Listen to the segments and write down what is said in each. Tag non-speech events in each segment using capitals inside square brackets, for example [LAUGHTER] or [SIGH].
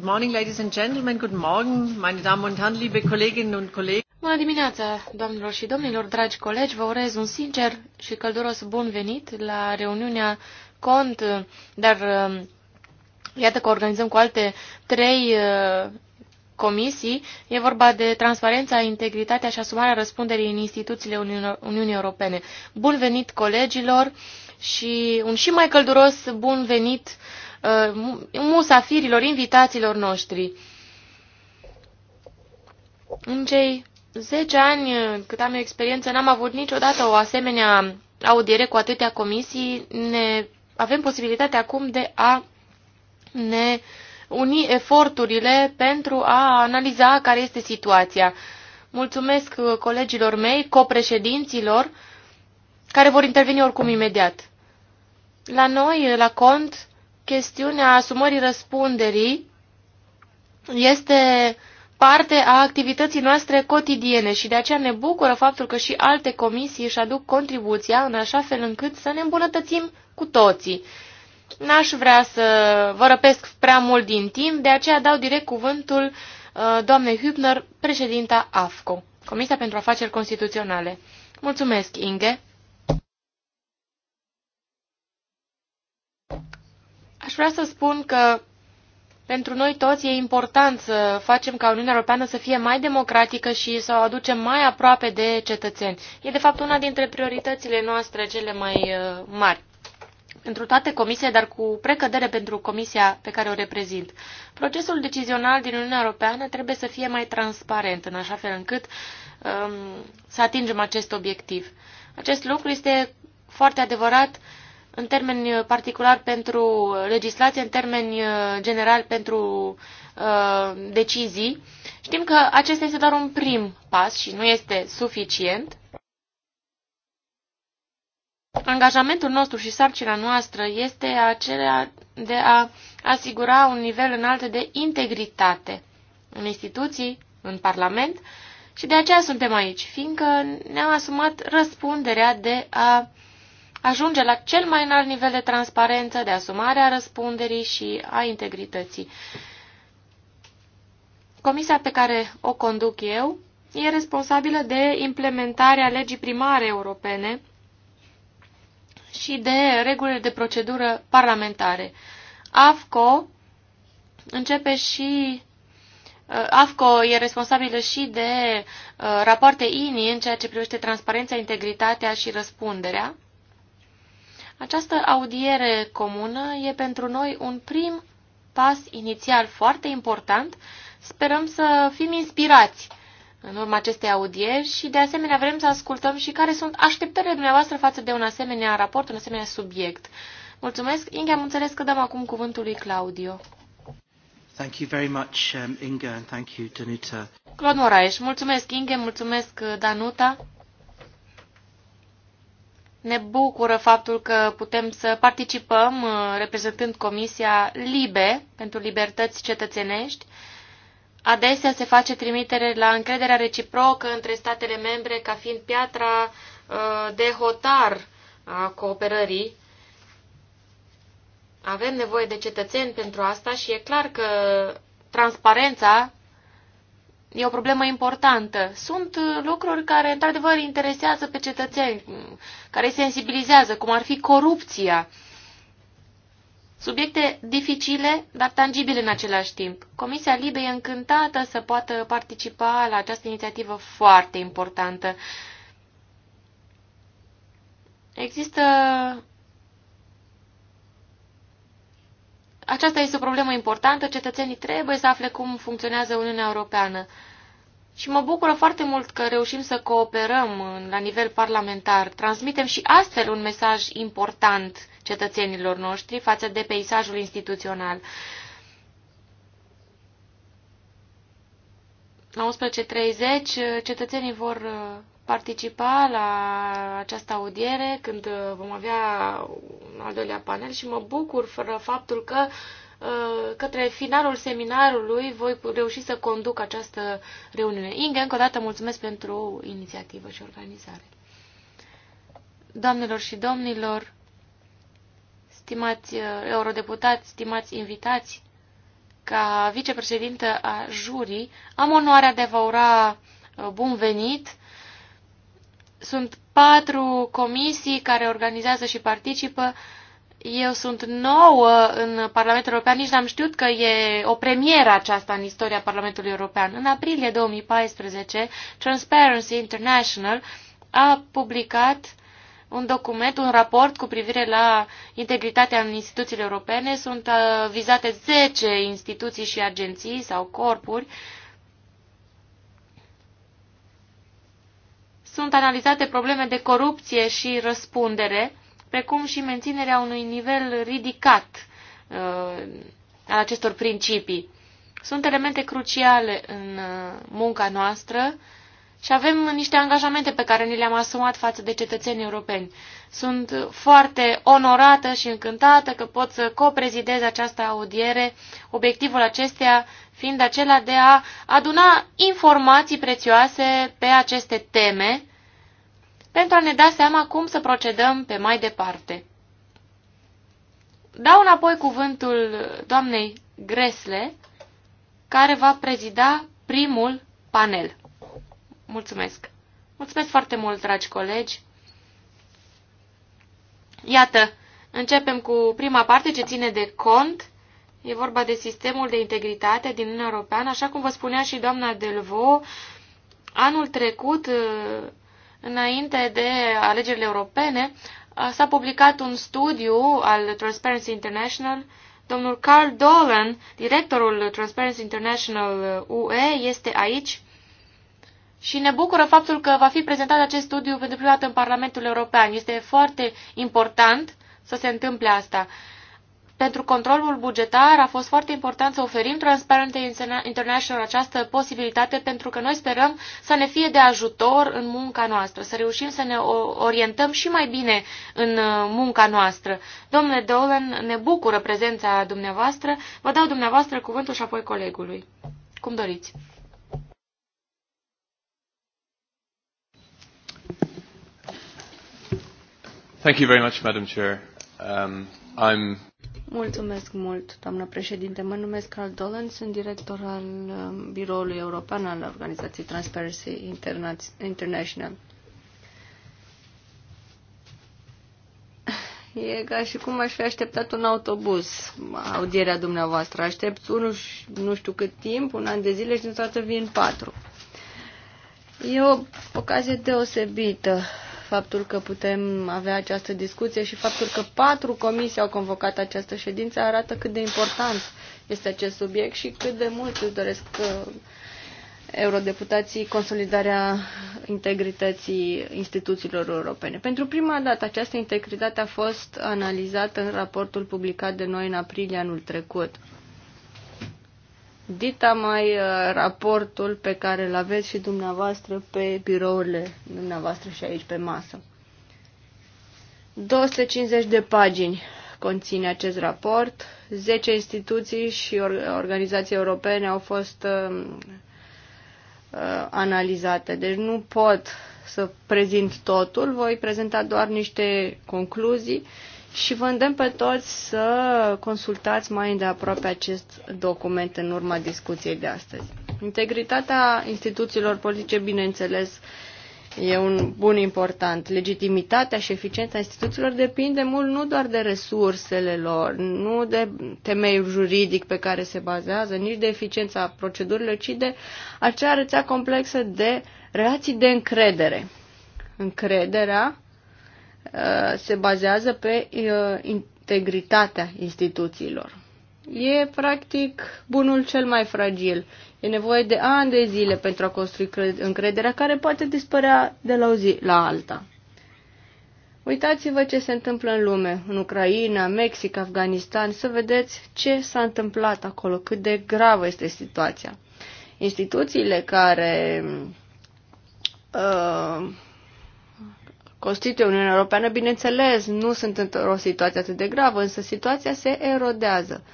Bună dimineața, doamnelor și domnilor, dragi colegi, vă urez un sincer și călduros bun venit la reuniunea CONT, dar um, iată că organizăm cu alte trei uh, comisii. E vorba de transparența, integritatea și asumarea răspunderii în instituțiile Uniunii Europene. Bun venit colegilor și un și mai călduros bun venit uh, Uh, musafirilor, invitațiilor noștri. În cei 10 ani uh, cât am experiență, n-am avut niciodată o asemenea audiere cu atâtea comisii. Ne, avem posibilitatea acum de a ne uni eforturile pentru a analiza care este situația. Mulțumesc uh, colegilor mei, copreședinților, care vor interveni oricum imediat. La noi, la cont, chestiunea asumării răspunderii este parte a activității noastre cotidiene și de aceea ne bucură faptul că și alte comisii își aduc contribuția în așa fel încât să ne îmbunătățim cu toții. N-aș vrea să vă răpesc prea mult din timp, de aceea dau direct cuvântul uh, doamnei Hübner, președinta AFCO, Comisia pentru Afaceri Constituționale. Mulțumesc, Inge! Aș vrea să spun că pentru noi toți e important să facem ca Uniunea Europeană să fie mai democratică și să o aducem mai aproape de cetățeni. E de fapt una dintre prioritățile noastre cele mai uh, mari pentru toate comisiile, dar cu precădere pentru comisia pe care o reprezint. Procesul decizional din Uniunea Europeană trebuie să fie mai transparent, în așa fel încât um, să atingem acest obiectiv. Acest lucru este foarte adevărat în termeni particular pentru legislație, în termeni uh, general pentru uh, decizii. Știm că acesta este doar un prim pas și nu este suficient. Angajamentul nostru și sarcina noastră este acela de a asigura un nivel înalt de integritate în instituții, în Parlament și de aceea suntem aici, fiindcă ne-am asumat răspunderea de a uh, ajunge la cel mai înalt nivel de transparență, de asumare a răspunderii și a integrității. Comisia pe care o conduc eu e responsabilă de implementarea legii primare europene și de regulile de procedură parlamentare. AFCO începe și uh, AFCO e responsabilă și de uh, rapoarte INI în ceea ce privește transparența, integritatea și răspunderea. Această audiere comună e pentru noi un prim pas inițial foarte important. Sperăm să fim inspirați în urma acestei audieri și de asemenea vrem să ascultăm și care sunt așteptările dumneavoastră față de un asemenea raport, un asemenea subiect. Mulțumesc. Inge, am înțeles că dăm acum cuvântul lui Claudio. Thank you very much, um, Inga, and thank you, Danuta. Claude Moraes, mulțumesc, Inge, mulțumesc, uh, Danuta. Ne bucură faptul că putem să participăm uh, reprezentând Comisia LIBE pentru libertăți cetățenești. Adesea se face trimitere la încrederea reciprocă între statele membre ca fiind piatra uh, de hotar a cooperării. Avem nevoie de cetățeni pentru asta și e clar că transparența E o problemă importantă. Sunt uh, lucruri care, într-adevăr, interesează pe cetățeni, mm, care sensibilizează, cum ar fi corupția. Subiecte dificile, dar tangibile în același timp. Comisia Libe e încântată să poată participa la această inițiativă foarte importantă. Există Aceasta este o problemă importantă, cetățenii trebuie să afle cum funcționează Uniunea Europeană. Și mă bucură foarte mult că reușim să cooperăm la nivel parlamentar. Transmitem și astfel un mesaj important cetățenilor noștri față de peisajul instituțional. La 11.30 cetățenii vor participa la această audiere când uh, vom avea un al doilea panel și mă bucur fără faptul că uh, către finalul seminarului voi reuși să conduc această reuniune. Inge, încă o dată mulțumesc pentru inițiativă și organizare. Doamnelor și domnilor, stimați uh, eurodeputați, stimați invitați, ca vicepreședintă a jurii, am onoarea de vă ura bun venit sunt patru comisii care organizează și participă. Eu sunt nouă în Parlamentul European, nici n-am știut că e o premieră aceasta în istoria Parlamentului European. În aprilie 2014, Transparency International a publicat un document, un raport cu privire la integritatea în instituțiile europene. Sunt uh, vizate 10 instituții și agenții sau corpuri uh, sunt analizate probleme de corupție și răspundere, precum și menținerea unui nivel ridicat uh, al acestor principii. Sunt elemente cruciale în uh, munca noastră și avem niște angajamente pe care ni le-am asumat față de cetățenii europeni. Sunt foarte onorată și încântată că pot să coprezidez această audiere. Obiectivul acesteia fiind acela de a aduna informații prețioase pe aceste teme pentru a ne da seama cum să procedăm pe mai departe. Dau înapoi cuvântul doamnei Gresle, care va prezida primul panel. Mulțumesc! Mulțumesc foarte mult, dragi colegi! Iată, începem cu prima parte ce ține de cont E vorba de sistemul de integritate din Uniunea Europeană. Așa cum vă spunea și doamna Delvo, anul trecut, uh, înainte de alegerile europene, uh, s-a publicat un studiu al Transparency International. Domnul Carl Dolan, directorul Transparency International UE, uh, este aici și ne bucură faptul că va fi prezentat acest studiu pentru prima dată în Parlamentul European. Este foarte important să se întâmple asta pentru controlul bugetar a fost foarte important să oferim Transparency International această posibilitate pentru că noi sperăm să ne fie de ajutor în munca noastră, să reușim să ne orientăm și mai bine în uh, munca noastră. Domnule Dolan, ne bucură prezența dumneavoastră. Vă dau dumneavoastră cuvântul și apoi colegului. Cum doriți. Thank you very much, Madam Chair. Um, I'm Mulțumesc mult, doamnă președinte. Mă numesc Carl Dolan, sunt director al um, Biroului European al organizației Transparency International. E ca și cum aș fi așteptat un autobuz, audierea dumneavoastră. Aștept unul și nu știu cât timp, un an de zile și dintr-o dată vin patru. E o ocazie deosebită faptul că putem avea această discuție și faptul că patru comisii au convocat această ședință arată cât de important este acest subiect și cât de mult își doresc uh, eurodeputații consolidarea integrității instituțiilor europene. Pentru prima dată această integritate a fost analizată în raportul publicat de noi în aprilie anul trecut. Dita mai uh, raportul pe care îl aveți și dumneavoastră pe birourile dumneavoastră și aici pe masă. 250 de pagini conține acest raport. 10 instituții și organizații europene au fost uh, uh, analizate. Deci nu pot să prezint totul, voi prezenta doar niște concluzii și vă îndemn pe toți să consultați mai îndeaproape acest document în urma discuției de astăzi. Integritatea instituțiilor politice, bineînțeles, e un bun important. Legitimitatea și eficiența instituțiilor depinde mult nu doar de resursele lor, nu de temeiul juridic pe care se bazează, nici de eficiența procedurilor, ci de acea rețea complexă de relații de încredere. Încrederea Uh, se bazează pe uh, integritatea instituțiilor. E practic bunul cel mai fragil. E nevoie de ani de zile pentru a construi încrederea care poate dispărea de la o zi la alta. Uitați-vă ce se întâmplă în lume, în Ucraina, Mexic, Afganistan, să vedeți ce s-a întâmplat acolo, cât de gravă este situația. Instituțiile care uh, constituie Uniunea Europeană, bineînțeles, nu sunt într-o situație atât de gravă, însă situația se erodează.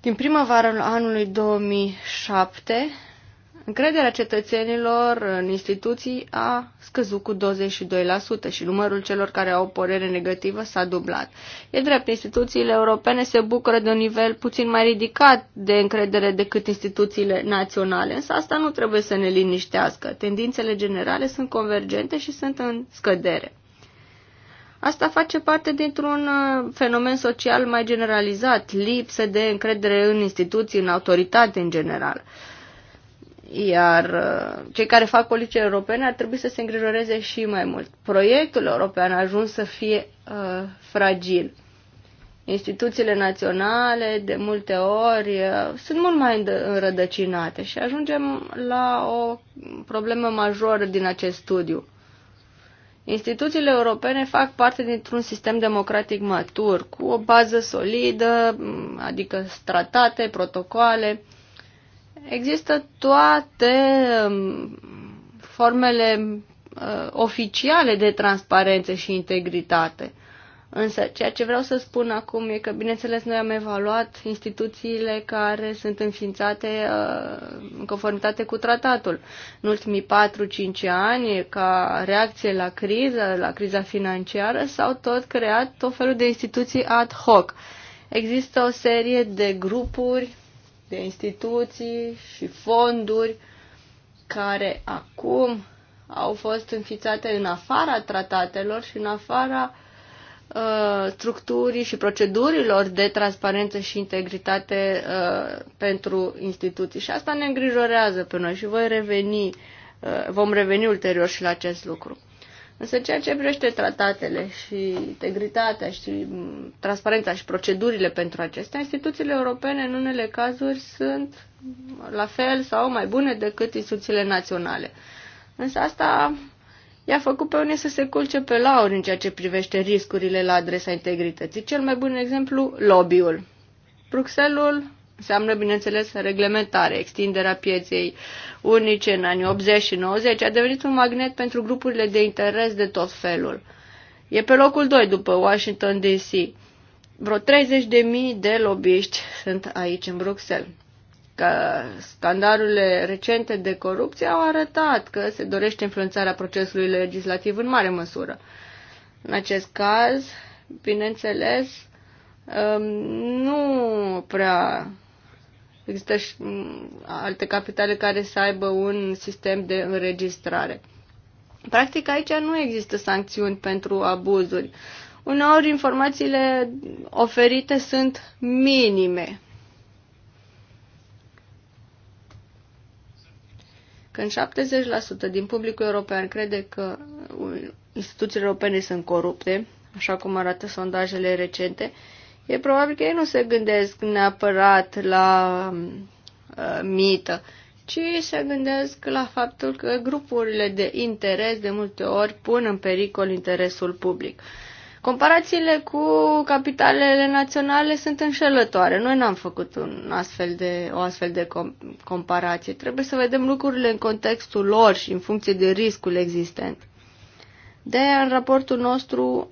Din primăvara anului 2007, Încrederea cetățenilor în instituții a scăzut cu 22% și numărul celor care au o părere negativă s-a dublat. E drept, instituțiile europene se bucură de un nivel puțin mai ridicat de încredere decât instituțiile naționale, însă asta nu trebuie să ne liniștească. Tendințele generale sunt convergente și sunt în scădere. Asta face parte dintr-un uh, fenomen social mai generalizat, lipsă de încredere în instituții, în autoritate în general. Iar uh, cei care fac politici europene ar trebui să se îngrijoreze și mai mult. Proiectul european a ajuns să fie uh, fragil. Instituțiile naționale, de multe ori, uh, sunt mult mai înrădăcinate și ajungem la o problemă majoră din acest studiu. Instituțiile europene fac parte dintr-un sistem democratic matur, cu o bază solidă, adică stratate, protocoale, Există toate um, formele uh, oficiale de transparență și integritate. Însă, ceea ce vreau să spun acum e că, bineînțeles, noi am evaluat instituțiile care sunt înființate uh, în conformitate cu tratatul. În ultimii 4-5 ani, ca reacție la criză, la criza financiară, s-au tot creat tot felul de instituții ad hoc. Există o serie de grupuri de instituții și fonduri care acum au fost înfițate în afara tratatelor și în afara uh, structurii și procedurilor de transparență și integritate uh, pentru instituții. Și asta ne îngrijorează pe noi și voi reveni, uh, vom reveni ulterior și la acest lucru. Însă ceea ce privește tratatele și integritatea și transparența și procedurile pentru acestea, instituțiile europene în unele cazuri sunt la fel sau mai bune decât instituțiile naționale. Însă asta i-a făcut pe unii să se culce pe lauri în ceea ce privește riscurile la adresa integrității. Cel mai bun exemplu, lobby-ul. Bruxelles Înseamnă, bineînțeles, reglementare, extinderea pieței unice în anii 80 și 90 a devenit un magnet pentru grupurile de interes de tot felul. E pe locul 2 după Washington DC. Vreo 30.000 de de lobbyiști sunt aici în Bruxelles. Că scandalurile recente de corupție au arătat că se dorește influențarea procesului legislativ în mare măsură. În acest caz, bineînțeles, um, nu prea Există și alte capitale care să aibă un sistem de înregistrare. Practic aici nu există sancțiuni pentru abuzuri. Uneori informațiile oferite sunt minime. Când 70% din publicul european crede că instituțiile europene sunt corupte, așa cum arată sondajele recente, e probabil că ei nu se gândesc neapărat la uh, mită, ci se gândesc la faptul că grupurile de interes de multe ori pun în pericol interesul public. Comparațiile cu capitalele naționale sunt înșelătoare. Noi n-am făcut un astfel de, o astfel de com- comparație. Trebuie să vedem lucrurile în contextul lor și în funcție de riscul existent. De aia, în raportul nostru,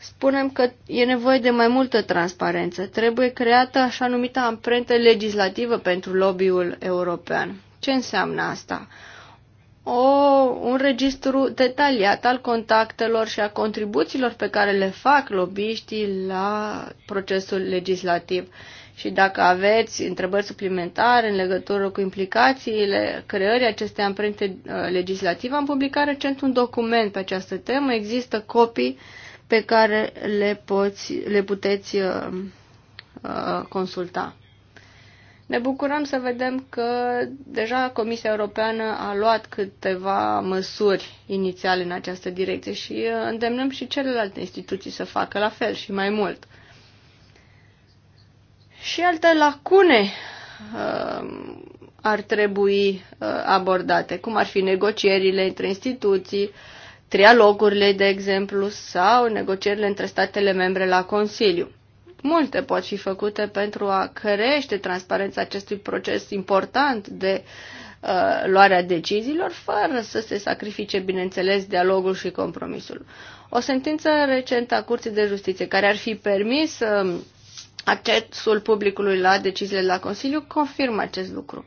spunem că e nevoie de mai multă transparență. Trebuie creată așa numită amprentă legislativă pentru lobby-ul european. Ce înseamnă asta? o, un registru detaliat al contactelor și a contribuțiilor pe care le fac lobbyiștii la procesul legislativ. Și dacă aveți întrebări suplimentare în legătură cu implicațiile creării acestei amprente uh, legislative, am publicat recent un document pe această temă. Există copii pe care le, poți, le puteți uh, uh, consulta. Ne bucurăm să vedem că deja Comisia Europeană a luat câteva măsuri inițiale în această direcție și uh, îndemnăm și celelalte instituții să facă la fel și mai mult. Și alte lacune uh, ar trebui uh, abordate, cum ar fi negocierile între instituții, uh, trialogurile, de exemplu, sau negocierile între statele membre la Consiliu. Multe pot fi făcute pentru a crește transparența acestui proces important de uh, luarea deciziilor, fără să se sacrifice, bineînțeles, dialogul și compromisul. O sentință recentă a Curții de Justiție, care ar fi permis uh, accesul publicului la deciziile la Consiliu, confirmă acest lucru.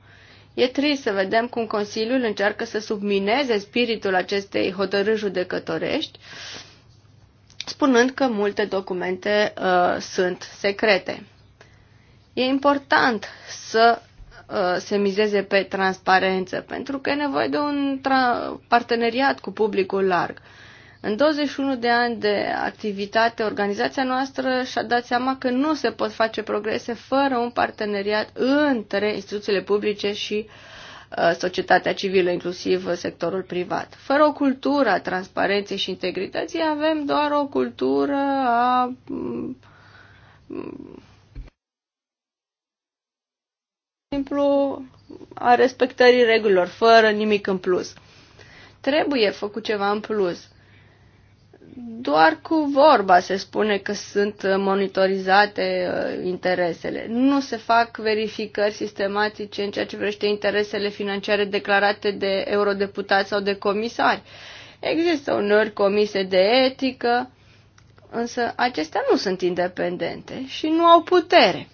E trist să vedem cum Consiliul încearcă să submineze spiritul acestei hotărâri judecătorești, spunând că multe documente uh, sunt secrete. E important să uh, se mizeze pe transparență, pentru că e nevoie de un parteneriat cu publicul larg. Uh, în 21 de ani de activitate, organizația noastră și-a dat seama că nu se pot face progrese fără un parteneriat între instituțiile publice și uh, societatea civilă, inclusiv sectorul privat. Fără o cultură a transparenței și integrității, avem doar o cultură a mm, simplu a respectării regulilor, fără nimic în plus. Trebuie făcut ceva în plus doar cu vorba se spune că sunt monitorizate uh, interesele. Nu se fac verificări sistematice în ceea ce privește interesele financiare declarate de eurodeputați sau de comisari. Există uneori comise de etică, însă acestea nu sunt independente și nu au putere.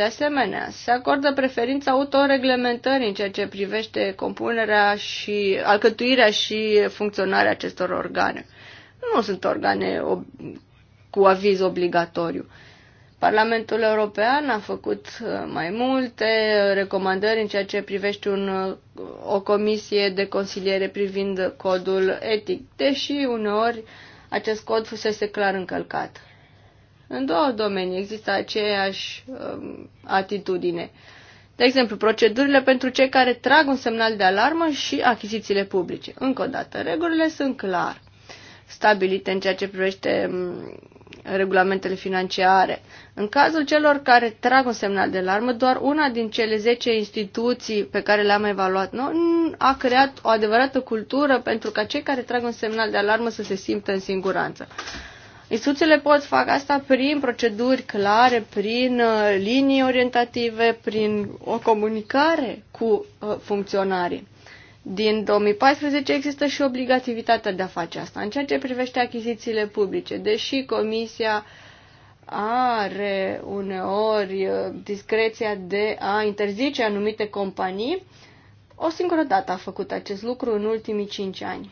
De asemenea, se acordă preferința autoreglementării în ceea ce privește compunerea și alcătuirea și funcționarea acestor organe. Nu sunt organe cu aviz obligatoriu. Parlamentul European a făcut uh, mai multe recomandări în ceea ce privește un, uh, o comisie de consiliere privind codul etic, deși uneori acest cod fusese clar încălcat. În două domenii există aceeași um, atitudine. De exemplu, procedurile pentru cei care trag un semnal de alarmă și achizițiile publice. Încă o dată, regulile sunt clar stabilite în ceea ce privește um, regulamentele financiare. În cazul celor care trag un semnal de alarmă, doar una din cele 10 instituții pe care le-am evaluat nu, a creat o adevărată cultură pentru ca cei care trag un semnal de alarmă să se simtă în siguranță. Instituțiile pot face asta prin proceduri clare, prin uh, linii orientative, prin o comunicare cu uh, funcționarii. Din 2014 există și obligativitatea de a face asta. În ceea ce privește achizițiile publice, deși Comisia are uneori uh, discreția de a interzice anumite companii, o singură dată a făcut acest lucru în ultimii cinci ani.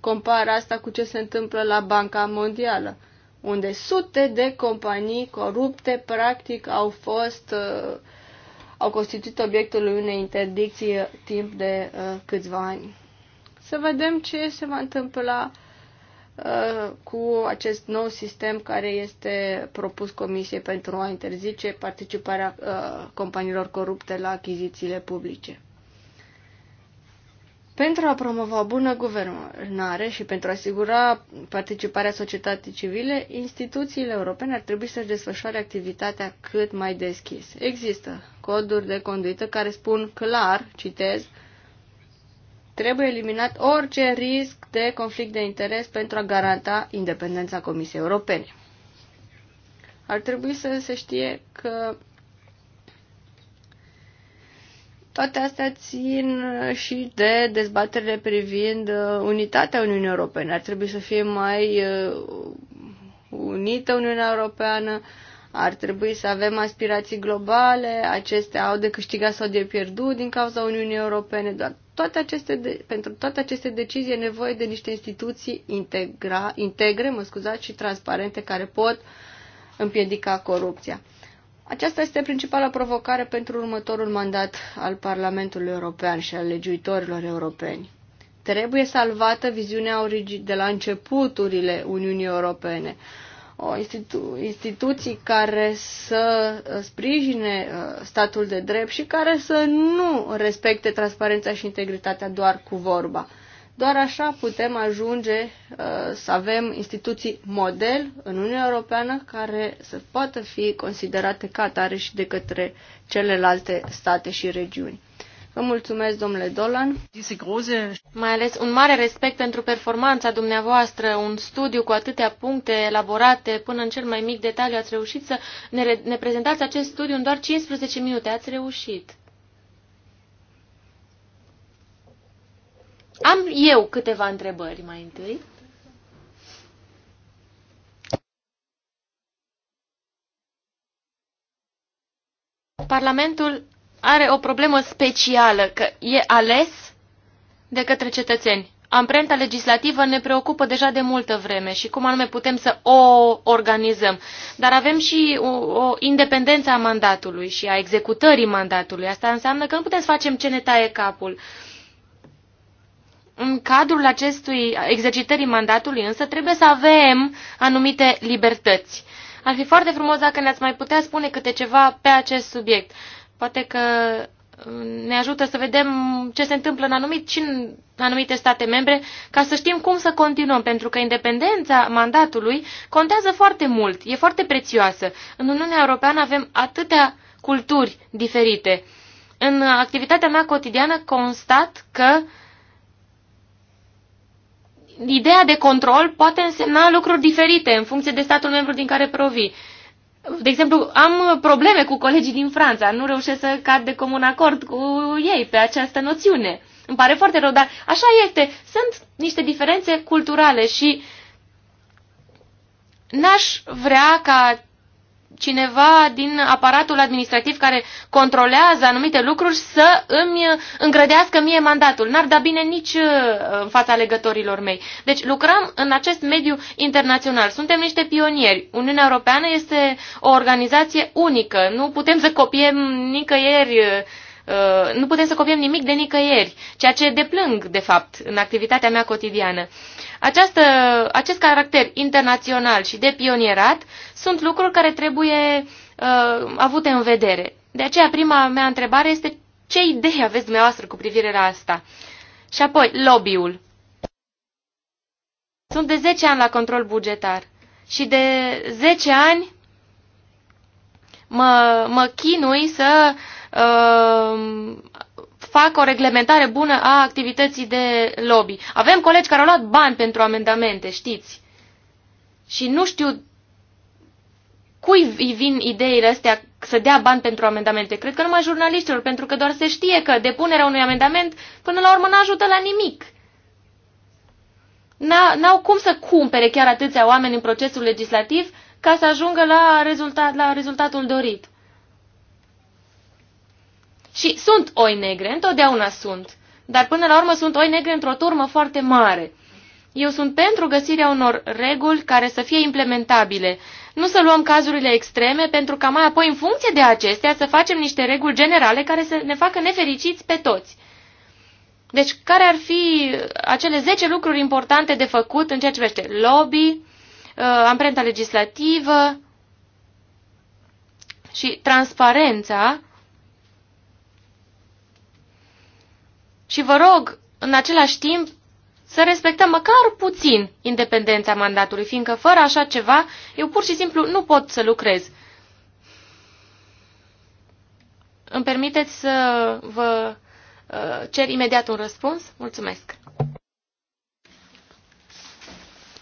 compar asta cu ce se întâmplă la Banca Mondială, unde sute de companii corupte practic au fost uh, au constituit obiectul unei interdicții timp de uh, câțiva ani. Să vedem ce se va întâmpla uh, cu acest nou sistem care este propus Comisiei pentru a interzice participarea uh, companiilor corupte la achizițiile publice. Pentru a promova bună guvernare și pentru a asigura participarea societății civile, instituțiile europene ar trebui să-și desfășoare activitatea cât mai deschis. Există coduri de conduită care spun clar, citez, trebuie eliminat orice risc de conflict de interes pentru a garanta independența Comisiei Europene. Ar trebui să se știe că Toate astea țin uh, și de dezbaterile privind uh, unitatea Uniunii Europene. Ar trebui să fie mai uh, unită Uniunea Europeană, ar trebui să avem aspirații globale, acestea au de câștigat sau de pierdut din cauza Uniunii Europene. Doar toate aceste de, pentru toate aceste decizii e nevoie de niște instituții integra, integre mă scuzați, și transparente care pot împiedica corupția. Aceasta este principala provocare pentru următorul mandat al Parlamentului European și al legiuitorilor europeni. Trebuie salvată viziunea de la începuturile Uniunii Europene, o institu- instituții care să uh, sprijine uh, statul de drept și care să nu respecte transparența și integritatea doar cu vorba. Doar așa putem ajunge uh, să avem instituții model în Uniunea Europeană care să poată fi considerate ca tare și de către celelalte state și regiuni. Vă mulțumesc, domnule Dolan. Mai ales un mare respect pentru performanța dumneavoastră, un studiu cu atâtea puncte elaborate până în cel mai mic detaliu. Ați reușit să ne, ne prezentați acest studiu în doar 15 minute. Ați reușit. Am eu câteva întrebări mai întâi. Parlamentul are o problemă specială, că e ales de către cetățeni. Amprenta legislativă ne preocupă deja de multă vreme și cum anume putem să o organizăm. Dar avem și o, o independență a mandatului și a executării mandatului. Asta înseamnă că nu putem să facem ce ne taie capul. Uh, în cadrul acestui exercitării mandatului însă trebuie să avem anumite libertăți. Ar fi foarte frumos dacă ne-ați mai putea spune câte ceva pe acest subiect. Poate că uh, ne ajută să vedem ce se întâmplă în, anumit, și în anumite state membre, ca să știm cum să continuăm, pentru că independența mandatului contează foarte mult, e foarte prețioasă. În Uniunea Europeană avem atâtea culturi diferite. În activitatea mea cotidiană constat că uh, ideea de control poate însemna lucruri diferite în funcție de statul membru din care provii. De exemplu, am probleme cu colegii din Franța, nu reușesc să cad de comun acord cu ei pe această noțiune. Îmi pare foarte rău, dar așa este. Sunt niște diferențe culturale și n-aș vrea ca cineva din aparatul administrativ care controlează anumite lucruri să îmi îngrădească mie mandatul. N-ar da bine nici uh, în fața legătorilor mei. Deci lucrăm în acest mediu internațional. Suntem niște pionieri. Uniunea Europeană este o organizație unică. Nu putem să copiem nicăieri uh, uh, nu putem să copiem nimic de nicăieri, ceea ce deplâng, de fapt, în activitatea mea cotidiană. Această, acest caracter internațional și de pionierat sunt lucruri care trebuie uh, avute în vedere. De aceea prima mea întrebare este ce idei aveți dumneavoastră cu privire la asta? Și apoi, lobby-ul. Sunt de 10 ani la control bugetar și de 10 ani mă, mă chinui să uh, fac o reglementare bună a activității de lobby. Avem colegi care au luat bani pentru amendamente, știți? Și nu știu cui îi vin ideile astea să dea bani pentru amendamente. Cred că numai jurnaliștilor, pentru că doar se știe că depunerea unui amendament până la urmă nu ajută la nimic. N-au cum să cumpere chiar atâția oameni în procesul legislativ ca să ajungă la, rezultat, la rezultatul dorit. Și sunt oi negre, întotdeauna sunt, dar până la urmă sunt oi negre într-o turmă foarte mare. Eu sunt pentru găsirea unor reguli care să fie implementabile. Nu să luăm cazurile extreme, pentru ca mai apoi, în funcție de acestea, să facem niște reguli generale care să ne facă nefericiți pe toți. Deci, care ar fi acele 10 lucruri importante de făcut în ceea ce privește lobby, uh, amprenta legislativă și transparența Și vă rog, în același timp, să respectăm măcar puțin independența mandatului, fiindcă fără așa ceva, eu pur și simplu nu pot să lucrez. Îmi permiteți să vă uh, cer imediat un răspuns? Mulțumesc.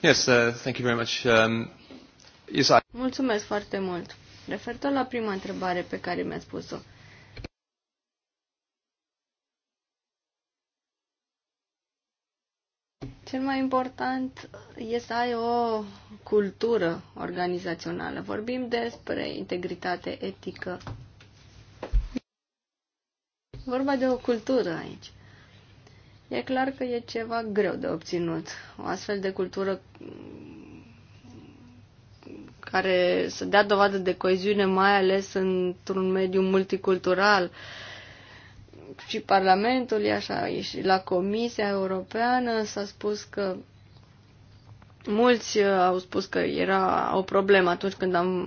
Yes, uh, thank you very much. Um, yes, I... Mulțumesc foarte mult. Referitor la prima întrebare pe care mi-a spus-o, Cel mai important e să ai o cultură organizațională. Vorbim despre integritate etică. Vorba de o cultură aici. E clar că e ceva greu de obținut. O astfel de cultură care să dea dovadă de coeziune, mai ales într-un mediu multicultural, uh, și Parlamentul e așa, e și la Comisia Europeană s-a spus că mulți uh, au spus că era o problemă atunci când am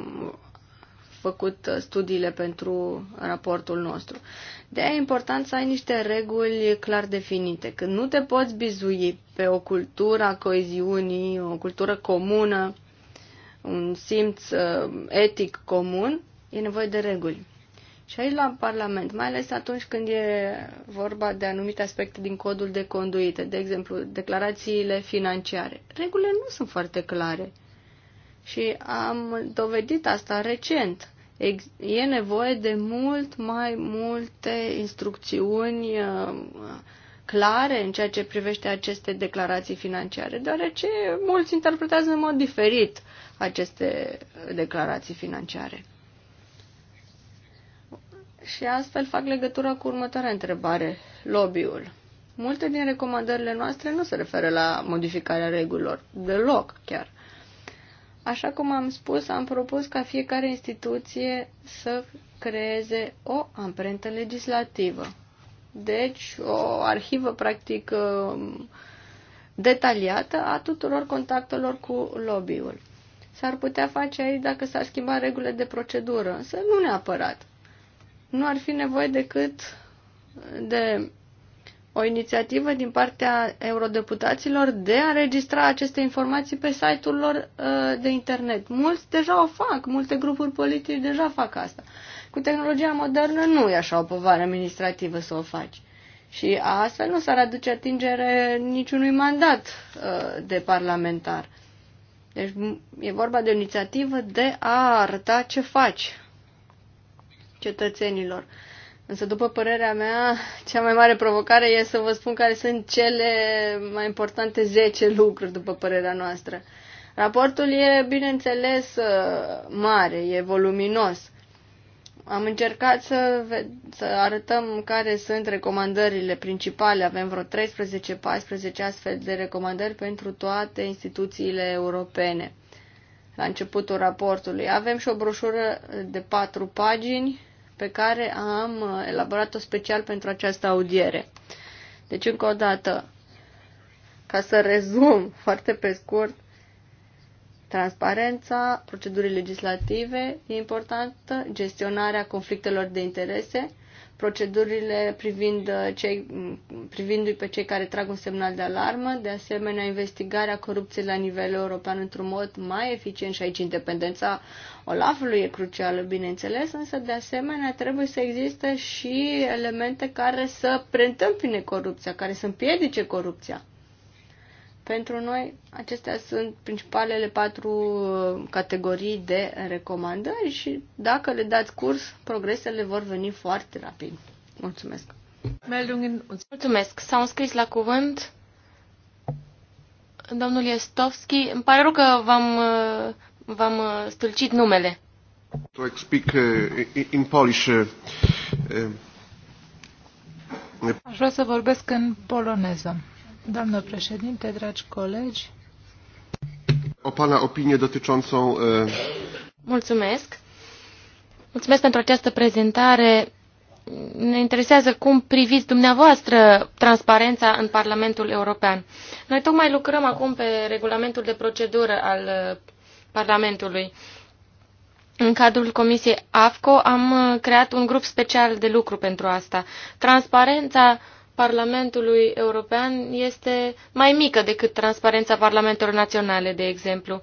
făcut uh, studiile pentru raportul nostru. De aia e important să ai niște reguli clar definite, că nu te poți bizui pe o cultură a coeziunii, o cultură comună, un simț uh, etic comun, e nevoie de reguli. Și aici la Parlament, mai ales atunci când e vorba de anumite aspecte din codul de conduită, de exemplu, declarațiile financiare, regulile nu sunt foarte clare. Și am dovedit asta recent. E nevoie de mult mai multe instrucțiuni uh, clare în ceea ce privește aceste declarații financiare, deoarece mulți interpretează în mod diferit aceste declarații financiare. Și astfel fac legătura cu următoarea întrebare, lobby-ul. Multe din recomandările noastre nu se referă la modificarea regulilor, deloc chiar. Așa cum am spus, am propus ca fiecare instituție să creeze o amprentă legislativă. Deci, o arhivă practic um, detaliată a tuturor contactelor cu lobby-ul. S-ar putea face aici dacă s-ar schimba regulile de procedură, însă nu neapărat nu ar fi nevoie decât de o inițiativă din partea eurodeputaților de a registra aceste informații pe site-ul lor uh, de internet. Mulți deja o fac, multe grupuri politice deja fac asta. Cu tehnologia modernă nu e așa o povară administrativă să o faci. Și astfel nu s-ar aduce atingere niciunui mandat uh, de parlamentar. Deci e vorba de o inițiativă de a arăta ce faci cetățenilor. Însă, după părerea mea, cea mai mare provocare e să vă spun care sunt cele mai importante 10 lucruri, după părerea noastră. Raportul e, bineînțeles, uh, mare, e voluminos. Am încercat să, să arătăm care sunt recomandările principale. Avem vreo 13-14 astfel de recomandări pentru toate instituțiile europene. La începutul raportului avem și o broșură de patru pagini pe care am uh, elaborat-o special pentru această audiere. Deci, încă o dată, ca să rezum foarte pe scurt, transparența, procedurii legislative e importantă, gestionarea conflictelor de interese, procedurile privind uh, cei, mm, privindu-i pe cei care trag un semnal de alarmă, de asemenea investigarea corupției la nivel european într-un mod mai eficient și aici independența Olafului e crucială, bineînțeles, însă de asemenea trebuie să existe și elemente care să preîntâmpine corupția, care să împiedice corupția. Pentru noi, acestea sunt principalele patru uh, categorii de recomandări și dacă le dați curs, progresele vor veni foarte rapid. Mulțumesc! Mulțumesc! S-au înscris la cuvânt domnul Iestovski. Îmi pare rău că v-am, uh, v-am uh, stâlcit numele. To speak in Polish. Aș vrea să vorbesc în poloneză. Doamnă președinte, dragi colegi. O pana opinie dotyczącą... Mulțumesc. Mulțumesc pentru această prezentare. Ne interesează cum priviți dumneavoastră transparența în Parlamentul European. Noi tocmai lucrăm acum pe regulamentul de procedură al Parlamentului. În cadrul Comisiei AFCO am creat un grup special de lucru pentru asta. Transparența Parlamentului European este mai mică decât transparența Parlamentelor Naționale, de exemplu.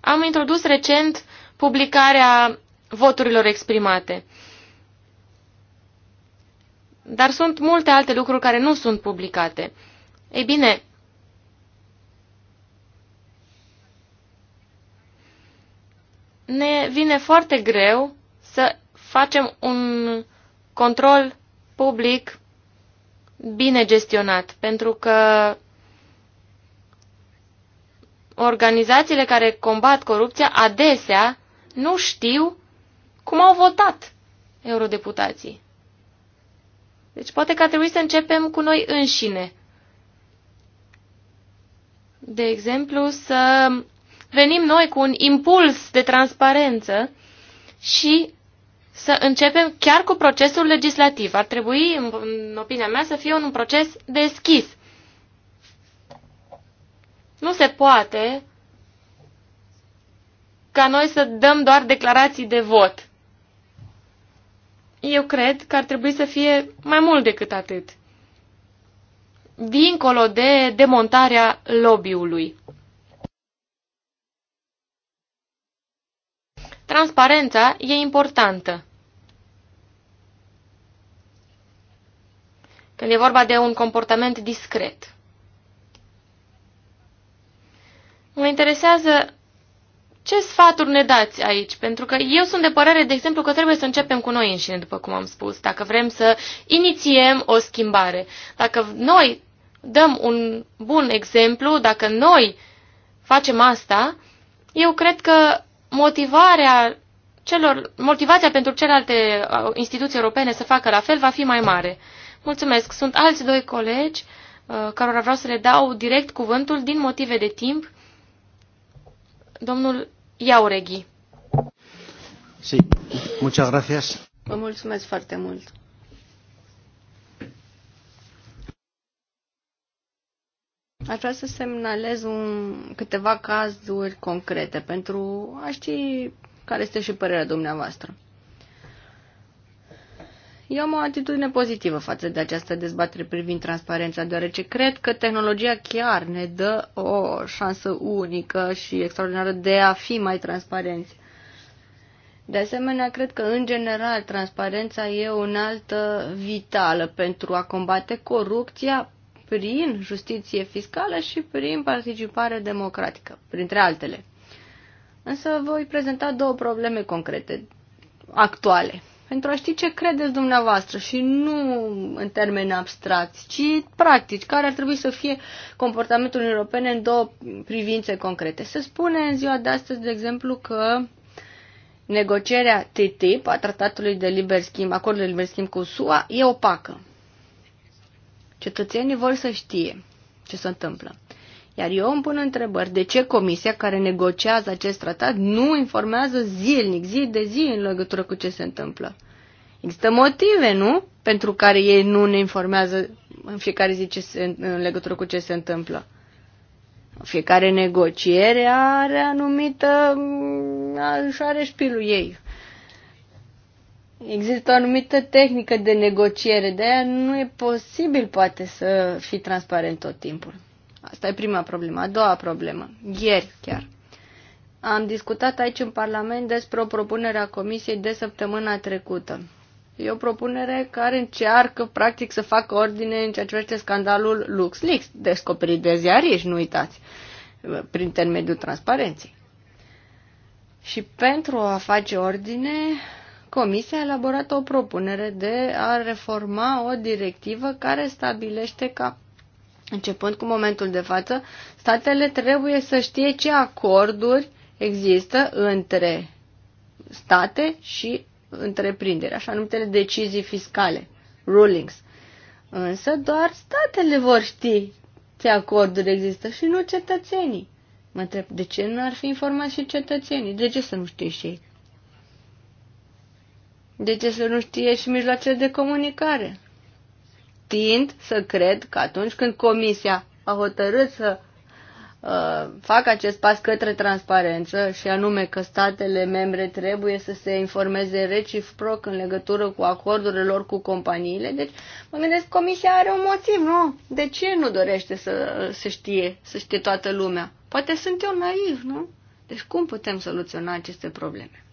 Am introdus recent publicarea voturilor exprimate. Dar sunt multe alte lucruri care nu sunt publicate. Ei bine, ne vine foarte greu să facem un control public bine gestionat, pentru că organizațiile care combat corupția adesea nu știu cum au votat eurodeputații. Deci poate că ar trebui să începem cu noi înșine. De exemplu, să venim noi cu un impuls de transparență și să începem chiar cu procesul legislativ. Ar trebui, în opinia mea, să fie un proces deschis. Nu se poate ca noi să dăm doar declarații de vot. Eu cred că ar trebui să fie mai mult decât atât. Dincolo de demontarea lobby-ului. Transparența e importantă. Când e vorba de un comportament discret. Mă interesează ce sfaturi ne dați aici? Pentru că eu sunt de părere, de exemplu, că trebuie să începem cu noi înșine, după cum am spus, dacă vrem să inițiem o schimbare. Dacă noi dăm un bun exemplu, dacă noi facem asta, eu cred că motivarea celor, motivația pentru celelalte uh, instituții europene să facă la fel va fi mai mare. Mulțumesc. Sunt alți doi colegi uh, cărora vreau să le dau direct cuvântul din motive de timp. Domnul Iaureghi. Sí. Muchas gracias. Vă mulțumesc foarte mult. Aș vrea să semnalez un, câteva cazuri concrete pentru a ști care este și părerea dumneavoastră. Eu am o atitudine pozitivă față de această dezbatere privind transparența, deoarece cred că tehnologia chiar ne dă o șansă unică și extraordinară de a fi mai transparenți. De asemenea, cred că, în general, transparența e o unaltă vitală pentru a combate corupția, prin justiție fiscală și prin participare democratică, printre altele. Însă voi prezenta două probleme concrete, actuale, pentru a ști ce credeți dumneavoastră și nu în termeni abstracti, ci practici, care ar trebui să fie comportamentul europene în două privințe concrete. Se spune în ziua de astăzi, de exemplu, că negocierea TTIP, a tratatului de liber schimb, acordul de liber schimb cu SUA, e opacă. Cetățenii vor să știe ce se întâmplă. Iar eu îmi pun întrebări de ce comisia care negociază acest tratat nu informează zilnic, zi de zi, în legătură cu ce se întâmplă. Există motive, nu? Pentru care ei nu ne informează în fiecare zi ce se, în legătură cu ce se întâmplă. Fiecare negociere are anumită... Mm, și are șpilul ei. Există o anumită tehnică de negociere, de aia nu e posibil poate să fii transparent tot timpul. Asta e prima problemă. A doua problemă, ieri chiar. Am discutat aici în Parlament despre o propunere a Comisiei de săptămâna trecută. E o propunere care încearcă, practic, să facă ordine în ceea ce privește scandalul LuxLeaks, descoperit de ziariști, nu uitați, prin intermediul transparenței. Și pentru a face ordine, Comisia a elaborat o propunere de a reforma o directivă care stabilește ca Începând cu momentul de față, statele trebuie să știe ce acorduri există între state și întreprinderi, așa numitele decizii fiscale, rulings. Însă doar statele vor ști ce acorduri există și nu cetățenii. Mă întreb, de ce nu ar fi informați și cetățenii? De ce să nu știe și ei? De ce să nu știe și mijloacele de comunicare? Tind să cred că atunci când comisia a hotărât să uh, facă acest pas către transparență și anume că statele membre trebuie să se informeze reciproc în legătură cu acordurile lor cu companiile. Deci mă gândesc comisia are un motiv, nu? De ce nu dorește să, să știe, să știe toată lumea? Poate sunt eu naiv, nu? Deci cum putem soluționa aceste probleme?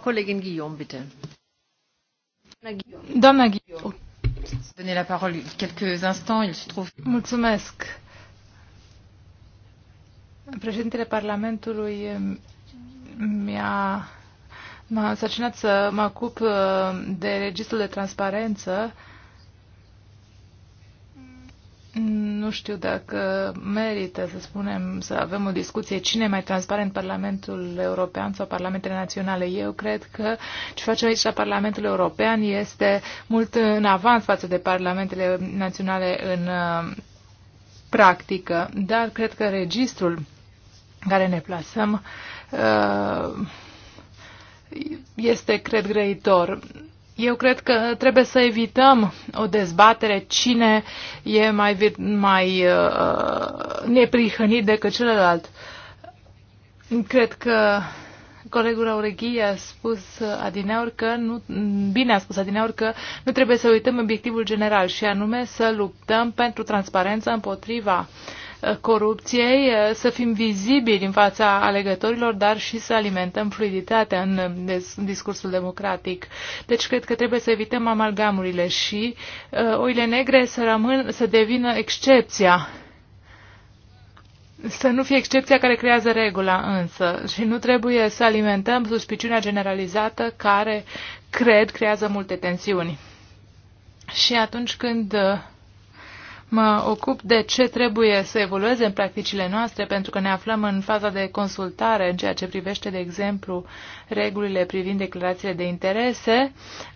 Frau Guillaume, Mulțumesc. Președintele Parlamentului um, mi-a m-a însărcinat să mă ocup uh, de registrul de transparență nu știu dacă merită să spunem, să avem o discuție cine e mai transparent, Parlamentul European sau Parlamentele Naționale. Eu cred că ce facem aici la Parlamentul European este mult în avans față de Parlamentele Naționale în uh, practică, dar cred că registrul care ne plasăm uh, este, cred, grăitor. Eu cred că trebuie să evităm o dezbatere cine e mai, mai uh, neprihănit decât celălalt. Cred că colegul Aureghi a spus adineaur că nu, bine a spus adineaur că nu trebuie să uităm obiectivul general și anume să luptăm pentru transparență împotriva uh, corupției, eh, să fim vizibili în fața alegătorilor, dar și să alimentăm fluiditatea în eh, discursul democratic. Deci cred că trebuie să evităm amalgamurile și eh, oile negre să, rămân, să devină excepția să nu fie excepția care creează regula însă și nu trebuie să alimentăm suspiciunea generalizată care, cred, creează multe tensiuni. Și atunci când mă ocup de ce trebuie să evolueze în practicile noastre, pentru că ne aflăm în faza de consultare în ceea ce privește, de exemplu, regulile privind declarațiile de interese.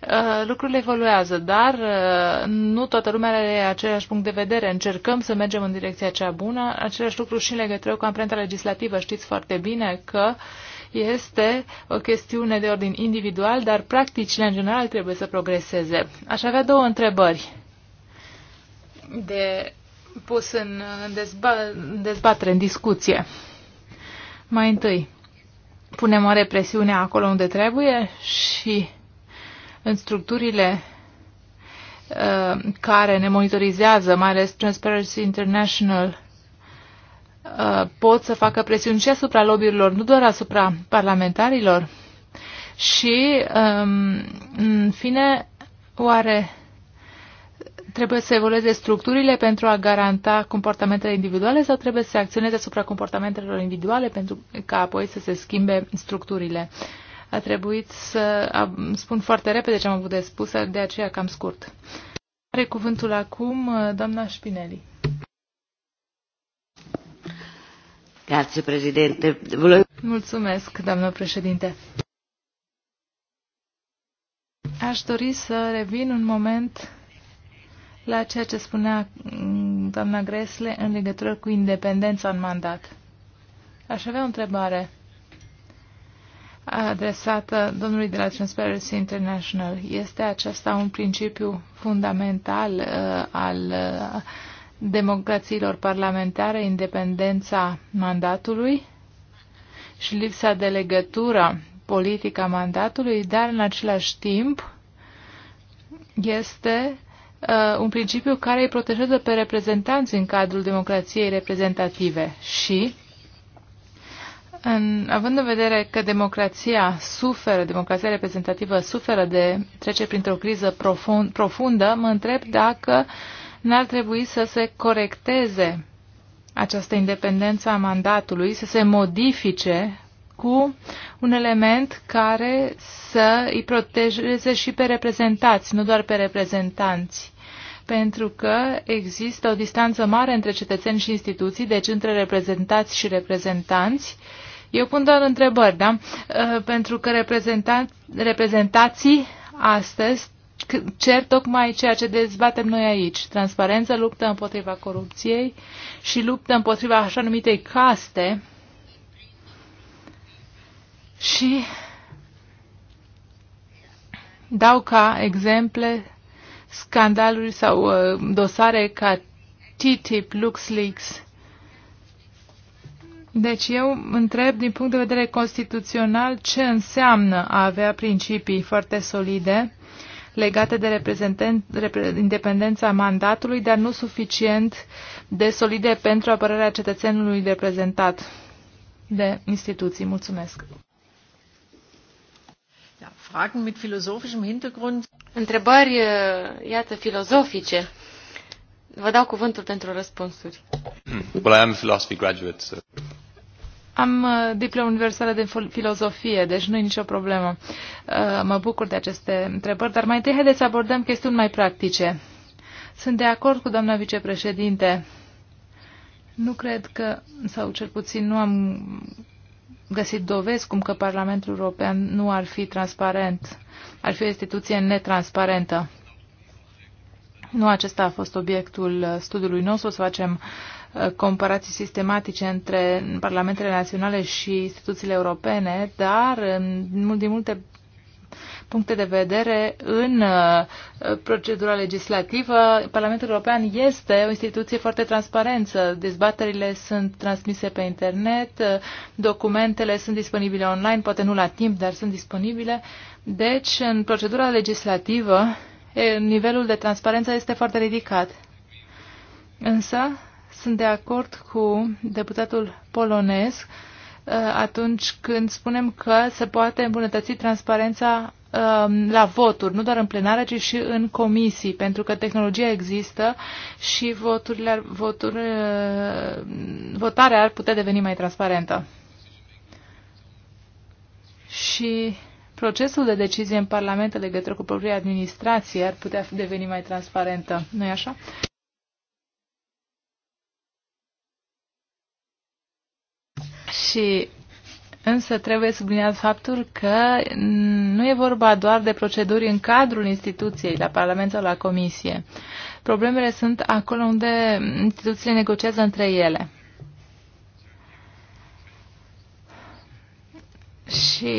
Uh, lucrurile evoluează, dar uh, nu toată lumea are același punct de vedere. Încercăm să mergem în direcția cea bună. Același lucru și în legătură cu amprenta legislativă. Știți foarte bine că este o chestiune de ordin individual, dar practicile în general trebuie să progreseze. Aș avea două întrebări de pus în dezba- dezbatere, în discuție. Mai întâi, punem mare presiune acolo unde trebuie și în structurile uh, care ne monitorizează, mai ales Transparency International, uh, pot să facă presiuni și asupra lobbyurilor, nu doar asupra parlamentarilor. Și, um, în fine, oare Trebuie să evolueze structurile pentru a garanta comportamentele individuale sau trebuie să acționeze asupra comportamentelor individuale pentru ca apoi să se schimbe structurile? A trebuit să a, spun foarte repede ce am avut de spus, de aceea cam scurt. Are cuvântul acum uh, doamna Spinelli. Grazie, președinte. Mulțumesc, doamnă președinte. Aș dori să revin un moment la ceea ce spunea mm, doamna Gresle în legătură cu independența în mandat. Aș avea o întrebare adresată domnului de la Transparency International. Este acesta un principiu fundamental uh, al uh, democrațiilor parlamentare, independența mandatului și lipsa de legătură politică a mandatului, dar în același timp este uh, un principiu care îi protejează pe reprezentanți în cadrul democrației reprezentative și în, având în vedere că democrația suferă, democrația reprezentativă suferă de trece printr-o criză profund, profundă, mă întreb dacă n-ar trebui să se corecteze această independență a mandatului, să se modifice cu un element care să îi protejeze și pe reprezentați, nu doar pe reprezentanți pentru că există o distanță mare între cetățeni și instituții, deci între reprezentați și reprezentanți. Eu pun doar întrebări, da? Uh, pentru că reprezentanți, reprezentații astăzi cer tocmai ceea ce dezbatem noi aici. Transparență, luptă împotriva corupției și luptă împotriva așa numitei caste, și dau ca exemple scandaluri sau uh, dosare ca TTIP, LuxLeaks. Deci eu întreb din punct de vedere constituțional ce înseamnă a avea principii foarte solide legate de independența mandatului, dar nu suficient de solide pentru apărarea cetățenului reprezentat de instituții. Mulțumesc! Ja, da. Fragen mit philosophischem Hintergrund. Întrebări, eh, iată, filozofice. Vă dau cuvântul pentru răspunsuri. [CLEARS THROAT] Well, I am a philosophy graduate, so. Am eh, diplomă universală de filozofie, deci nu e nicio problemă. Eh, mă bucur de aceste întrebări, dar mai întâi haideți să abordăm chestiuni mai practice. Sunt de acord cu doamna vicepreședinte. Nu cred că, sau cel puțin nu am găsit dovezi cum că Parlamentul European nu ar fi transparent, ar fi o instituție netransparentă. Nu acesta a fost obiectul studiului nostru, să facem uh, comparații sistematice între parlamentele naționale și instituțiile europene, dar din multe puncte de vedere în uh, procedura legislativă. Parlamentul European este o instituție foarte transparentă. Dezbaterile sunt transmise pe internet, uh, documentele sunt disponibile online, poate nu la timp, dar sunt disponibile. Deci, în procedura legislativă, nivelul de transparență este foarte ridicat. Însă, sunt de acord cu deputatul polonez Uh, atunci când spunem că se poate îmbunătăți transparența um, la voturi, nu doar în plenară, ci și în comisii, pentru că tehnologia există și voturile, voturi, uh, votarea ar putea deveni mai transparentă. Și procesul de decizie în Parlament legătură cu propria administrație ar putea deveni mai transparentă, nu-i așa? Și Însă trebuie subliniat faptul că nu e vorba doar de proceduri în cadrul instituției, la Parlament sau la Comisie. Problemele sunt acolo unde instituțiile negociază între ele. Și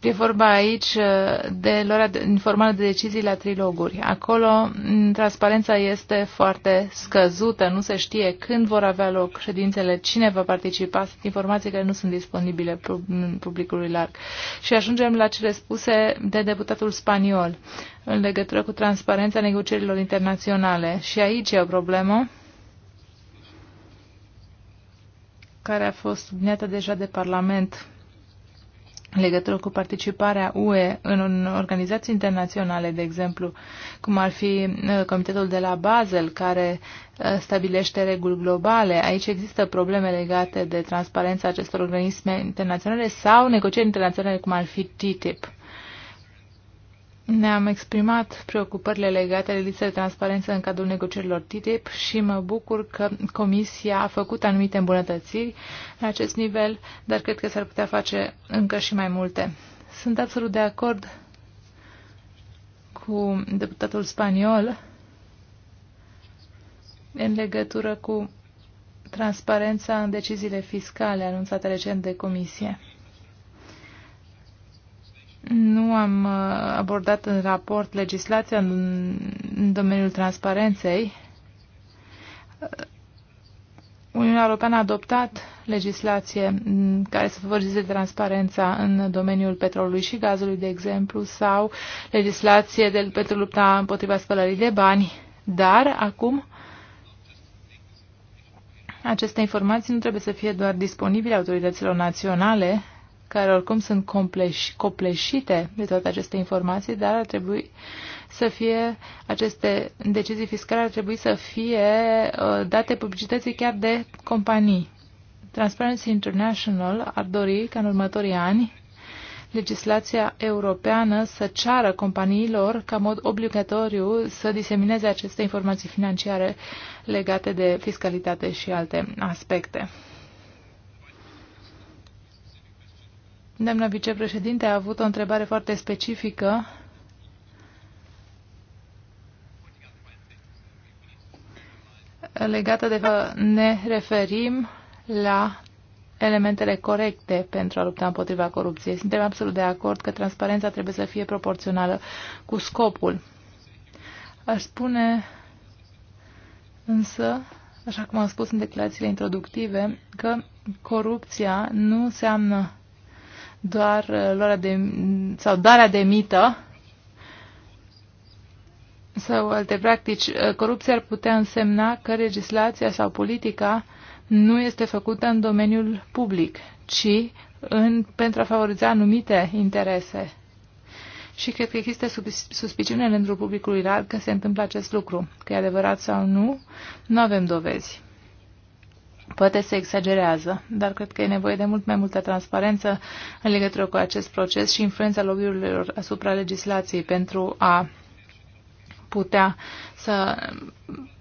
e vorba aici uh, de luarea informală de decizii la triloguri. Acolo mm, transparența este foarte scăzută, nu se știe când vor avea loc ședințele, cine va participa, sunt informații care nu sunt disponibile publicului larg. Și ajungem la cele spuse de deputatul spaniol în legătură cu transparența negocierilor internaționale. Și aici e o problemă care a fost subliniată deja de Parlament legătură cu participarea UE în organizații internaționale, de exemplu, cum ar fi uh, Comitetul de la Basel, care uh, stabilește reguli globale. Aici există probleme legate de transparența acestor organisme internaționale sau negocieri internaționale, cum ar fi TTIP ne-am exprimat preocupările legate de lipsa de transparență în cadrul negocierilor TTIP și mă bucur că Comisia a făcut anumite îmbunătățiri la acest nivel, dar cred că s-ar putea face încă și mai multe. Sunt absolut de acord cu deputatul spaniol în legătură cu transparența în deciziile fiscale anunțate recent de Comisie. Nu am uh, abordat în raport legislația în, în domeniul transparenței. Uh, Uniunea Europeană a adoptat legislație mm, care să favorizeze transparența în domeniul petrolului și gazului, de exemplu, sau legislație de, pentru lupta împotriva spălării de bani, dar acum aceste informații nu trebuie să fie doar disponibile autorităților naționale, care oricum sunt compleș, copleșite de toate aceste informații, dar ar trebui să fie, aceste decizii fiscale ar trebui să fie uh, date publicității chiar de companii. Transparency International ar dori ca în următorii ani legislația europeană să ceară companiilor ca mod obligatoriu să disemineze aceste informații financiare legate de fiscalitate și alte aspecte. Doamna vicepreședinte a avut o întrebare foarte specifică legată de că ne referim la elementele corecte pentru a lupta împotriva corupției. Suntem absolut de acord că transparența trebuie să fie proporțională cu scopul. Aș spune însă, așa cum am spus în declarațiile introductive, că corupția nu înseamnă doar uh, luarea de, sau darea de mită sau alte practici, uh, corupția ar putea însemna că legislația sau politica nu este făcută în domeniul public, ci în, pentru a favoriza anumite interese. Și cred că există suspiciune în rândul publicului larg că se întâmplă acest lucru, că e adevărat sau nu, nu avem dovezi. Poate se exagerează, dar cred că e nevoie de mult mai multă transparență în legătură cu acest proces și influența lobbyurilor asupra legislației pentru a putea să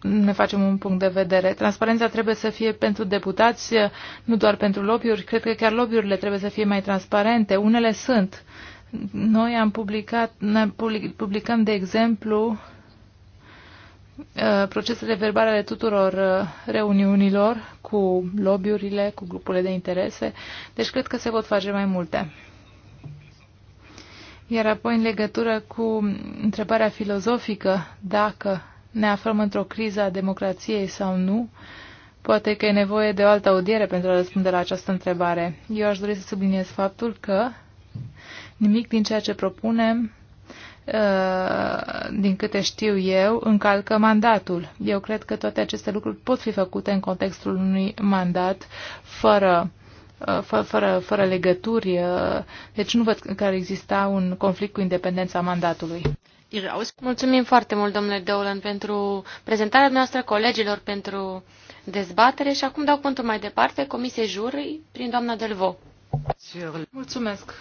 ne facem un punct de vedere. Transparența trebuie să fie pentru deputați, nu doar pentru lobbyuri. Cred că chiar lobbyurile trebuie să fie mai transparente. Unele sunt. Noi am publicat, ne publicăm, de exemplu, Uh, procesele verbale ale tuturor uh, reuniunilor cu lobbyurile, cu grupurile de interese, deci cred că se pot face mai multe. Iar apoi, în legătură cu întrebarea filozofică, dacă ne aflăm într-o criză a democrației sau nu, poate că e nevoie de o altă audiere pentru a răspunde la această întrebare. Eu aș dori să subliniez faptul că nimic din ceea ce propunem Uh, din câte știu eu, încalcă mandatul. Eu cred că toate aceste lucruri pot fi făcute în contextul unui mandat fără uh, fără, fără legături, uh, deci nu văd că ar exista un conflict cu independența mandatului. Mulțumim foarte mult, domnule Dolan, pentru prezentarea noastră colegilor pentru dezbatere și acum dau cuvântul mai departe Comisiei Jurii prin doamna Delvo. Mulțumesc.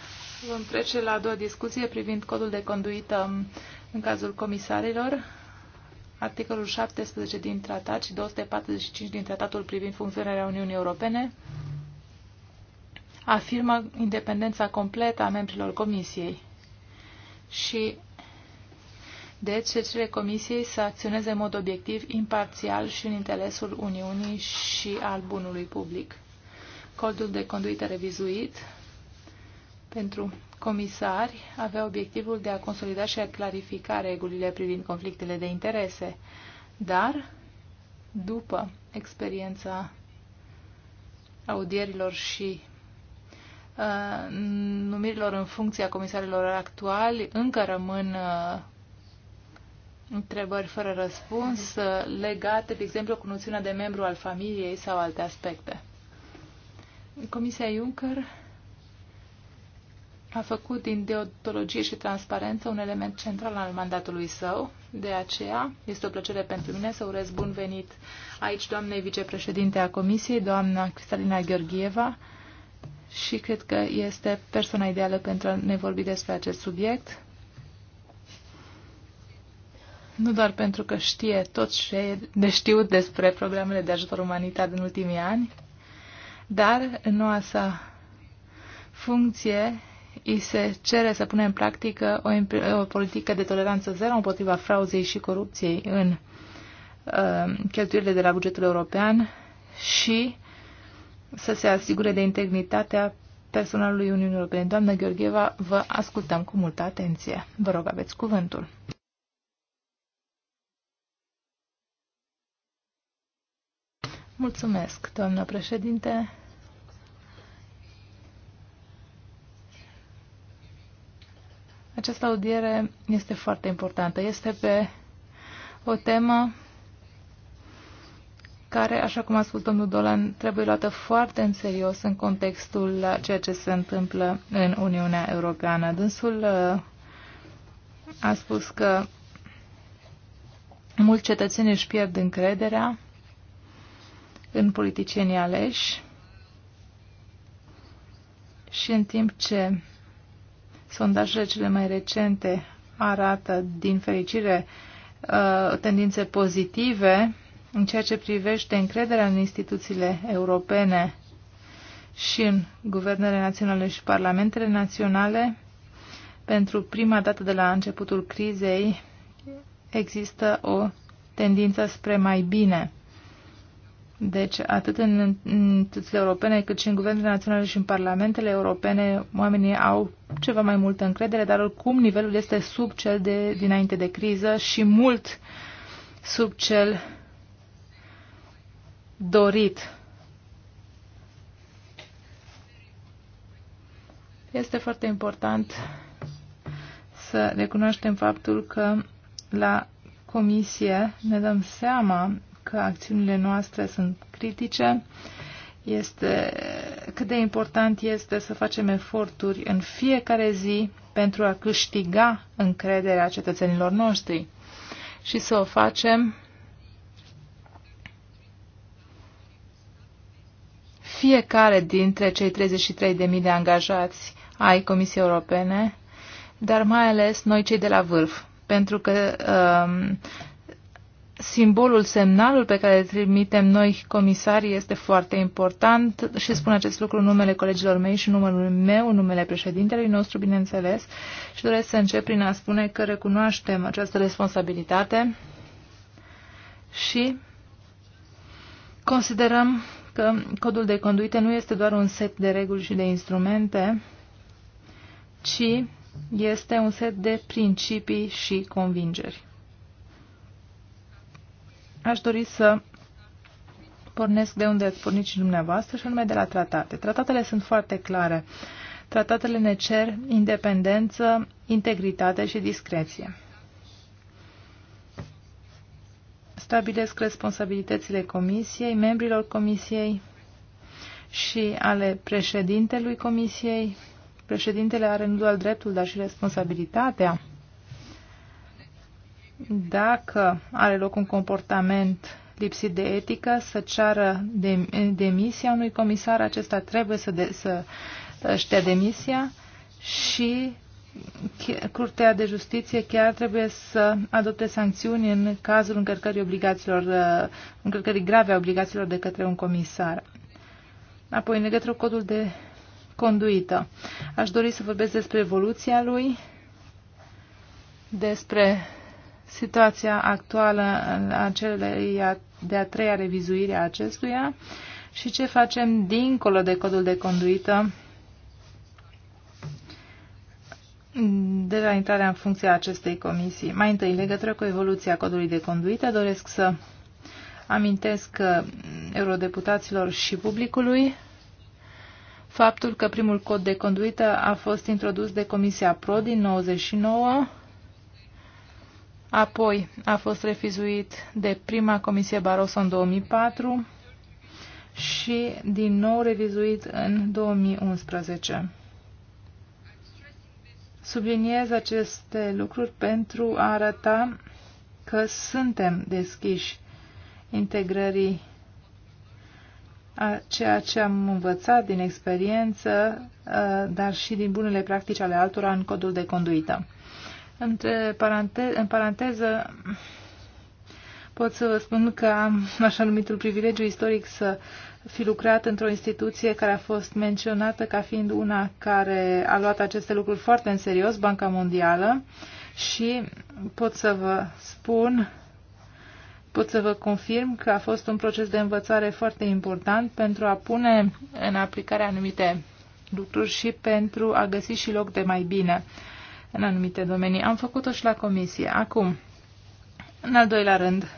Vom trece la a doua discuție privind codul de conduită în cazul comisarilor. Articolul 17 din tratat și 245 din tratatul privind funcționarea Uniunii Europene afirmă independența completă a membrilor comisiei și deci se cere comisiei să acționeze în mod obiectiv, imparțial și în interesul Uniunii și al bunului public. Codul de conduită revizuit pentru comisari avea obiectivul de a consolida și a clarifica regulile privind conflictele de interese, dar după experiența audierilor și uh, numirilor în funcția comisarilor actuali, încă rămân uh, întrebări fără răspuns uh, legate, de exemplu, cu noțiunea de membru al familiei sau alte aspecte. Comisia Juncker a făcut din deontologie și transparență un element central al mandatului său. De aceea, este o plăcere pentru mine să urez bun venit aici doamnei vicepreședinte a Comisiei, doamna Cristalina Gheorgheva, și cred că este persoana ideală pentru a ne vorbi despre acest subiect. Nu doar pentru că știe tot ce e de știut despre programele de ajutor umanitar din ultimii ani, dar în noua sa funcție îi se cere să pună în practică o, o politică de toleranță zero împotriva frauzei și corupției în uh, cheltuielile de la bugetul european și să se asigure de integritatea personalului Uniunii Europene. Doamnă Gheorgheva, vă ascultăm cu multă atenție. Vă rog, aveți cuvântul. Mulțumesc, doamnă președinte. Această audiere este foarte importantă. Este pe o temă care, așa cum a spus domnul Dolan, trebuie luată foarte în serios în contextul la ceea ce se întâmplă în Uniunea Europeană. Dânsul uh, a spus că mulți cetățeni își pierd încrederea în politicienii aleși și în timp ce Sondajele cele mai recente arată, din fericire, uh, tendințe pozitive în ceea ce privește încrederea în instituțiile europene și în guvernele naționale și parlamentele naționale. Pentru prima dată de la începutul crizei există o tendință spre mai bine. Deci, atât în instituțiile europene, cât și în guvernele naționale și în parlamentele europene, oamenii au ceva mai multă încredere, dar oricum nivelul este sub cel de dinainte de criză și mult sub cel dorit. Este foarte important să recunoaștem faptul că la comisie ne dăm seama că acțiunile noastre sunt critice, este cât de important este să facem eforturi în fiecare zi pentru a câștiga încrederea cetățenilor noștri și să o facem fiecare dintre cei 33.000 de angajați ai Comisiei Europene, dar mai ales noi cei de la vârf, pentru că uh, simbolul, semnalul pe care îl trimitem noi comisarii este foarte important și spun acest lucru în numele colegilor mei și numele meu, în numele președintelui nostru, bineînțeles, și doresc să încep prin a spune că recunoaștem această responsabilitate și considerăm că codul de conduite nu este doar un set de reguli și de instrumente, ci este un set de principii și convingeri. Aș dori să pornesc de unde ați pornit și dumneavoastră, și anume de la tratate. Tratatele sunt foarte clare. Tratatele ne cer independență, integritate și discreție. Stabilesc responsabilitățile comisiei, membrilor comisiei și ale președintelui comisiei. Președintele are nu doar dreptul, dar și responsabilitatea dacă are loc un comportament lipsit de etică, să ceară demisia unui comisar, acesta trebuie să, de, să ștea demisia și Curtea de Justiție chiar trebuie să adopte sancțiuni în cazul încărcării, obligațiilor, uh, încărcării grave a obligațiilor de către un comisar. Apoi, în legătură cu codul de conduită, aș dori să vorbesc despre evoluția lui, despre situația actuală a celei de a treia revizuire a acestuia și ce facem dincolo de codul de conduită de la intrarea în funcție a acestei comisii. Mai întâi, în legătură cu evoluția codului de conduită, doresc să amintesc eurodeputaților și publicului faptul că primul cod de conduită a fost introdus de Comisia PRO din 99 Apoi a fost refizuit de prima Comisie Barroso în 2004 și din nou revizuit în 2011. Subliniez aceste lucruri pentru a arăta că suntem deschiși integrării a ceea ce am învățat din experiență, uh, dar și din bunele practici ale altora în codul de conduită. Între parante- în paranteză, pot să vă spun că am așa numitul privilegiu istoric să fi lucrat într-o instituție care a fost menționată ca fiind una care a luat aceste lucruri foarte în serios, Banca Mondială, și pot să vă spun, pot să vă confirm că a fost un proces de învățare foarte important pentru a pune în aplicare anumite lucruri și pentru a găsi și loc de mai bine în anumite domenii. Am făcut-o și la comisie. Acum, în al doilea rând,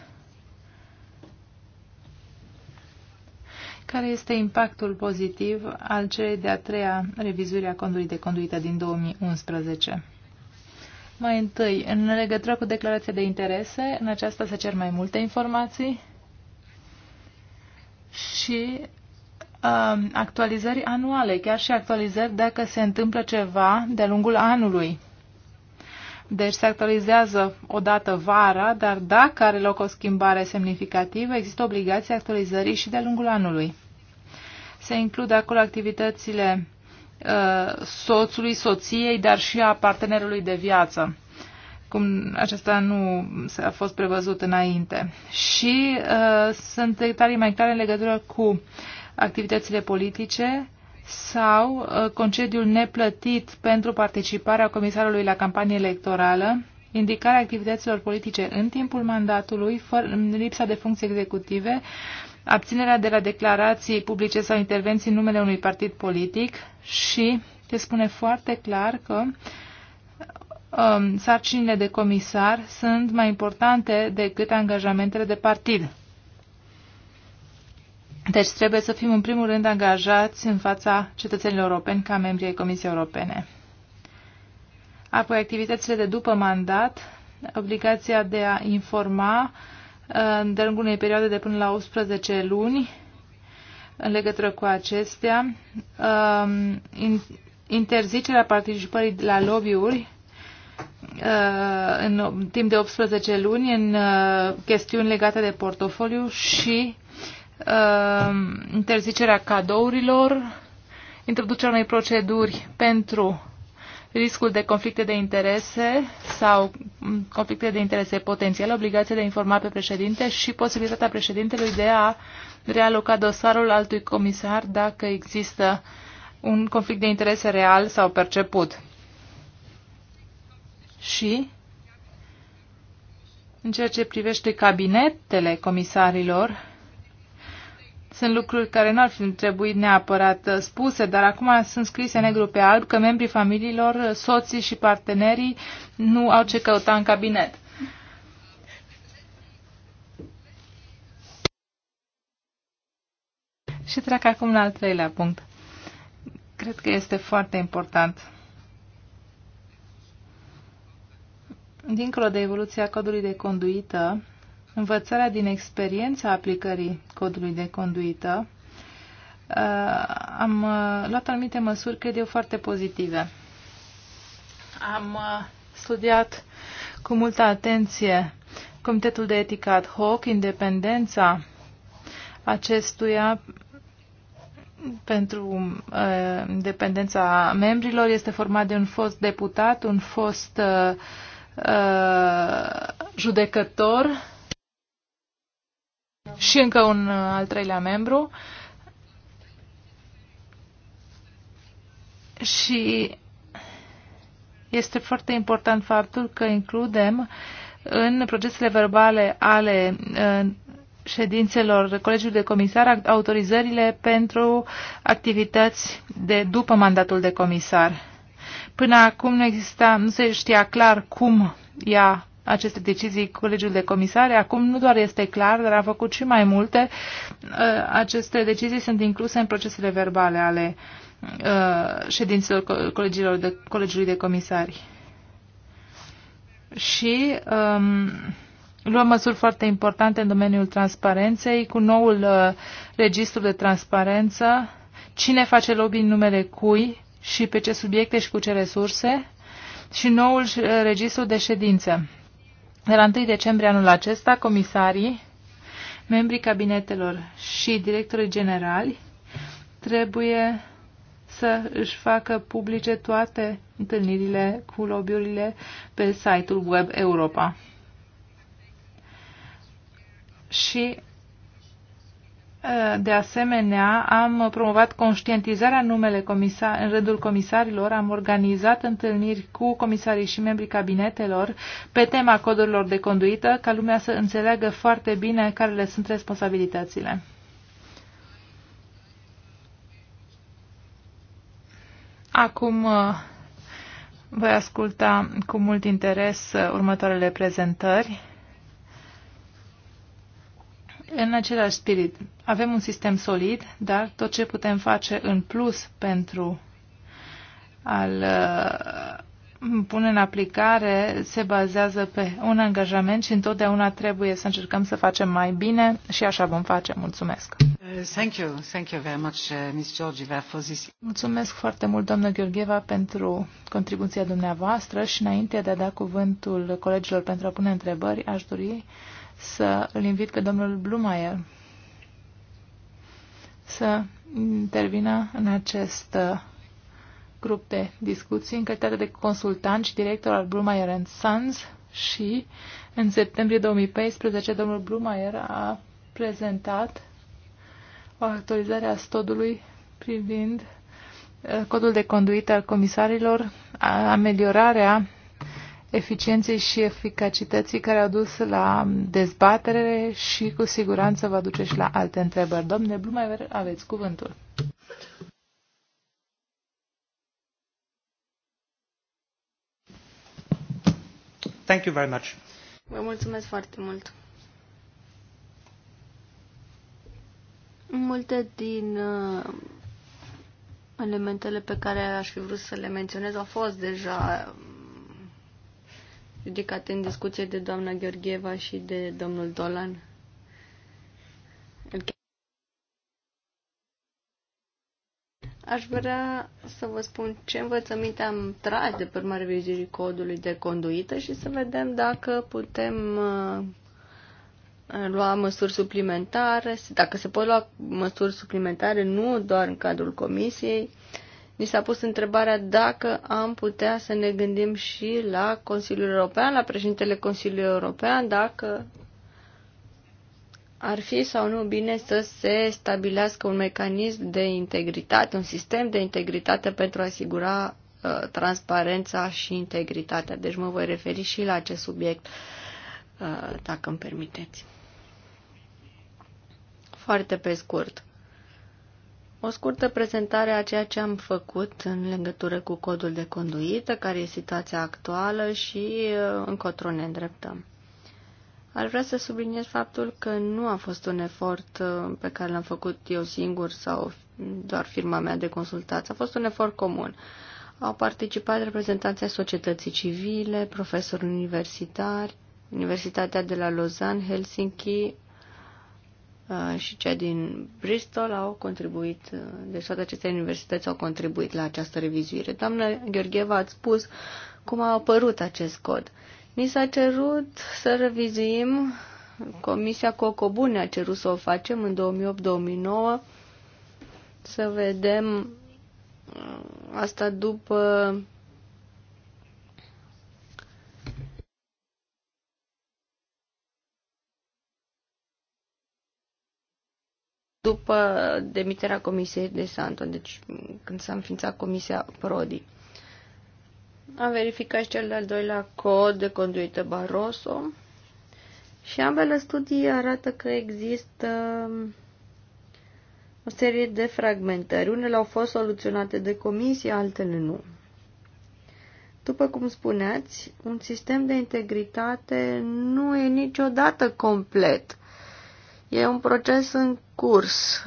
care este impactul pozitiv al celei de-a treia revizuire a condului de conduită din 2011? Mai întâi, în legătură cu declarația de interese, în aceasta se cer mai multe informații și uh, actualizări anuale, chiar și actualizări dacă se întâmplă ceva de-a lungul anului deci se actualizează o dată vara, dar dacă are loc o schimbare semnificativă, există obligația actualizării și de lungul anului. Se includ acolo activitățile uh, soțului, soției, dar și a partenerului de viață cum acesta nu a fost prevăzut înainte. Și uh, sunt detalii mai clare în legătură cu activitățile politice, sau uh, concediul neplătit pentru participarea comisarului la campanie electorală, indicarea activităților politice în timpul mandatului, fără, lipsa de funcții executive, abținerea de la declarații publice sau intervenții în numele unui partid politic și se spune foarte clar că um, sarcinile de comisar sunt mai importante decât angajamentele de partid. Deci trebuie să fim în primul rând angajați în fața cetățenilor europeni ca membri ai Comisiei Europene. Apoi activitățile de după mandat, obligația de a informa uh, de lungul unei perioade de până la 18 luni în legătură cu acestea, um, interzicerea participării la lobby-uri uh, în timp de 18 luni în uh, chestiuni legate de portofoliu și Uh, interzicerea cadourilor, introducerea unei proceduri pentru riscul de conflicte de interese sau conflicte de interese potențiale, obligația de a informa pe președinte și posibilitatea președintelui de a realoca dosarul altui comisar dacă există un conflict de interese real sau perceput. Și în ceea ce privește cabinetele comisarilor, sunt lucruri care nu ar fi trebuit neapărat uh, spuse, dar acum sunt scrise negru pe alb că membrii familiilor, uh, soții și partenerii nu au ce căuta în cabinet. Și trec acum la al treilea punct. Cred că este foarte important. Dincolo de evoluția codului de conduită, Învățarea din experiența aplicării codului de conduită, uh, am uh, luat anumite măsuri, cred eu, foarte pozitive. Am uh, studiat cu multă atenție Comitetul de Etică ad hoc, independența acestuia pentru uh, independența membrilor este format de un fost deputat, un fost uh, uh, judecător și încă un uh, al treilea membru. Și este foarte important faptul că includem în procesele verbale ale uh, ședințelor Colegiului de Comisar autorizările pentru activități de după mandatul de comisar. Până acum nu exista, nu se știa clar cum ea aceste decizii Colegiul de Comisare. Acum nu doar este clar, dar a făcut și mai multe. Uh, aceste decizii sunt incluse în procesele verbale ale uh, ședințelor colegilor de, Colegiului de Comisari. Și um, luăm măsuri foarte importante în domeniul transparenței cu noul uh, registru de transparență, cine face lobby în numele cui și pe ce subiecte și cu ce resurse și noul uh, registru de ședință. De la 1 decembrie anul acesta, comisarii, membrii cabinetelor și directorii generali trebuie să își facă publice toate întâlnirile cu lobby-urile pe site-ul web Europa. Și de asemenea, am promovat conștientizarea numele comisar, în rândul comisarilor, am organizat întâlniri cu comisarii și membrii cabinetelor pe tema codurilor de conduită, ca lumea să înțeleagă foarte bine care le sunt responsabilitățile. Acum uh, voi asculta cu mult interes uh, următoarele prezentări în același spirit, avem un sistem solid, dar tot ce putem face în plus pentru a-l uh, pune în aplicare se bazează pe un angajament și întotdeauna trebuie să încercăm să facem mai bine și așa vom face. Mulțumesc. Uh, thank you. Thank you very much, uh, Ms. Georgieva, for this. Mulțumesc foarte mult, doamnă Gheorgheva, pentru contribuția dumneavoastră și înainte de a da cuvântul colegilor pentru a pune întrebări, aș dori să îl invit pe domnul Blumeyer să intervină în acest uh, grup de discuții în calitate de consultant și director al Blumeyer Sons și în septembrie 2014 domnul Blumeyer a prezentat o actualizare a stodului privind uh, codul de conduită al comisarilor, ameliorarea eficienței și eficacității care au dus la dezbatere și cu siguranță vă duce și la alte întrebări. Domnule Blumever, aveți cuvântul. Thank you very much. Vă mulțumesc foarte mult. Multe din uh, elementele pe care aș fi vrut să le menționez au fost deja ridicate în discuție de doamna Gheorgheva și de domnul Dolan. Aș vrea să vă spun ce învățăminte am tras de pe urma revizuirii codului de conduită și să vedem dacă putem uh, lua măsuri suplimentare, dacă se pot lua măsuri suplimentare, nu doar în cadrul comisiei, ni s-a pus întrebarea dacă am putea să ne gândim și la Consiliul European, la președintele Consiliului European, dacă ar fi sau nu bine să se stabilească un mecanism de integritate, un sistem de integritate pentru a asigura uh, transparența și integritatea. Deci mă voi referi și la acest subiect, uh, dacă îmi permiteți. Foarte pe scurt. O scurtă prezentare a ceea ce am făcut în legătură cu codul de conduită, care e situația actuală și uh, încotro ne îndreptăm. Ar vrea să subliniez faptul că nu a fost un efort uh, pe care l-am făcut eu singur sau doar firma mea de consultați. A fost un efort comun. Au participat reprezentanții societății civile, profesori universitari, Universitatea de la Lausanne, Helsinki, Uh, și cea din Bristol au contribuit, uh, deci toate aceste universități au contribuit la această revizuire. Doamna Gheorgheva, ați spus cum a apărut acest cod. Ni s-a cerut să revizuim, Comisia Cocobune a cerut să o facem în 2008-2009, să vedem uh, asta după după demiterea Comisiei de Santo, deci când s-a înființat Comisia Prodi. Am verificat și cel de-al doilea cod de conduită Barroso și ambele studii arată că există um, o serie de fragmentări. Unele au fost soluționate de comisie, altele nu. După cum spuneați, un sistem de integritate nu e niciodată complet E un proces în curs.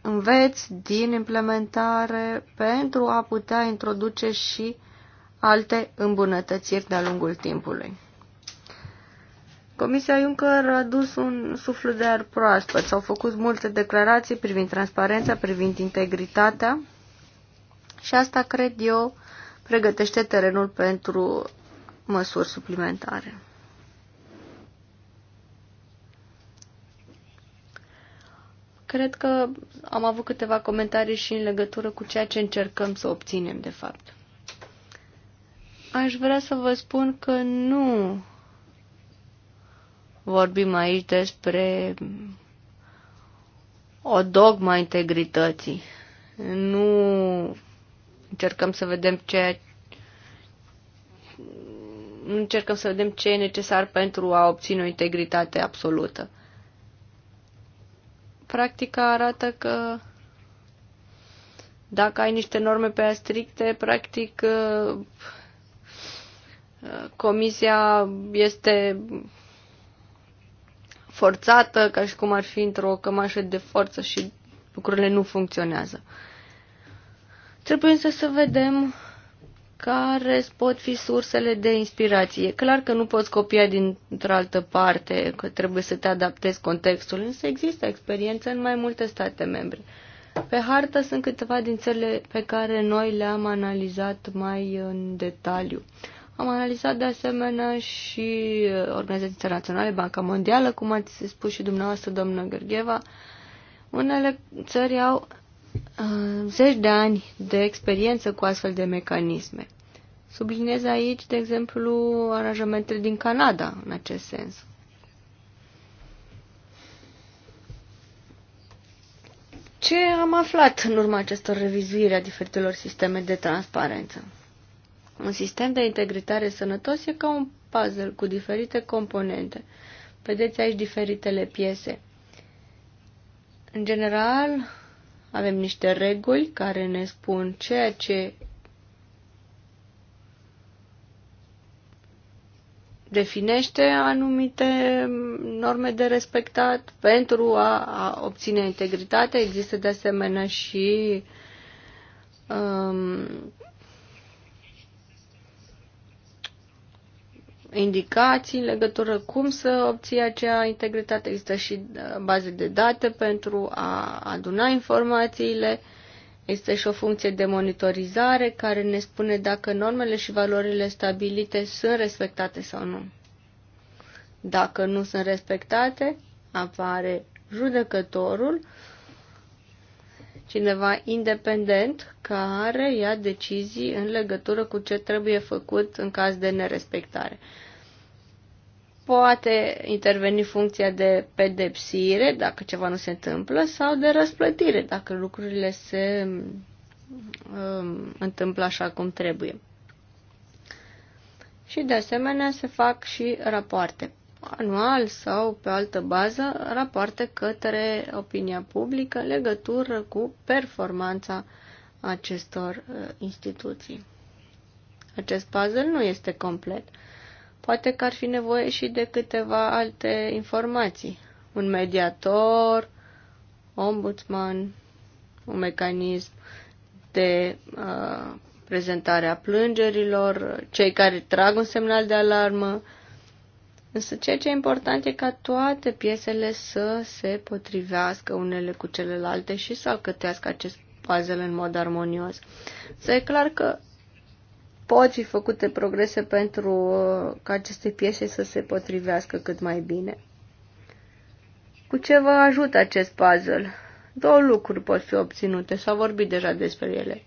Înveți din implementare pentru a putea introduce și alte îmbunătățiri de-a lungul timpului. Comisia Juncker a dus un suflu de aer proaspăt. S-au făcut multe declarații privind transparența, privind integritatea și asta, cred eu, pregătește terenul pentru măsuri suplimentare. Cred că am avut câteva comentarii și în legătură cu ceea ce încercăm să obținem, de fapt. Aș vrea să vă spun că nu vorbim aici despre o dogma integrității. Nu încercăm să vedem ce nu încercăm să vedem ce e necesar pentru a obține o integritate absolută practica arată că dacă ai niște norme pe stricte, practic uh, comisia este forțată, ca și cum ar fi într-o cămașă de forță și lucrurile nu funcționează. Trebuie însă să vedem care pot fi sursele de inspirație. E clar că nu poți copia dintr-o altă parte, că trebuie să te adaptezi contextul, însă există experiență în mai multe state membre. Pe hartă sunt câteva din țările pe care noi le-am analizat mai în detaliu. Am analizat de asemenea și uh, organizații internaționale, Banca Mondială, cum ați spus și dumneavoastră, domnul Gărgheva. Unele țări au Uh, zeci de ani de experiență cu astfel de mecanisme. Subliniez aici, de exemplu, aranjamentele din Canada în acest sens. Ce am aflat în urma acestor revizuiri a diferitelor sisteme de transparență? Un sistem de integritare sănătos e ca un puzzle cu diferite componente. Vedeți aici diferitele piese. În general, avem niște reguli care ne spun ceea ce definește anumite norme de respectat pentru a, a obține integritate. Există de asemenea și um, indicații în legătură cum să obții acea integritate. Există și uh, baze de date pentru a aduna informațiile. Este și o funcție de monitorizare care ne spune dacă normele și valorile stabilite sunt respectate sau nu. Dacă nu sunt respectate, apare judecătorul cineva independent care ia decizii în legătură cu ce trebuie făcut în caz de nerespectare. Poate interveni funcția de pedepsire, dacă ceva nu se întâmplă, sau de răsplătire, dacă lucrurile se um, întâmplă așa cum trebuie. Și de asemenea se fac și rapoarte anual sau pe altă bază rapoarte către opinia publică în legătură cu performanța acestor uh, instituții. Acest puzzle nu este complet. Poate că ar fi nevoie și de câteva alte informații. Un mediator, ombudsman, un mecanism de uh, prezentare a plângerilor, cei care trag un semnal de alarmă, Însă ceea ce e important e ca toate piesele să se potrivească unele cu celelalte și să alcătească acest puzzle în mod armonios. Să e clar că pot fi făcute progrese pentru uh, ca aceste piese să se potrivească cât mai bine. Cu ce vă ajută acest puzzle? Două lucruri pot fi obținute, s au vorbit deja despre ele.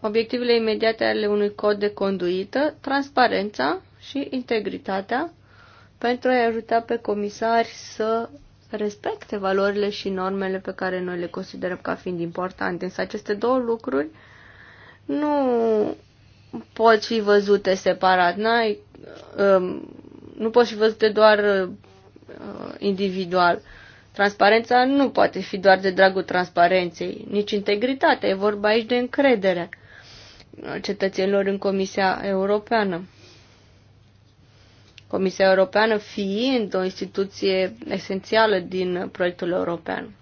Obiectivele imediate ale unui cod de conduită, transparența și integritatea pentru a-i ajuta pe comisari să respecte valorile și normele pe care noi le considerăm ca fiind importante. Însă aceste două lucruri nu pot fi văzute separat. N-ai, um, nu pot fi văzute doar uh, individual. Transparența nu poate fi doar de dragul transparenței, nici integritatea. E vorba aici de încredere cetățenilor în Comisia Europeană. Comisia Europeană fiind o instituție esențială din proiectul european.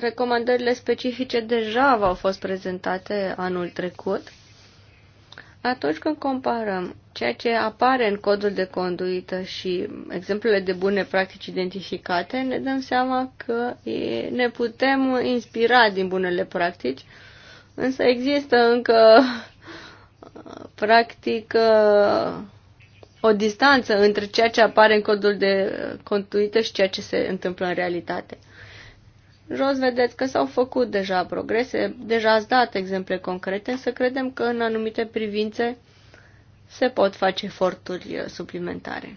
Recomandările specifice deja v-au fost prezentate anul trecut. Atunci când comparăm ceea ce apare în codul de conduită și exemplele de bune practici identificate, ne dăm seama că ne putem inspira din bunele practici Însă există încă, [LAUGHS] practic, o distanță între ceea ce apare în codul de contuită și ceea ce se întâmplă în realitate. Jos vedeți că s-au făcut deja progrese, deja ați dat exemple concrete, însă credem că în anumite privințe se pot face eforturi suplimentare.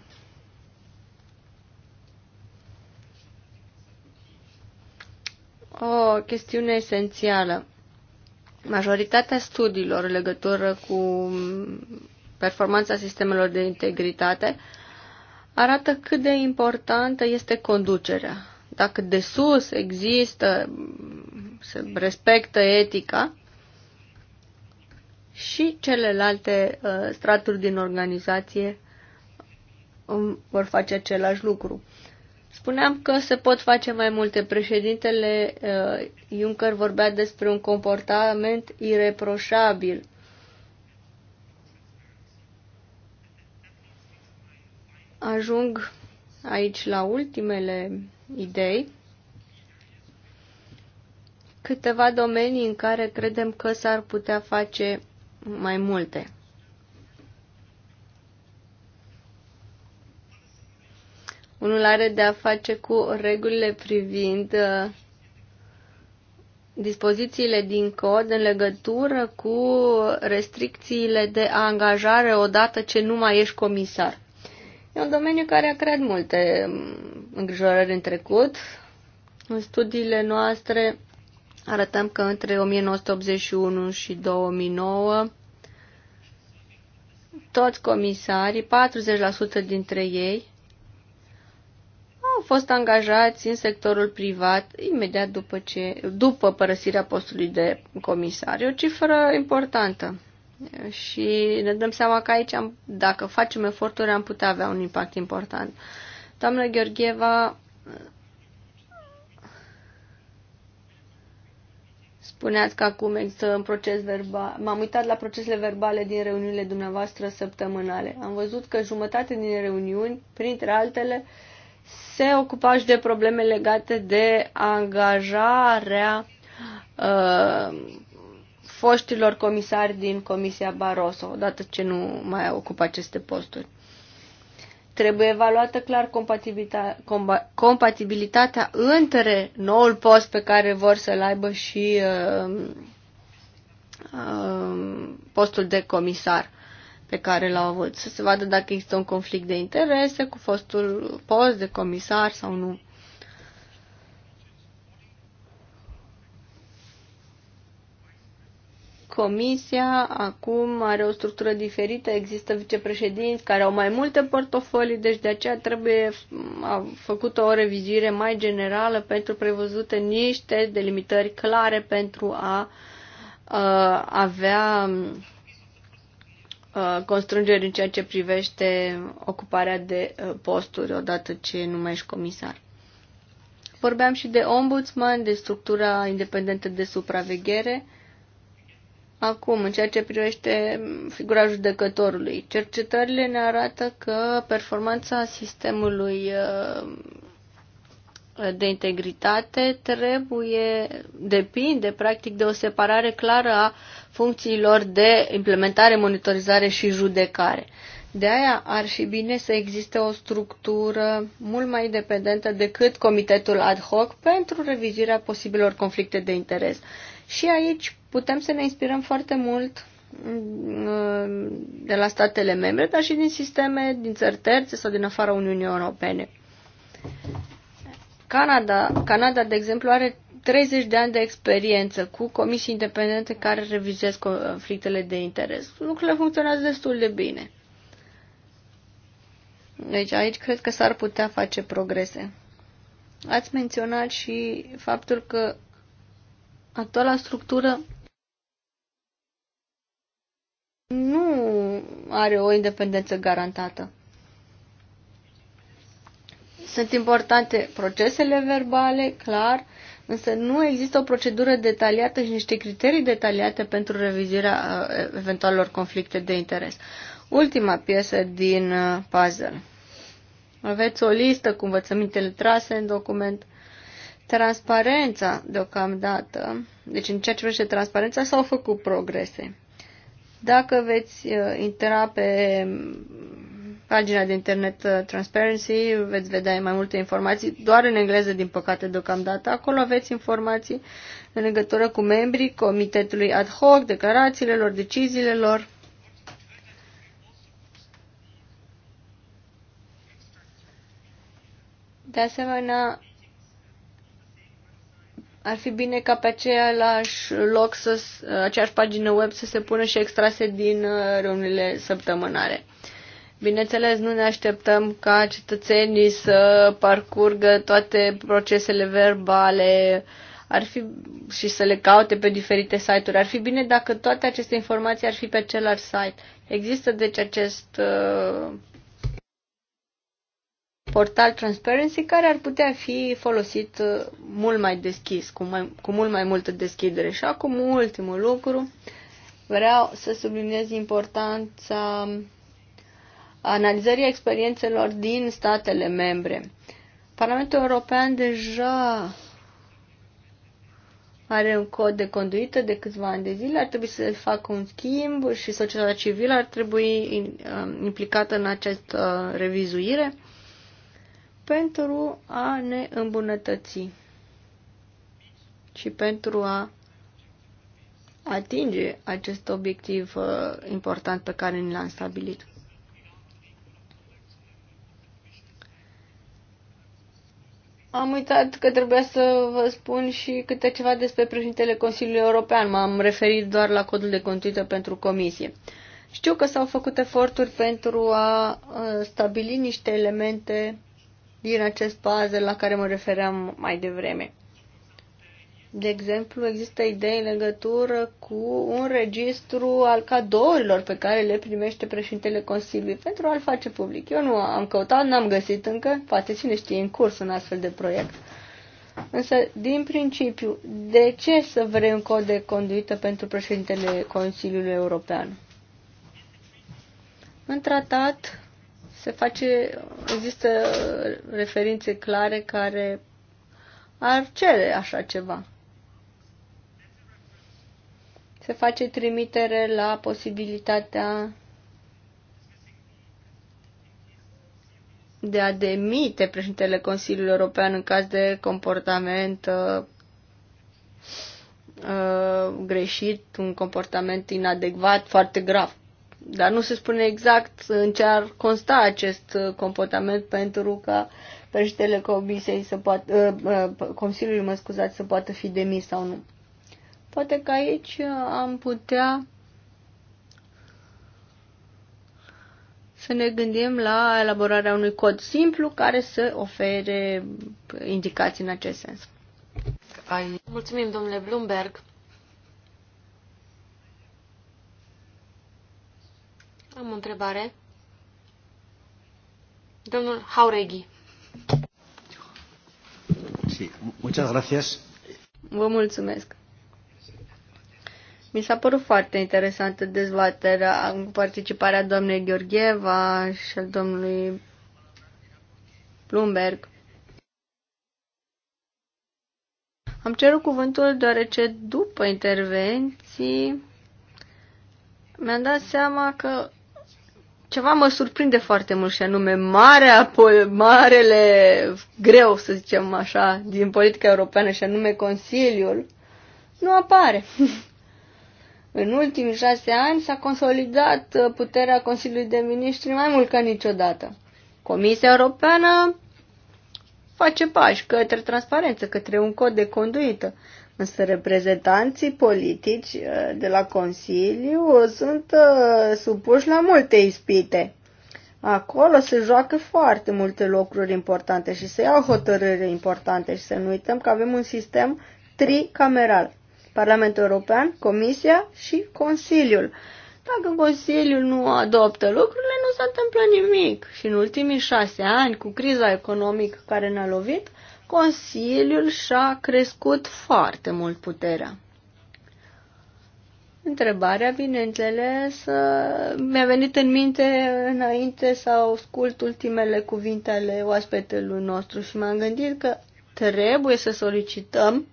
O chestiune esențială Majoritatea studiilor în legătură cu performanța sistemelor de integritate arată cât de importantă este conducerea. Dacă de sus există, se respectă etica și celelalte uh, straturi din organizație um, vor face același lucru. Spuneam că se pot face mai multe. Președintele uh, Juncker vorbea despre un comportament ireproșabil. Ajung aici la ultimele idei. Câteva domenii în care credem că s-ar putea face mai multe. Unul are de a face cu regulile privind uh, dispozițiile din cod în legătură cu restricțiile de angajare odată ce nu mai ești comisar. E un domeniu care a creat multe mm, îngrijorări în trecut. În studiile noastre arătăm că între 1981 și 2009 toți comisarii, 40% dintre ei, au fost angajați în sectorul privat imediat după, ce, după părăsirea postului de comisar. E o cifră importantă și ne dăm seama că aici, am, dacă facem eforturi, am putea avea un impact important. Doamna Gheorgheva spuneați că acum există un proces verbal. M-am uitat la procesele verbale din reuniunile dumneavoastră săptămânale. Am văzut că jumătate din reuniuni, printre altele, uh, se ocupa și de probleme legate de angajarea uh, foștilor comisari din Comisia Barroso, odată ce nu mai ocupă aceste posturi. Trebuie evaluată clar compatibilita- compatibilitatea între noul post pe care vor să-l aibă și uh, uh, postul de comisar pe care l-au avut, să se vadă dacă există un conflict de interese cu fostul post de comisar sau nu. Comisia acum are o structură diferită, există vicepreședinți care au mai multe portofolii, deci de aceea trebuie făcută o revizuire mai generală pentru prevăzute niște delimitări clare pentru a, a avea Uh, constrângeri în ceea ce privește ocuparea de uh, posturi odată ce nu mai ești comisar. Vorbeam și de ombudsman, de structura independentă de supraveghere. Acum, în ceea ce privește figura judecătorului, cercetările ne arată că performanța sistemului uh, de integritate trebuie, depinde practic de o separare clară a funcțiilor de implementare, monitorizare și judecare. De aia ar fi bine să existe o structură mult mai independentă decât comitetul ad hoc pentru revizirea posibilor conflicte de interes. Și aici putem să ne inspirăm foarte mult mm, de la statele membre, dar și din sisteme din țări terțe sau din afara Uniunii Europene. Canada, Canada, de exemplu, are 30 de ani de experiență cu comisii independente care revizez conflictele de interes. Lucrurile funcționează destul de bine. Deci aici cred că s-ar putea face progrese. Ați menționat și faptul că actuala structură nu are o independență garantată. Sunt importante procesele verbale, clar, Însă nu există o procedură detaliată și niște criterii detaliate pentru revizirea uh, eventualelor conflicte de interes. Ultima piesă din uh, puzzle. Aveți o listă cu învățămintele trase în document. Transparența, deocamdată, deci în ceea ce privește transparența, s-au făcut progrese. Dacă veți uh, intra pe pagina de internet uh, Transparency, veți vedea mai multe informații, doar în engleză, din păcate, deocamdată. Acolo aveți informații în legătură cu membrii comitetului ad hoc, declarațiile lor, deciziile lor. De asemenea, ar fi bine ca pe același loc, să, uh, aceeași pagină web să se pună și extrase din uh, reuniunile săptămânare. Bineînțeles, nu ne așteptăm ca cetățenii să parcurgă toate procesele verbale ar fi, și să le caute pe diferite site-uri. Ar fi bine dacă toate aceste informații ar fi pe același site. Există deci acest uh, portal Transparency care ar putea fi folosit uh, mult mai deschis, cu, mai, cu mult mai multă deschidere. Și acum ultimul lucru, vreau să subliniez importanța analizării experiențelor din statele membre. Parlamentul European deja are un cod de conduită de câțiva ani de zile, ar trebui să facă un schimb și societatea civilă ar trebui um, implicată în această revizuire pentru a ne îmbunătăți și pentru a atinge acest obiectiv uh, important pe care ni l-am stabilit. Am uitat că trebuia să vă spun și câte ceva despre președintele Consiliului European. M-am referit doar la codul de conduită pentru comisie. Știu că s-au făcut eforturi pentru a stabili niște elemente din acest pază la care mă refeream mai devreme. De exemplu, există idei în legătură cu un registru al cadourilor pe care le primește președintele Consiliului pentru a-l face public. Eu nu am căutat, n-am găsit încă, poate cine știe, în curs un astfel de proiect. Însă, din principiu, de ce să vrei un cod de conduită pentru președintele Consiliului European? În tratat se face, există referințe clare care ar cere așa ceva se face trimitere la posibilitatea de a demite președintele Consiliului European în caz de comportament uh, uh, greșit, un comportament inadecvat, foarte grav. Dar nu se spune exact în ce ar consta acest uh, comportament pentru ca președintele Comisiei să poată, uh, uh, Consiliului, mă scuzați, să poată fi demis sau nu. Poate că aici uh, am putea să ne gândim la elaborarea unui cod simplu care să ofere indicații în acest sens. Ai... Mulțumim, domnule Bloomberg. Am o întrebare. Domnul Haureghi. Sí, muchas gracias. Vă mulțumesc. Mi s-a părut foarte interesantă dezbaterea cu participarea doamnei Gheorgheva și al domnului Bloomberg. Am cerut cuvântul deoarece după intervenții mi-am dat seama că ceva mă surprinde foarte mult și anume marea, marele greu, să zicem așa, din politica europeană și anume Consiliul, nu apare. [LAUGHS] În ultimii șase ani s-a consolidat uh, puterea Consiliului de Ministri mai mult ca niciodată. Comisia Europeană face pași către transparență, către un cod de conduită. Însă reprezentanții politici uh, de la Consiliu sunt uh, supuși la multe ispite. Acolo se joacă foarte multe lucruri importante și se iau hotărâri importante și să nu uităm că avem un sistem tricameral. Parlamentul European, Comisia și Consiliul. Dacă Consiliul nu adoptă lucrurile, nu se întâmplă nimic. Și în ultimii șase ani, cu criza economică care ne-a lovit, Consiliul și-a crescut foarte mult puterea. Întrebarea, bineînțeles, mi-a venit în minte înainte să ascult ultimele cuvinte ale oaspetelui nostru și m-am gândit că trebuie să solicităm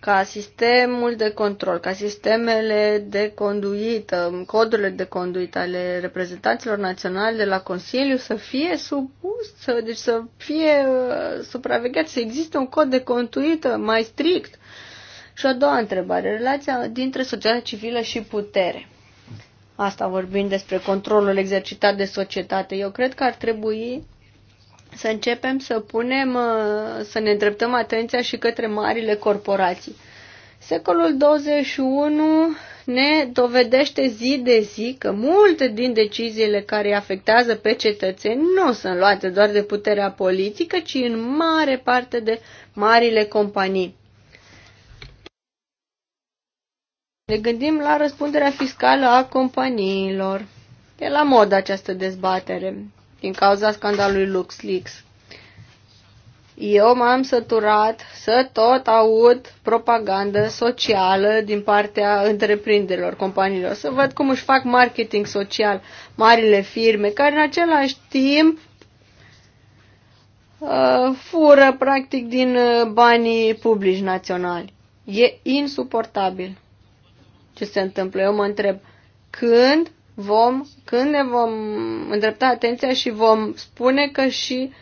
ca sistemul de control, ca sistemele de conduită, codurile de conduită ale reprezentanților naționali de la Consiliu să fie supus, deci să fie uh, supravegheat, să existe un cod de conduită mai strict. Și a doua întrebare, relația dintre societatea civilă și putere. Asta vorbim despre controlul exercitat de societate. Eu cred că ar trebui să începem să punem, uh, să ne îndreptăm atenția și către marile corporații. Secolul 21 ne dovedește zi de zi că multe din deciziile care îi afectează pe cetățeni nu sunt luate doar de puterea politică, ci în mare parte de marile companii. Ne gândim la răspunderea fiscală a companiilor. E la mod această dezbatere din cauza scandalului LuxLeaks. Eu m-am săturat să tot aud propagandă socială din partea întreprinderilor, companiilor, să văd cum își fac marketing social marile firme, care în același timp uh, fură practic din uh, banii publici naționali. E insuportabil ce se întâmplă. Eu mă întreb când vom, când ne vom îndrepta atenția și vom spune că și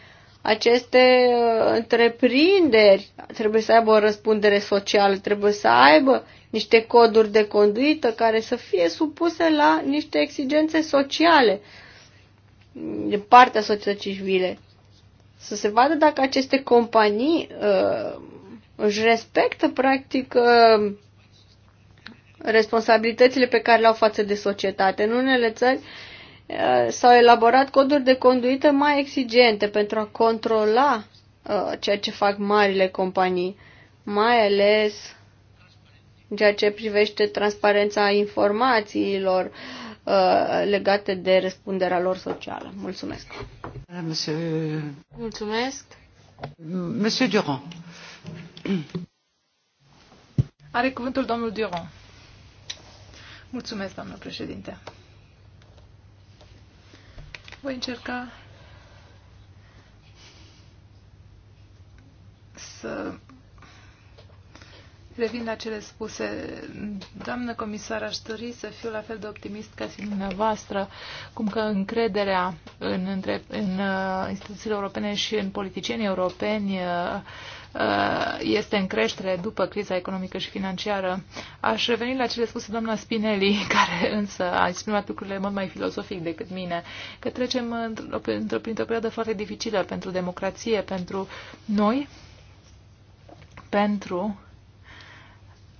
aceste uh, întreprinderi trebuie să aibă o răspundere socială, trebuie să aibă niște coduri de conduită care să fie supuse la niște exigențe sociale de partea societății civile. Să se vadă dacă aceste companii uh, își respectă practic uh, responsabilitățile pe care le au față de societate. În unele țări uh, s-au elaborat coduri de conduită mai exigente pentru a controla uh, ceea ce fac marile companii, mai ales în ceea ce privește transparența informațiilor uh, legate de răspunderea lor socială. Mulțumesc. Euh, Mulțumesc. Monsieur Durand. Are cuvântul domnul Durand. Mulțumesc, doamnă președinte. Voi încerca să revin la cele spuse. Doamnă comisar, aș dori să fiu la fel de optimist ca și dumneavoastră, cum că încrederea în, între, în uh, instituțiile europene și în politicienii europeni uh, Uh, este în creștere după criza economică și financiară. Aș reveni la cele spuse doamna Spinelli, [LAUGHS] care însă a exprimat lucrurile mult mai filozofic decât mine, că trecem într-o, într-o, printr-o perioadă foarte dificilă pentru democrație, pentru noi, pentru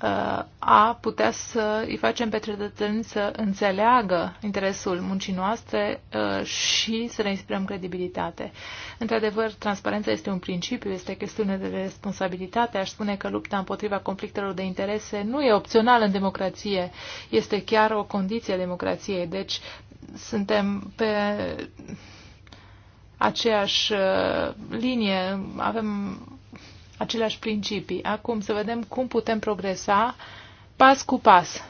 Uh, a putea să îi facem pe cetățeni să înțeleagă interesul muncii noastre uh, și să ne inspirăm credibilitate. Într-adevăr, transparența este un principiu, este chestiune de responsabilitate. Aș spune că lupta împotriva conflictelor de interese nu e opțională în democrație, este chiar o condiție a democrației. Deci, suntem pe aceeași uh, linie, avem aceleași principii. Acum să vedem cum putem progresa pas cu pas.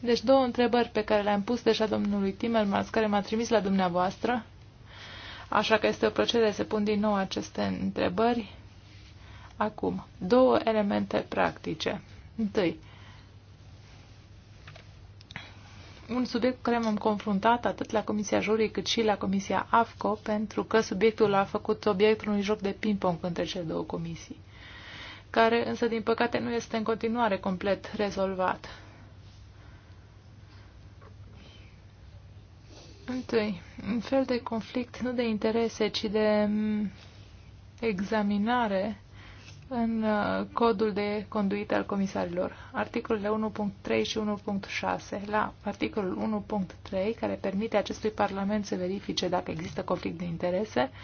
Deci două întrebări pe care le-am pus deja domnului Timmermans, care m-a trimis la dumneavoastră. Așa că este o procedere să pun din nou aceste întrebări. Acum, două elemente practice. Întâi, un subiect cu care m-am confruntat atât la Comisia Jurii cât și la Comisia AFCO, pentru că subiectul a făcut obiectul unui joc de ping-pong între cele două comisii care însă, din păcate, nu este în continuare complet rezolvat. Întâi, un fel de conflict nu de interese, ci de mm, examinare în uh, codul de conduită al comisarilor. Articolele 1.3 și 1.6. La articolul 1.3, care permite acestui Parlament să verifice dacă există conflict de interese, uh,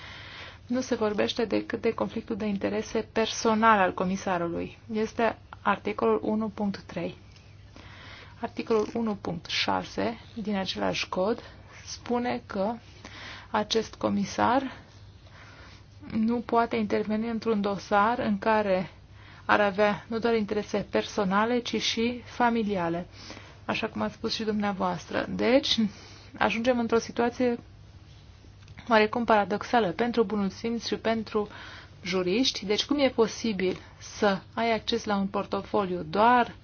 nu se vorbește decât de conflictul de interese personal al comisarului. Este articolul 1.3. Articolul 1.6 din același cod spune că acest comisar nu poate interveni într-un dosar în care ar avea nu doar interese personale, ci și familiale, așa cum ați spus și dumneavoastră. Deci, ajungem într-o situație oarecum paradoxală pentru bunul simț și pentru juriști. Deci cum e posibil să ai acces la un portofoliu doar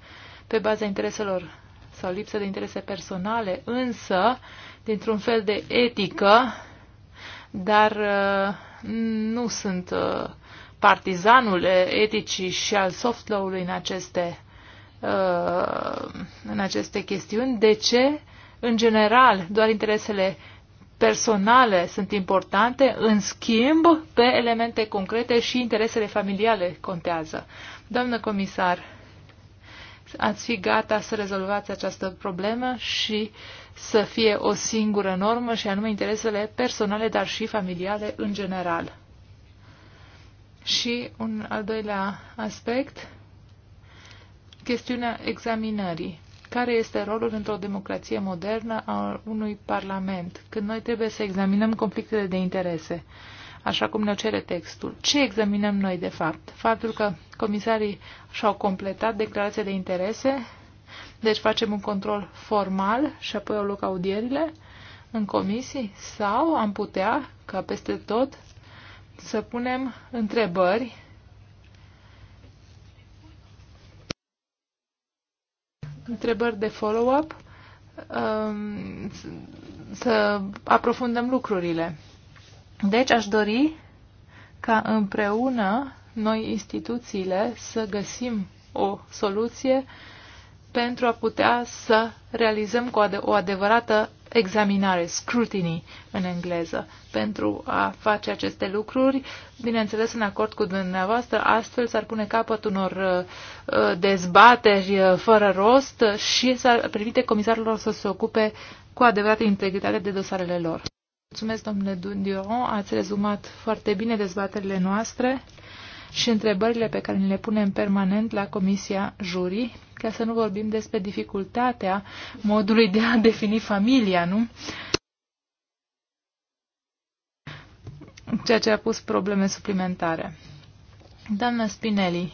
pe baza intereselor sau lipsă de interese personale, însă dintr-un fel de etică, dar uh, nu sunt uh, partizanul eticii și al soft law-ului în aceste, uh, în aceste chestiuni. De ce? În general, doar interesele personale sunt importante, în schimb, pe elemente concrete și interesele familiale contează. Doamnă comisar, ați fi gata să rezolvați această problemă și să fie o singură normă și anume interesele personale, dar și familiale în general. Și un al doilea aspect, chestiunea examinării care este rolul într-o democrație modernă a unui parlament, când noi trebuie să examinăm conflictele de interese, așa cum ne cere textul. Ce examinăm noi, de fapt? Faptul că comisarii și-au completat declarația de interese, deci facem un control formal și apoi au loc audierile în comisii, sau am putea, ca peste tot, să punem întrebări întrebări de follow-up, um, să aprofundăm lucrurile. Deci aș dori ca împreună noi instituțiile să găsim o soluție pentru a putea să realizăm cu o adevărată examinare, scrutiny în engleză, pentru a face aceste lucruri, bineînțeles în acord cu dumneavoastră, astfel s-ar pune capăt unor uh, uh, dezbateri uh, fără rost și s-ar permite comisarilor să se ocupe cu adevărat integritate de dosarele lor. Mulțumesc, domnule Dundio, ați rezumat foarte bine dezbaterile noastre și întrebările pe care ni le punem permanent la Comisia juri, ca să nu vorbim despre dificultatea modului de a defini familia, nu? Ceea ce a pus probleme suplimentare. Doamna Spinelli,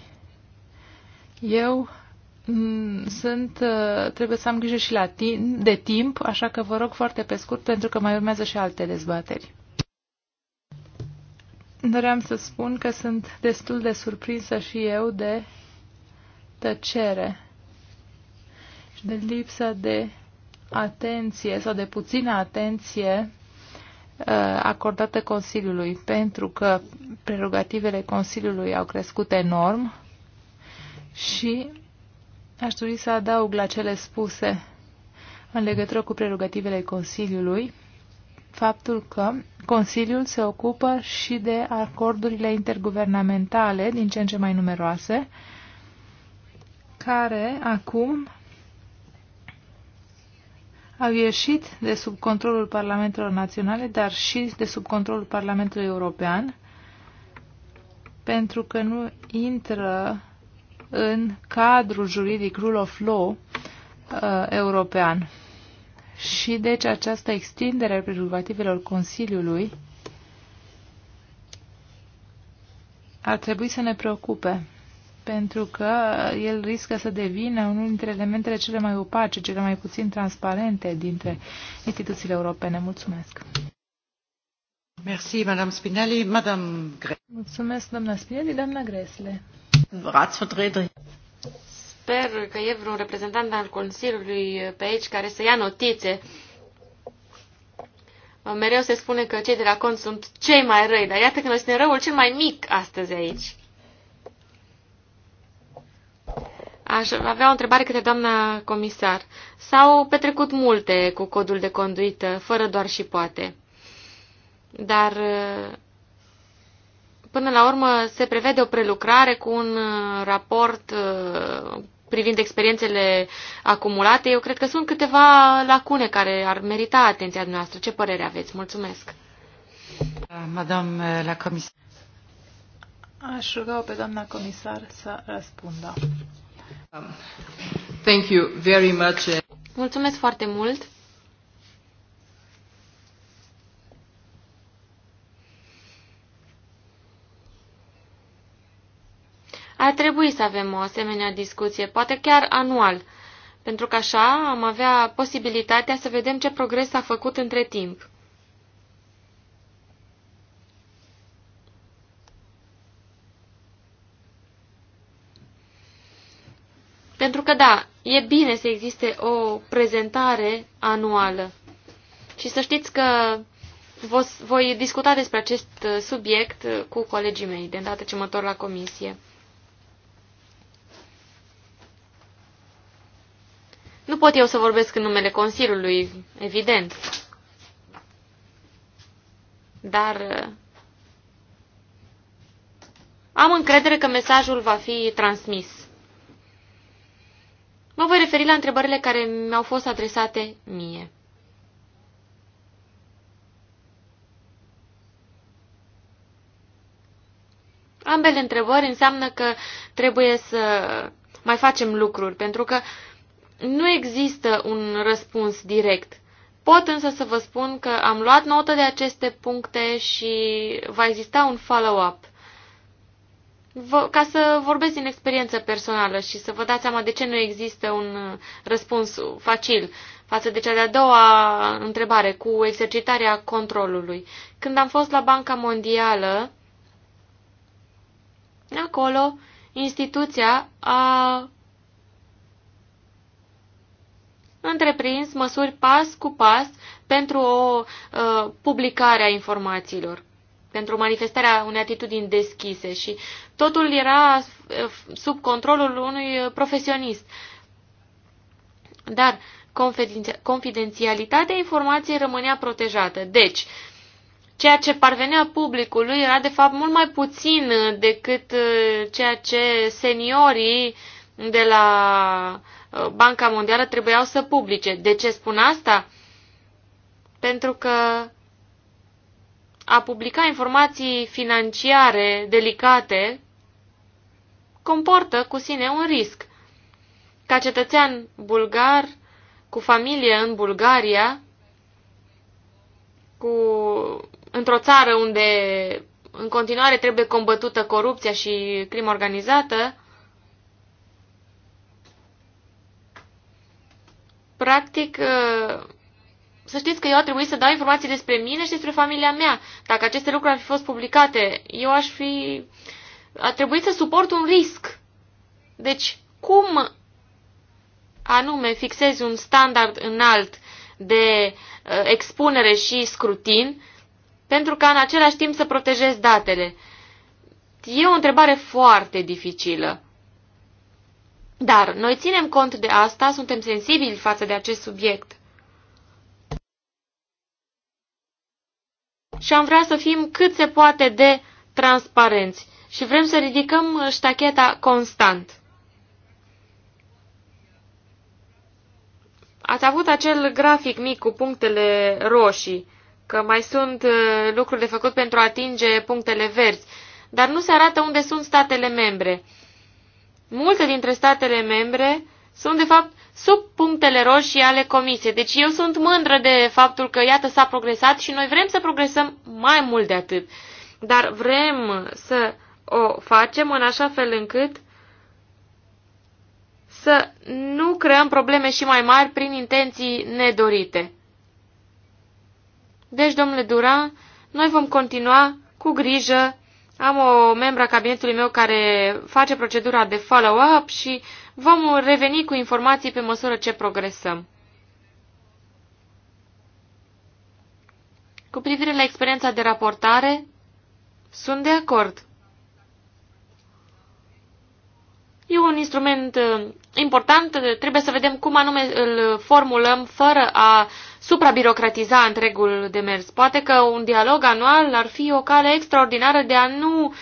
eu mm, sunt, uh, trebuie să am grijă și la timp, de timp, așa că vă rog foarte pe scurt, pentru că mai urmează și alte dezbateri. Doream să spun că sunt destul de surprinsă și eu de tăcere și de lipsa de atenție sau de puțină atenție uh, acordată Consiliului, pentru că prerogativele Consiliului au crescut enorm și aș dori să adaug la cele spuse în legătură cu prerogativele Consiliului faptul că Consiliul se ocupă și de acordurile interguvernamentale, din ce în ce mai numeroase, care acum au ieșit de sub controlul Parlamentelor Naționale, dar și de sub controlul Parlamentului European, pentru că nu intră în cadrul juridic rule of law uh, european și deci această extindere a prerogativelor Consiliului ar trebui să ne preocupe, pentru că el riscă să devină unul dintre elementele cele mai opace, cele mai puțin transparente dintre instituțiile europene. Mulțumesc! Merci, Madame Spinelli. Madame Gre Mulțumesc, doamna Spinelli, doamna Gresle. Ratsvertreter sper că e vreun reprezentant al Consiliului pe aici care să ia notițe. Mereu se spune că cei de la cont sunt cei mai răi, dar iată că noi suntem răul cel mai mic astăzi aici. Aș avea o întrebare către doamna comisar. S-au petrecut multe cu codul de conduită, fără doar și poate. Dar până la urmă se prevede o prelucrare cu un raport privind experiențele acumulate, eu cred că sunt câteva lacune care ar merita atenția noastră. Ce părere aveți? Mulțumesc! Madame eh, la comisar. Aș ruga pe doamna comisar să răspundă. Thank you very much. Mulțumesc foarte mult Ar trebui să avem o asemenea discuție, poate chiar anual, pentru că așa am avea posibilitatea să vedem ce progres s-a făcut între timp. Pentru că, da, e bine să existe o prezentare anuală. Și să știți că voi discuta despre acest subiect cu colegii mei, de îndată ce mă întorc la comisie. Nu pot eu să vorbesc în numele Consiliului, evident. Dar uh, am încredere că mesajul va fi transmis. Mă voi referi la întrebările care mi-au fost adresate mie. Ambele întrebări înseamnă că trebuie să mai facem lucruri, pentru că uh, nu există un răspuns direct. Pot însă să vă spun că am luat notă de aceste puncte și va exista un follow-up. Ca să vorbesc din experiență personală și să vă dați seama de ce nu există un răspuns facil față de cea de-a doua întrebare cu exercitarea controlului. Când am fost la Banca Mondială, acolo instituția a întreprins măsuri pas cu pas pentru o uh, publicare a informațiilor, pentru manifestarea unei atitudini deschise și totul era uh, sub controlul unui profesionist. Dar confidențialitatea informației rămânea protejată. Deci, ceea ce parvenea publicului era de fapt mult mai puțin decât uh, ceea ce seniorii uh, de la uh, Banca Mondială trebuiau să publice. De ce spun asta? Pentru că a publica informații financiare delicate comportă cu sine un risc. Ca cetățean bulgar, cu familie în Bulgaria, cu, într-o țară unde în continuare trebuie combătută corupția și crima organizată, practic, ă, să știți că eu a trebuit să dau informații despre mine și despre familia mea. Dacă aceste lucruri ar fi fost publicate, eu aș fi... a trebuit să suport un risc. Deci, cum anume fixezi un standard înalt de ă, expunere și scrutin pentru ca în același timp să protejezi datele? E o întrebare foarte dificilă. Dar noi ținem cont de asta, suntem sensibili față de acest subiect. Și am vrea să fim cât se poate de transparenți și vrem să ridicăm ștacheta constant. Ați avut acel grafic mic cu punctele roșii, că mai sunt uh, lucruri de făcut pentru a atinge punctele verzi, dar nu se arată unde sunt statele membre multe dintre statele membre sunt, de fapt, sub punctele roșii ale comisiei. Deci eu sunt mândră de faptul că, iată, s-a progresat și noi vrem să progresăm mai mult de atât. Dar vrem să o facem în așa fel încât să nu creăm probleme și mai mari prin intenții nedorite. Deci, domnule Duran, noi vom continua cu grijă am o membra cabinetului meu care face procedura de follow-up și vom reveni cu informații pe măsură ce progresăm. Cu privire la experiența de raportare, sunt de acord. E un instrument important, trebuie să vedem cum anume îl formulăm fără a suprabirocratiza întregul demers. Poate că un dialog anual ar fi o cale extraordinară de a nu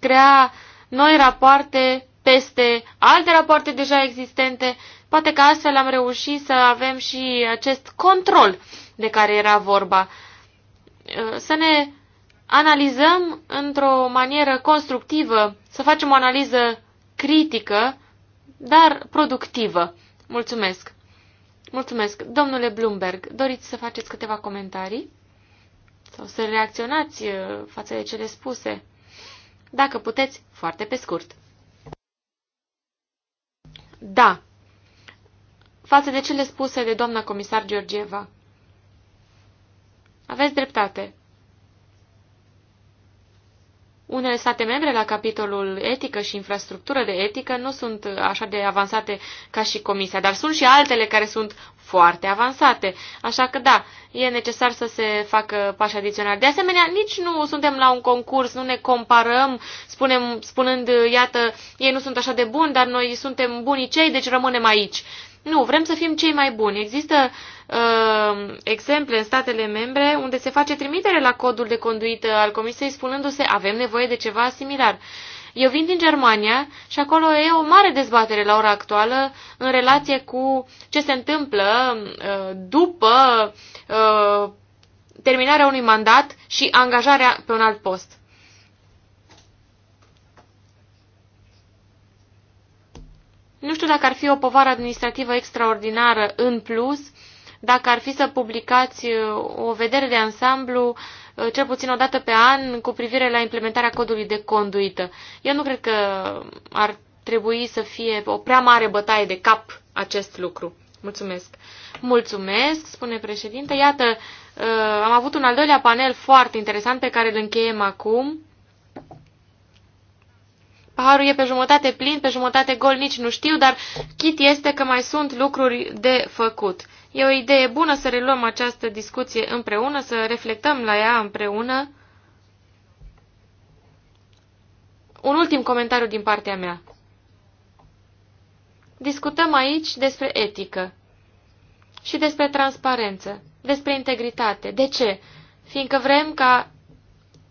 crea noi rapoarte peste alte rapoarte deja existente. Poate că astfel am reușit să avem și acest control de care era vorba. Să ne analizăm într-o manieră constructivă, să facem o analiză critică dar productivă. Mulțumesc! Mulțumesc! Domnule Bloomberg, doriți să faceți câteva comentarii? Sau să reacționați uh, față de cele spuse? Dacă puteți, foarte pe scurt. Da. Față de cele spuse de doamna comisar Georgieva. Aveți dreptate. Unele state membre la capitolul etică și infrastructură de etică nu sunt așa de avansate ca și Comisia, dar sunt și altele care sunt foarte avansate. Așa că da, e necesar să se facă pași adiționali. De asemenea, nici nu suntem la un concurs, nu ne comparăm, spunem, spunând, iată, ei nu sunt așa de buni, dar noi suntem cei deci rămânem aici. Nu, vrem să fim cei mai buni. Există uh, exemple în statele membre unde se face trimitere la codul de conduită al Comisiei spunându-se avem nevoie de ceva similar. Eu vin din Germania și acolo e o mare dezbatere la ora actuală în relație cu ce se întâmplă uh, după uh, terminarea unui mandat și angajarea pe un alt post. Nu știu dacă ar fi o povară administrativă extraordinară în plus, dacă ar fi să publicați uh, o vedere de ansamblu uh, cel puțin o dată pe an cu privire la implementarea codului de conduită. Eu nu cred că ar trebui să fie o prea mare bătaie de cap acest lucru. Mulțumesc. Mulțumesc, spune președinte. Iată, uh, am avut un al doilea panel foarte interesant pe care îl încheiem acum paharul e pe jumătate plin, pe jumătate gol, nici nu știu, dar chit este că mai sunt lucruri de făcut. E o idee bună să reluăm această discuție împreună, să reflectăm la ea împreună. Un ultim comentariu din partea mea. Discutăm aici despre etică și despre transparență, despre integritate. De ce? Fiindcă vrem ca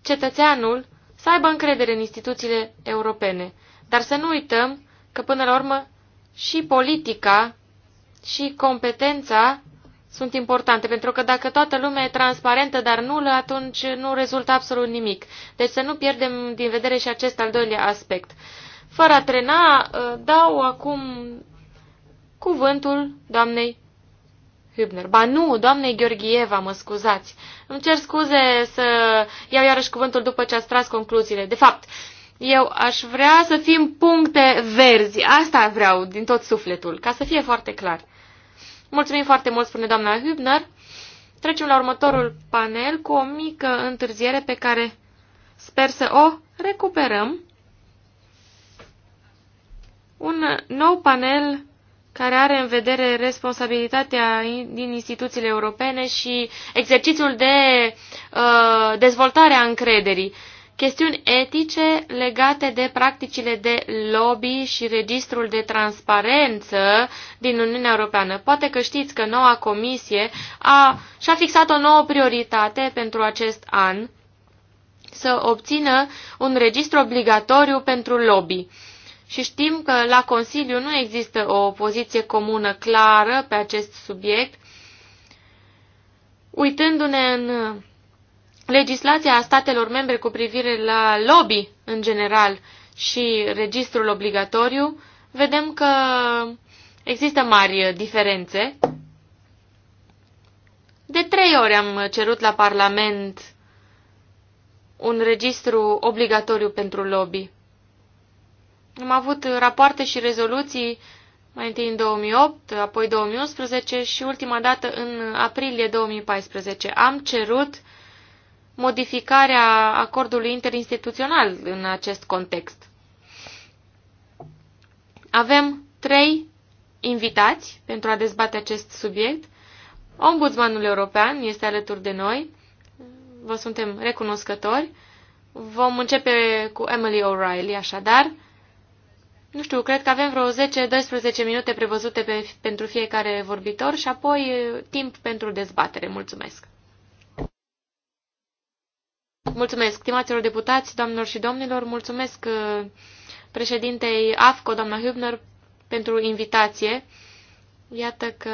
cetățeanul să aibă încredere în instituțiile europene. Dar să nu uităm că, până la urmă, și politica și competența sunt importante, pentru că dacă toată lumea e transparentă, dar nulă, atunci nu rezultă absolut nimic. Deci să nu pierdem din vedere și acest al doilea aspect. Fără a trena, dau acum cuvântul doamnei Hübner. Ba nu, doamne Gheorgheva, mă scuzați. Îmi cer scuze să iau iarăși cuvântul după ce ați tras concluziile. De fapt, eu aș vrea să fim puncte verzi. Asta vreau din tot sufletul, ca să fie foarte clar. Mulțumim foarte mult, spune doamna Hübner. Trecem la următorul panel cu o mică întârziere pe care sper să o recuperăm. Un nou panel care are în vedere responsabilitatea din instituțiile europene și exercițiul de uh, dezvoltare a încrederii. Chestiuni etice legate de practicile de lobby și registrul de transparență din Uniunea Europeană. Poate că știți că noua comisie a, și-a fixat o nouă prioritate pentru acest an, să obțină un registru obligatoriu pentru lobby și știm că la Consiliu nu există o poziție comună clară pe acest subiect. Uitându-ne în legislația statelor membre cu privire la lobby în general și registrul obligatoriu, vedem că există mari diferențe. De trei ori am cerut la Parlament un registru obligatoriu pentru lobby. Am avut rapoarte și rezoluții mai întâi în 2008, apoi 2011 și ultima dată în aprilie 2014. Am cerut modificarea acordului interinstituțional în acest context. Avem trei invitați pentru a dezbate acest subiect. Ombudsmanul European este alături de noi. Vă suntem recunoscători. Vom începe cu Emily O'Reilly, așadar. Nu știu, cred că avem vreo 10-12 minute prevăzute pe, pentru fiecare vorbitor și apoi timp pentru dezbatere. Mulțumesc! Mulțumesc, stimaților deputați, doamnelor și domnilor, mulțumesc președintei AFCO, doamna Hübner, pentru invitație. Iată că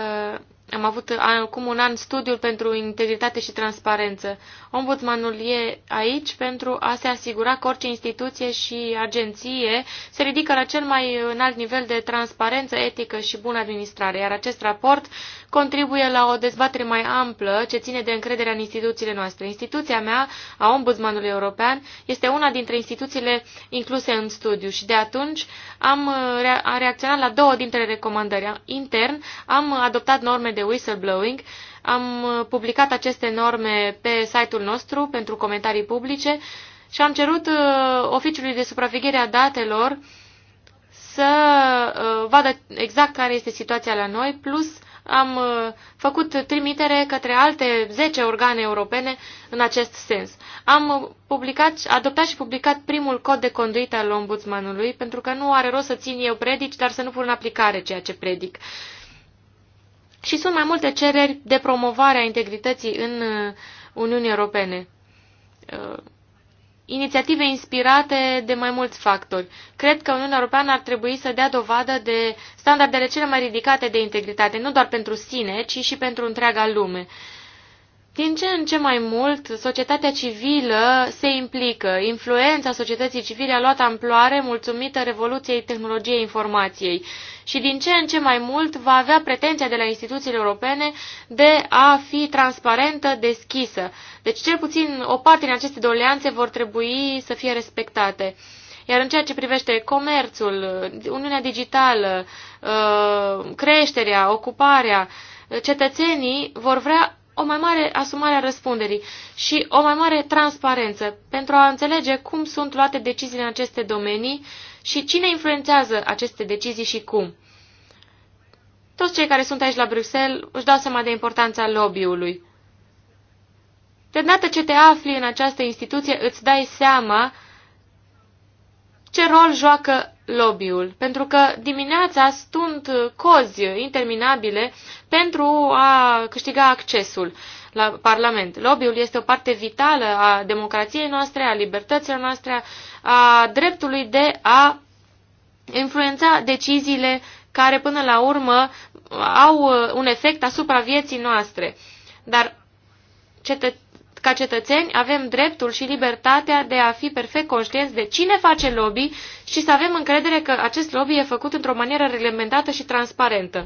am avut acum un an studiul pentru integritate și transparență. Ombudsmanul e aici pentru a se asigura că orice instituție și agenție se ridică la cel mai înalt nivel de transparență etică și bună administrare, iar acest raport contribuie la o dezbatere mai amplă ce ține de încrederea în instituțiile noastre. Instituția mea, a Ombudsmanului European, este una dintre instituțiile incluse în studiu și de atunci am reacționat la două dintre recomandări. Intern am adoptat norme de whistleblowing, am uh, publicat aceste norme pe site-ul nostru pentru comentarii publice și am cerut uh, Oficiului de Supraveghere a Datelor să uh, vadă exact care este situația la noi, plus am făcut trimitere către alte 10 organe europene în acest sens. Am publicat, adoptat și publicat primul cod de conduită al ombudsmanului, pentru că nu are rost să țin eu predici, dar să nu pun în aplicare ceea ce predic și sunt mai multe cereri de promovare a integrității în uh, Uniunea Europene. Uh, inițiative inspirate de mai mulți factori. Cred că Uniunea Europeană ar trebui să dea dovadă de standardele cele mai ridicate de integritate, nu doar pentru sine, ci și pentru întreaga lume. Din ce în ce mai mult, societatea civilă se implică. Influența societății civile a luat amploare mulțumită revoluției tehnologiei informației și din ce în ce mai mult va avea pretenția de la instituțiile europene de a fi transparentă, deschisă. Deci cel puțin o parte din aceste doleanțe vor trebui să fie respectate. Iar în ceea ce privește comerțul, Uniunea Digitală, uh, creșterea, ocuparea, cetățenii vor vrea o mai mare asumare a răspunderii și o mai mare transparență pentru a înțelege cum sunt luate deciziile în aceste domenii și cine influențează aceste decizii și cum. Toți cei care sunt aici la Bruxelles își dau seama de importanța lobby-ului. De dată ce te afli în această instituție, îți dai seama ce rol joacă lobby-ul, pentru că dimineața sunt cozi interminabile pentru a câștiga accesul la Parlament. Lobby-ul este o parte vitală a democrației noastre, a libertăților noastre, a dreptului de a influența deciziile care până la urmă au un efect asupra vieții noastre. Dar ca cetățeni avem dreptul și libertatea de a fi perfect conștienți de cine face lobby și să avem încredere că acest lobby e făcut într-o manieră reglementată și transparentă.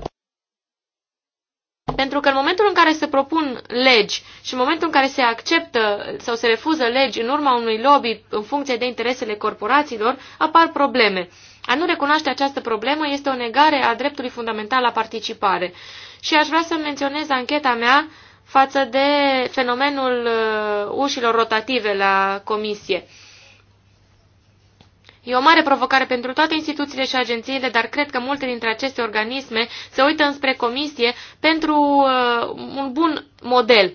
Pentru că în momentul în care se propun legi și în momentul în care se acceptă sau se refuză legi în urma unui lobby în funcție de interesele corporațiilor, apar probleme. A nu recunoaște această problemă este o negare a dreptului fundamental la participare. Și aș vrea să menționez ancheta mea față de fenomenul uh, ușilor rotative la comisie. E o mare provocare pentru toate instituțiile și agențiile, dar cred că multe dintre aceste organisme se uită înspre comisie pentru uh, un bun model.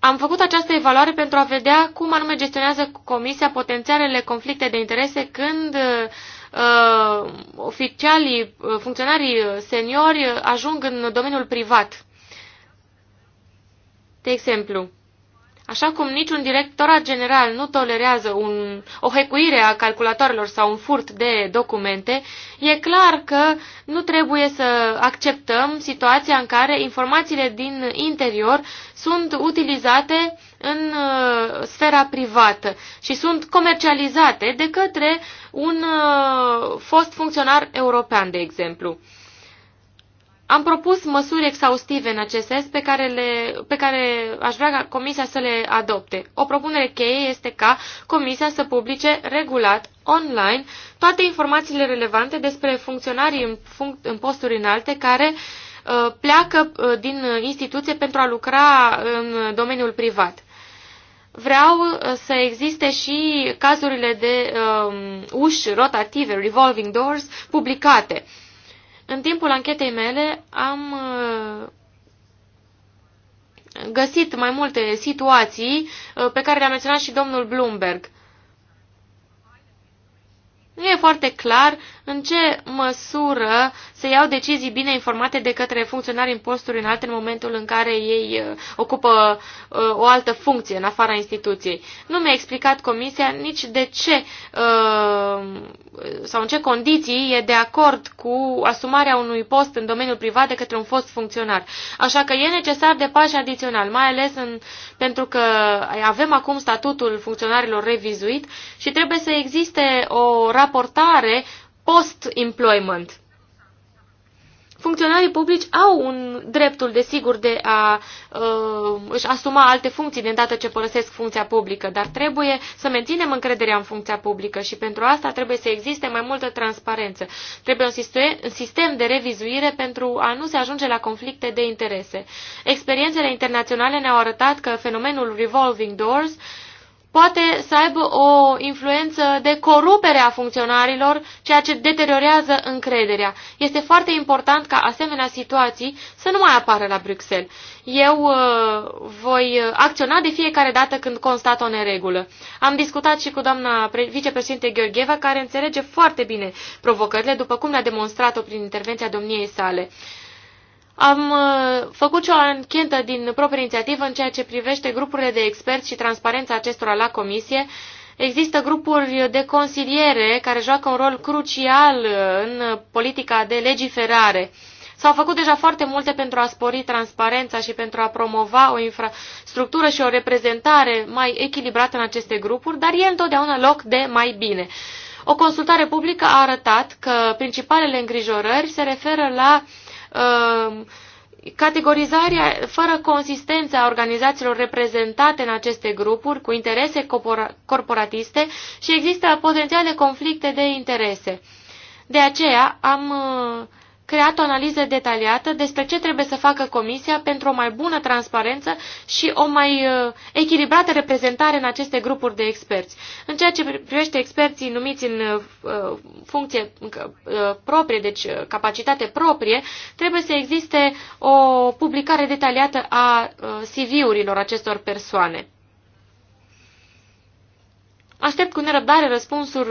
Am făcut această evaluare pentru a vedea cum anume gestionează comisia potențialele conflicte de interese când uh, oficialii, uh, funcționarii uh, seniori ajung în domeniul privat. De exemplu, așa cum niciun directorat general nu tolerează un, o hecuire a calculatoarelor sau un furt de documente, e clar că nu trebuie să acceptăm situația în care informațiile din interior sunt utilizate în uh, sfera privată și sunt comercializate de către un uh, fost funcționar european, de exemplu. Am propus măsuri exhaustive în acest sens pe care, le, pe care aș vrea ca Comisia să le adopte. O propunere cheie este ca Comisia să publice regulat, online, toate informațiile relevante despre funcționarii în, func în posturi înalte care uh, pleacă uh, din instituție pentru a lucra în domeniul privat. Vreau uh, să existe și cazurile de um, uși rotative, revolving doors, publicate. Uh, în timpul anchetei mele am uh, găsit mai multe situații uh, pe care le-a menționat și domnul Bloomberg. Nu e foarte clar în ce măsură se iau decizii bine informate de către funcționari în posturi înalte în momentul în care ei uh, ocupă uh, o altă funcție în afara instituției. Nu mi-a explicat comisia nici de ce uh, sau în ce condiții e de acord cu asumarea unui post în domeniul privat de către un fost funcționar. Așa că e necesar de pași adițional, mai ales în, pentru că avem acum statutul funcționarilor revizuit și trebuie să existe o raportare post-employment. Funcționarii publici au un dreptul, desigur, de a uh, își asuma alte funcții de îndată ce părăsesc funcția publică, dar trebuie să menținem încrederea în funcția publică și pentru asta trebuie să existe mai multă transparență. Trebuie un sistem, un sistem de revizuire pentru a nu se ajunge la conflicte de interese. Experiențele internaționale ne-au arătat că fenomenul revolving doors uh, poate să aibă o influență de corupere a funcționarilor, ceea ce deteriorează încrederea. Este foarte important ca asemenea situații să nu mai apară la Bruxelles. Eu uh, voi acționa de fiecare dată când constat o neregulă. Am discutat și cu doamna vicepreședinte Gheorgheva, care înțelege foarte bine provocările, după cum le-a demonstrat-o prin intervenția domniei sale. Am uh, făcut și o anchetă din proprie inițiativă în ceea ce privește grupurile de experți și transparența acestora la comisie. Există grupuri de consiliere care joacă un rol crucial uh, în politica de legiferare. S-au făcut deja foarte multe pentru a spori transparența și pentru a promova o infrastructură și o reprezentare mai echilibrată în aceste grupuri, dar e întotdeauna loc de mai bine. O consultare publică a arătat că principalele îngrijorări se referă la uh, Um, categorizarea fără consistență a organizațiilor reprezentate în aceste grupuri cu interese corporatiste și există potențiale conflicte de interese. De aceea am uh, creat o analiză detaliată despre ce trebuie să facă Comisia pentru o mai bună transparență și o mai uh, echilibrată reprezentare în aceste grupuri de experți. În ceea ce privește experții numiți în uh, funcție uh, proprie, deci capacitate proprie, trebuie să existe o publicare detaliată a CV-urilor acestor persoane. Aștept cu nerăbdare răspunsuri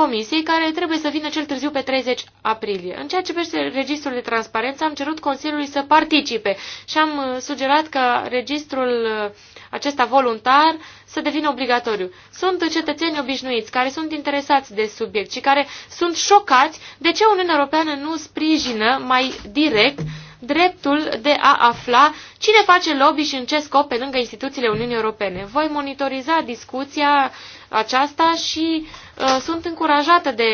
Comisiei, care trebuie să vină cel târziu pe 30 aprilie. În ceea ce privește registrul de transparență, am cerut Consiliului să participe și am uh, sugerat că registrul uh, acesta voluntar să devină obligatoriu. Sunt cetățeni obișnuiți care sunt interesați de subiect și care sunt șocați de ce Uniunea Europeană nu sprijină mai direct dreptul de a afla cine face lobby și în ce scop pe lângă instituțiile Uniunii Europene. Voi monitoriza discuția aceasta și uh, sunt încurajată de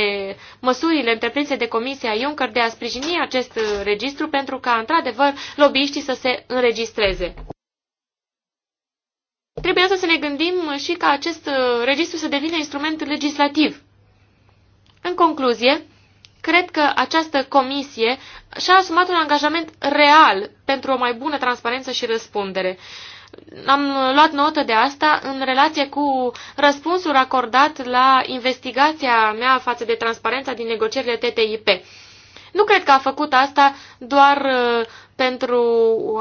măsurile întreprinse de Comisia Juncker de a sprijini acest uh, registru pentru ca, într-adevăr, lobbyiștii să se înregistreze. Trebuie să ne gândim și ca acest uh, registru să devină instrument legislativ. În concluzie, cred că această comisie și-a asumat un angajament real pentru o mai bună transparență și răspundere am luat notă de asta în relație cu răspunsul acordat la investigația mea față de transparența din negocierile TTIP. Nu cred că a făcut asta doar uh, pentru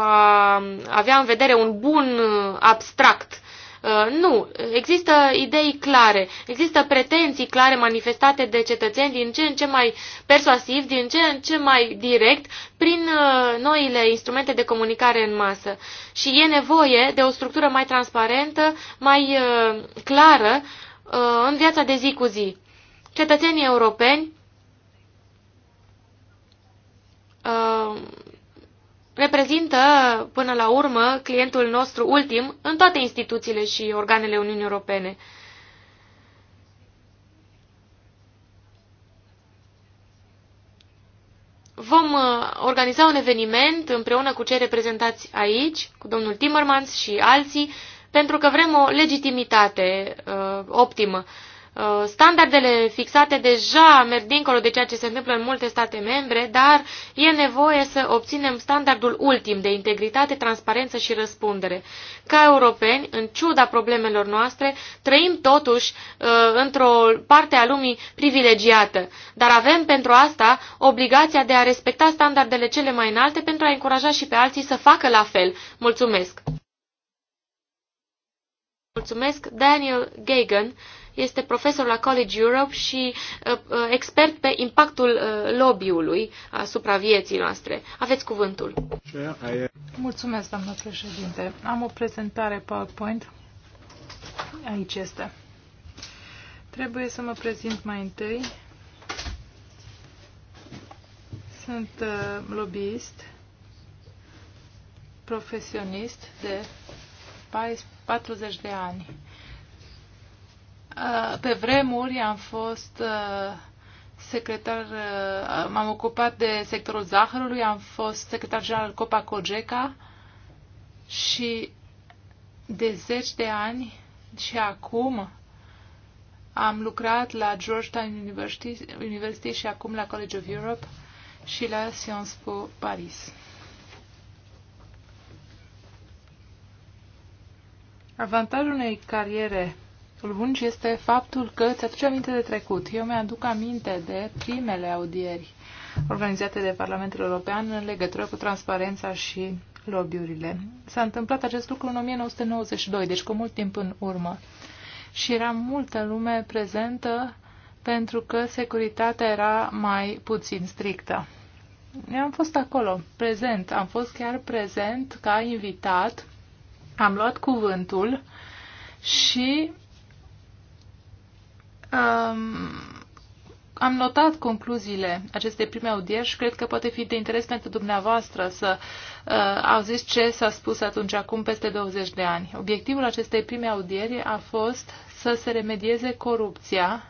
a avea în vedere un bun uh, abstract Uh, nu, există idei clare, există pretenții clare manifestate de cetățeni din ce în ce mai persuasiv, din ce în ce mai direct, prin uh, noile instrumente de comunicare în masă. Și e nevoie de o structură mai transparentă, mai uh, clară în viața de zi cu zi. Cetățenii europeni reprezintă, până la urmă, clientul nostru ultim în toate instituțiile și organele Uniunii Europene. Vom uh, organiza un eveniment împreună cu cei reprezentați aici, cu domnul Timmermans și alții, pentru că vrem o legitimitate uh, optimă. Uh, Uh, standardele fixate deja merg dincolo de ceea ce se întâmplă în multe state membre, dar e nevoie să obținem standardul ultim de integritate, transparență și răspundere. Ca europeni, în ciuda problemelor noastre, trăim totuși uh, într-o parte a lumii privilegiată, dar avem pentru asta obligația de a respecta standardele cele mai înalte pentru a încuraja și pe alții să facă la fel. Mulțumesc! Mulțumesc, Daniel Gagan este profesor la College Europe și uh, uh, expert pe impactul uh, lobby-ului asupra vieții noastre. Aveți cuvântul. Mulțumesc, doamnă președinte. Am o prezentare PowerPoint. Aici este. Trebuie să mă prezint mai întâi. Sunt uh, lobbyist, profesionist de 40 de ani. Uh, pe vremuri am fost uh, secretar, uh, m-am ocupat de sectorul zahărului, am fost secretar general Copa Cogeca și de zeci de ani și acum am lucrat la Georgetown University, University și acum la College of Europe și la Sciences Po Paris. Avantajul unei cariere exemplul bun este faptul că îți aduce aminte de trecut. Eu mi-aduc aminte de primele audieri organizate de Parlamentul European în legătură cu transparența și lobbyurile. S-a întâmplat acest lucru în 1992, deci cu mult timp în urmă. Și era multă lume prezentă pentru că securitatea era mai puțin strictă. Eu am fost acolo, prezent, am fost chiar prezent ca invitat, am luat cuvântul și Um, am notat concluziile acestei prime audieri și cred că poate fi de interes pentru dumneavoastră să uh, auziți ce s-a spus atunci, acum peste 20 de ani. Obiectivul acestei prime audieri a fost să se remedieze corupția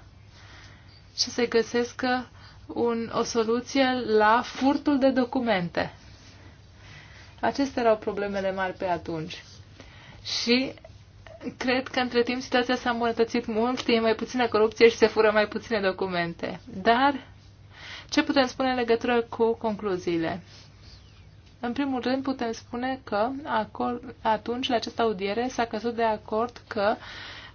și să se găsească un, o soluție la furtul de documente. Acestea erau problemele mari pe atunci. Și Cred că între timp situația s-a îmbunătățit mult, e mai puțină corupție și se fură mai puține documente. Dar ce putem spune în legătură cu concluziile? În primul rând putem spune că atunci, la această audiere, s-a căzut de acord că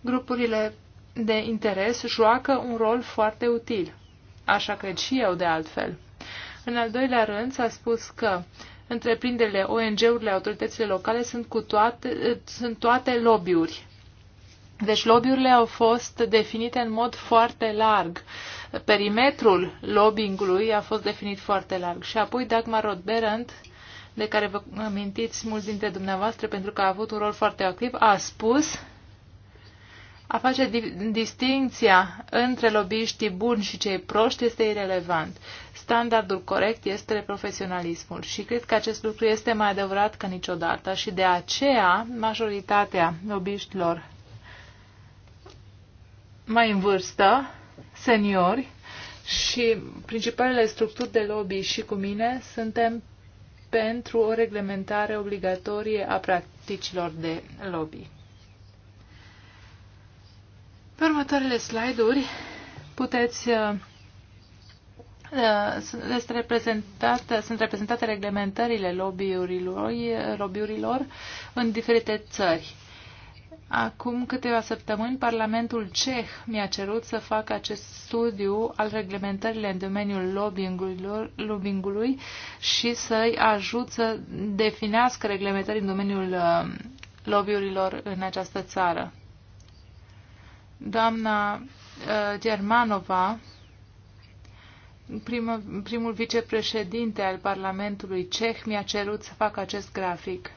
grupurile de interes joacă un rol foarte util. Așa cred și eu de altfel. În al doilea rând s-a spus că întreprinderile, ONG-urile, autoritățile locale sunt, cu toate, sunt toate lobby-uri. Deci lobby-urile au fost definite în mod foarte larg. Perimetrul lobbyingului a fost definit foarte larg. Și apoi Dagmar Rodberand, de care vă amintiți mulți dintre dumneavoastră pentru că a avut un rol foarte activ, a spus a face distinția între lobiștii buni și cei proști este irelevant. Standardul corect este profesionalismul și cred că acest lucru este mai adevărat ca niciodată și de aceea majoritatea lobiștilor mai în vârstă, seniori și principalele structuri de lobby și cu mine suntem pentru o reglementare obligatorie a practicilor de lobby. Pe următoarele slide-uri puteți uh, uh, sunt reprezentate, sunt reprezentate reglementările lobbyurilor, lobbyurilor în diferite țări. Acum câteva săptămâni, Parlamentul Ceh mi-a cerut să fac acest studiu al reglementărilor în domeniul lobbying-ului și să-i ajut să definească reglementări în domeniul uh, lobbyurilor în această țară. Doamna uh, Germanova, primă, primul vicepreședinte al Parlamentului ceh, mi-a cerut să fac acest grafic.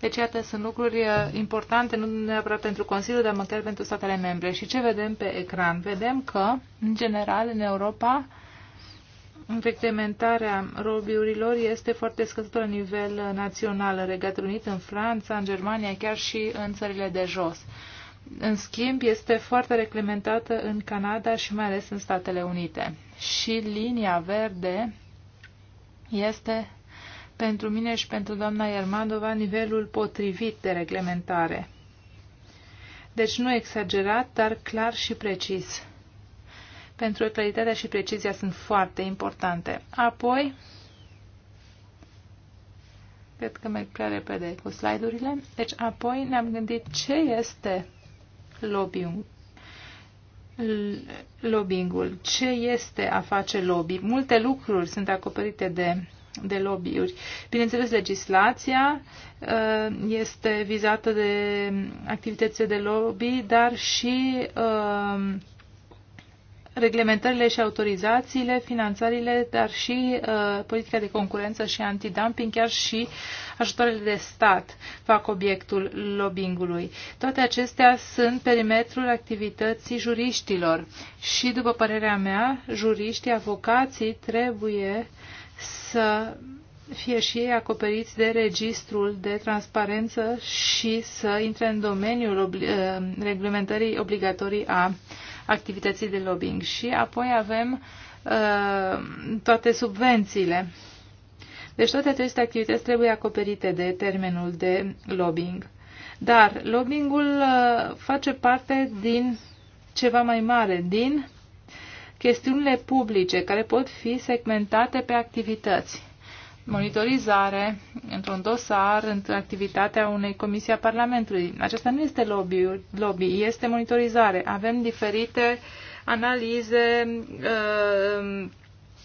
Deci, iată, sunt lucruri uh, importante, nu neapărat pentru Consiliu, dar măcar pentru statele membre. Și ce vedem pe ecran? Vedem că, în general, în Europa, reglementarea robiurilor este foarte scăzută la nivel național, în Regatul Unit, în Franța, în Germania, chiar și în țările de jos în schimb, este foarte reglementată în Canada și mai ales în Statele Unite. Și linia verde este pentru mine și pentru doamna Iermadova nivelul potrivit de reglementare. Deci nu exagerat, dar clar și precis. Pentru că claritatea și precizia sunt foarte importante. Apoi, cred că merg prea repede cu slide-urile, deci apoi ne-am gândit ce este lobbying lobbyingul. Ce este a face lobby? Multe lucruri sunt acoperite de, de lobby-uri. Bineînțeles, legislația uh, este vizată de activitățile de lobby, dar și uh, reglementările și autorizațiile, finanțările, dar și uh, politica de concurență și antidumping, chiar și ajutoarele de stat fac obiectul lobbyingului. Toate acestea sunt perimetrul activității juriștilor și, după părerea mea, juriștii, avocații trebuie să fie și ei acoperiți de registrul de transparență și să intre în domeniul obli uh, reglementării obligatorii a uh, activității de lobbying. Și apoi avem uh, toate subvențiile. Deci toate aceste activități trebuie acoperite de termenul de lobbying. Dar lobbyingul uh, face parte din ceva mai mare, din chestiunile publice care pot fi segmentate pe activități monitorizare într-un dosar, într activitatea unei comisii a Parlamentului. Aceasta nu este lobby, lobby este monitorizare. Avem diferite analize uh,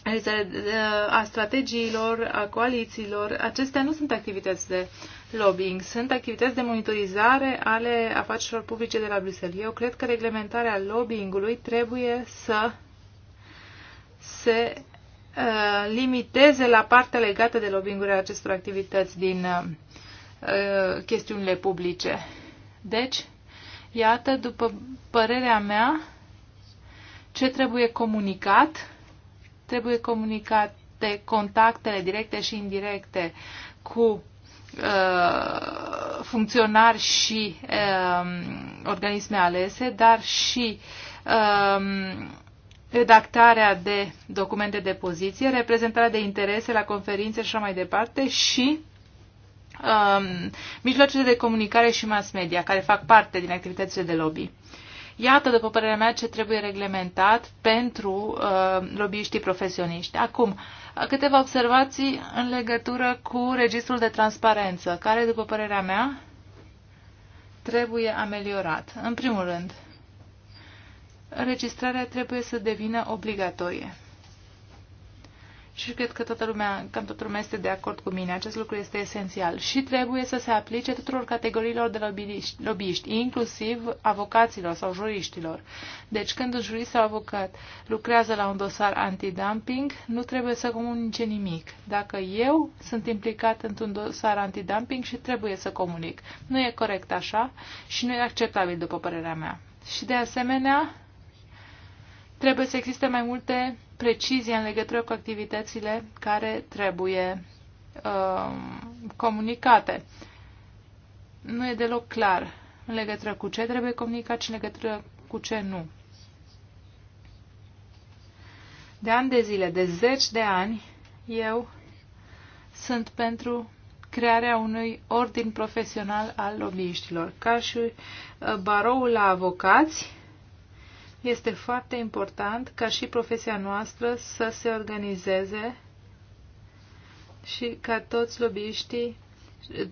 uh, a strategiilor, a coalițiilor. Acestea nu sunt activități de lobbying, sunt activități de monitorizare ale afacerilor publice de la Bruxelles. Eu cred că reglementarea lobbyingului trebuie să se Uh, limiteze la partea legată de lobbying acestor activități din uh, uh, chestiunile publice. Deci, iată, după părerea mea, ce trebuie comunicat? Trebuie comunicate contactele directe și indirecte cu uh, funcționari și uh, organisme alese, dar și uh, redactarea de documente de poziție, reprezentarea de interese la conferințe și așa mai departe și um, mijloacele de comunicare și mass media, care fac parte din activitățile de lobby. Iată, după părerea mea, ce trebuie reglementat pentru uh, lobbyiștii profesioniști. Acum, câteva observații în legătură cu registrul de transparență, care, după părerea mea, trebuie ameliorat. În primul rând, registrarea trebuie să devină obligatorie. Și cred că toată lumea, cam toată lumea este de acord cu mine. Acest lucru este esențial. Și trebuie să se aplice tuturor categoriilor de lobbyiști, lobbyiști inclusiv avocaților sau juriștilor. Deci când un jurist sau avocat lucrează la un dosar antidumping, nu trebuie să comunice nimic. Dacă eu sunt implicat într-un dosar antidumping și trebuie să comunic. Nu e corect așa și nu e acceptabil, după părerea mea. Și de asemenea, trebuie să existe mai multe precizii în legătură cu activitățile care trebuie uh, comunicate. Nu e deloc clar în legătură cu ce trebuie comunicat și în legătură cu ce nu. De ani de zile, de zeci de ani, eu sunt pentru crearea unui ordin profesional al lobbyiștilor, ca și uh, baroul la avocați, este foarte important ca și profesia noastră să se organizeze și ca toți lobbyiștii uh,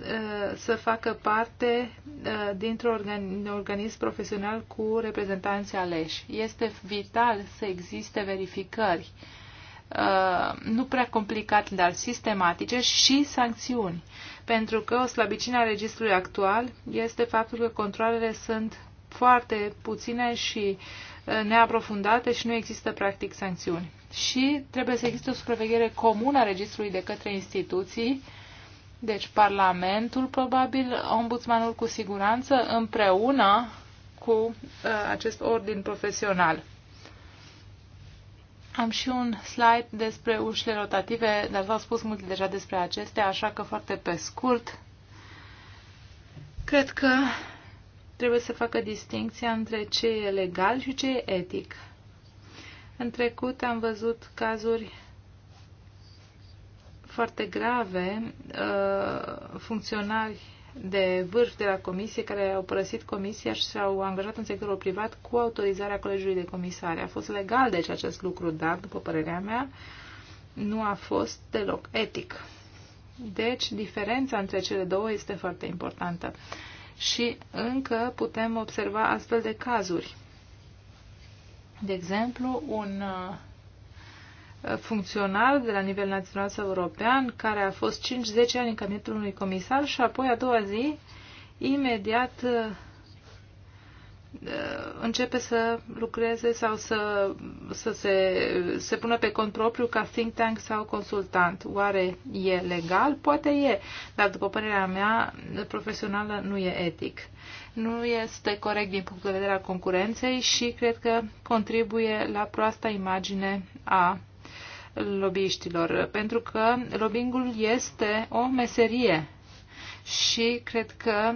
să facă parte uh, dintr-un organism profesional cu reprezentanții aleși. Este vital să existe verificări, uh, nu prea complicate, dar sistematice și sancțiuni, pentru că o slăbiciune a registrului actual este faptul că controlele sunt foarte puține și neaprofundate și nu există practic sancțiuni. Și trebuie să existe o supraveghere comună a registrului de către instituții, deci Parlamentul, probabil, Ombudsmanul cu siguranță, împreună cu uh, acest ordin profesional. Am și un slide despre ușile rotative, dar v am spus multe deja despre acestea, așa că foarte pe scurt. Cred că trebuie să facă distinția între ce e legal și ce e etic. În trecut am văzut cazuri foarte grave, uh, funcționari de vârf de la comisie care au părăsit comisia și s-au angajat în sectorul privat cu autorizarea colegiului de comisare. A fost legal, deci, acest lucru, dar, după părerea mea, nu a fost deloc etic. Deci, diferența între cele două este foarte importantă și încă putem observa astfel de cazuri. De exemplu, un uh, funcționar de la nivel național sau european care a fost 5-10 ani în cabinetul unui comisar și apoi a doua zi, imediat uh, Uh, începe să lucreze sau să, să se, se pună pe cont propriu ca think tank sau consultant. Oare e legal? Poate e, dar după părerea mea, profesională nu e etic. Nu este corect din punct de vedere al concurenței și cred că contribuie la proasta imagine a lobbyiștilor, pentru că lobbyingul este o meserie și cred că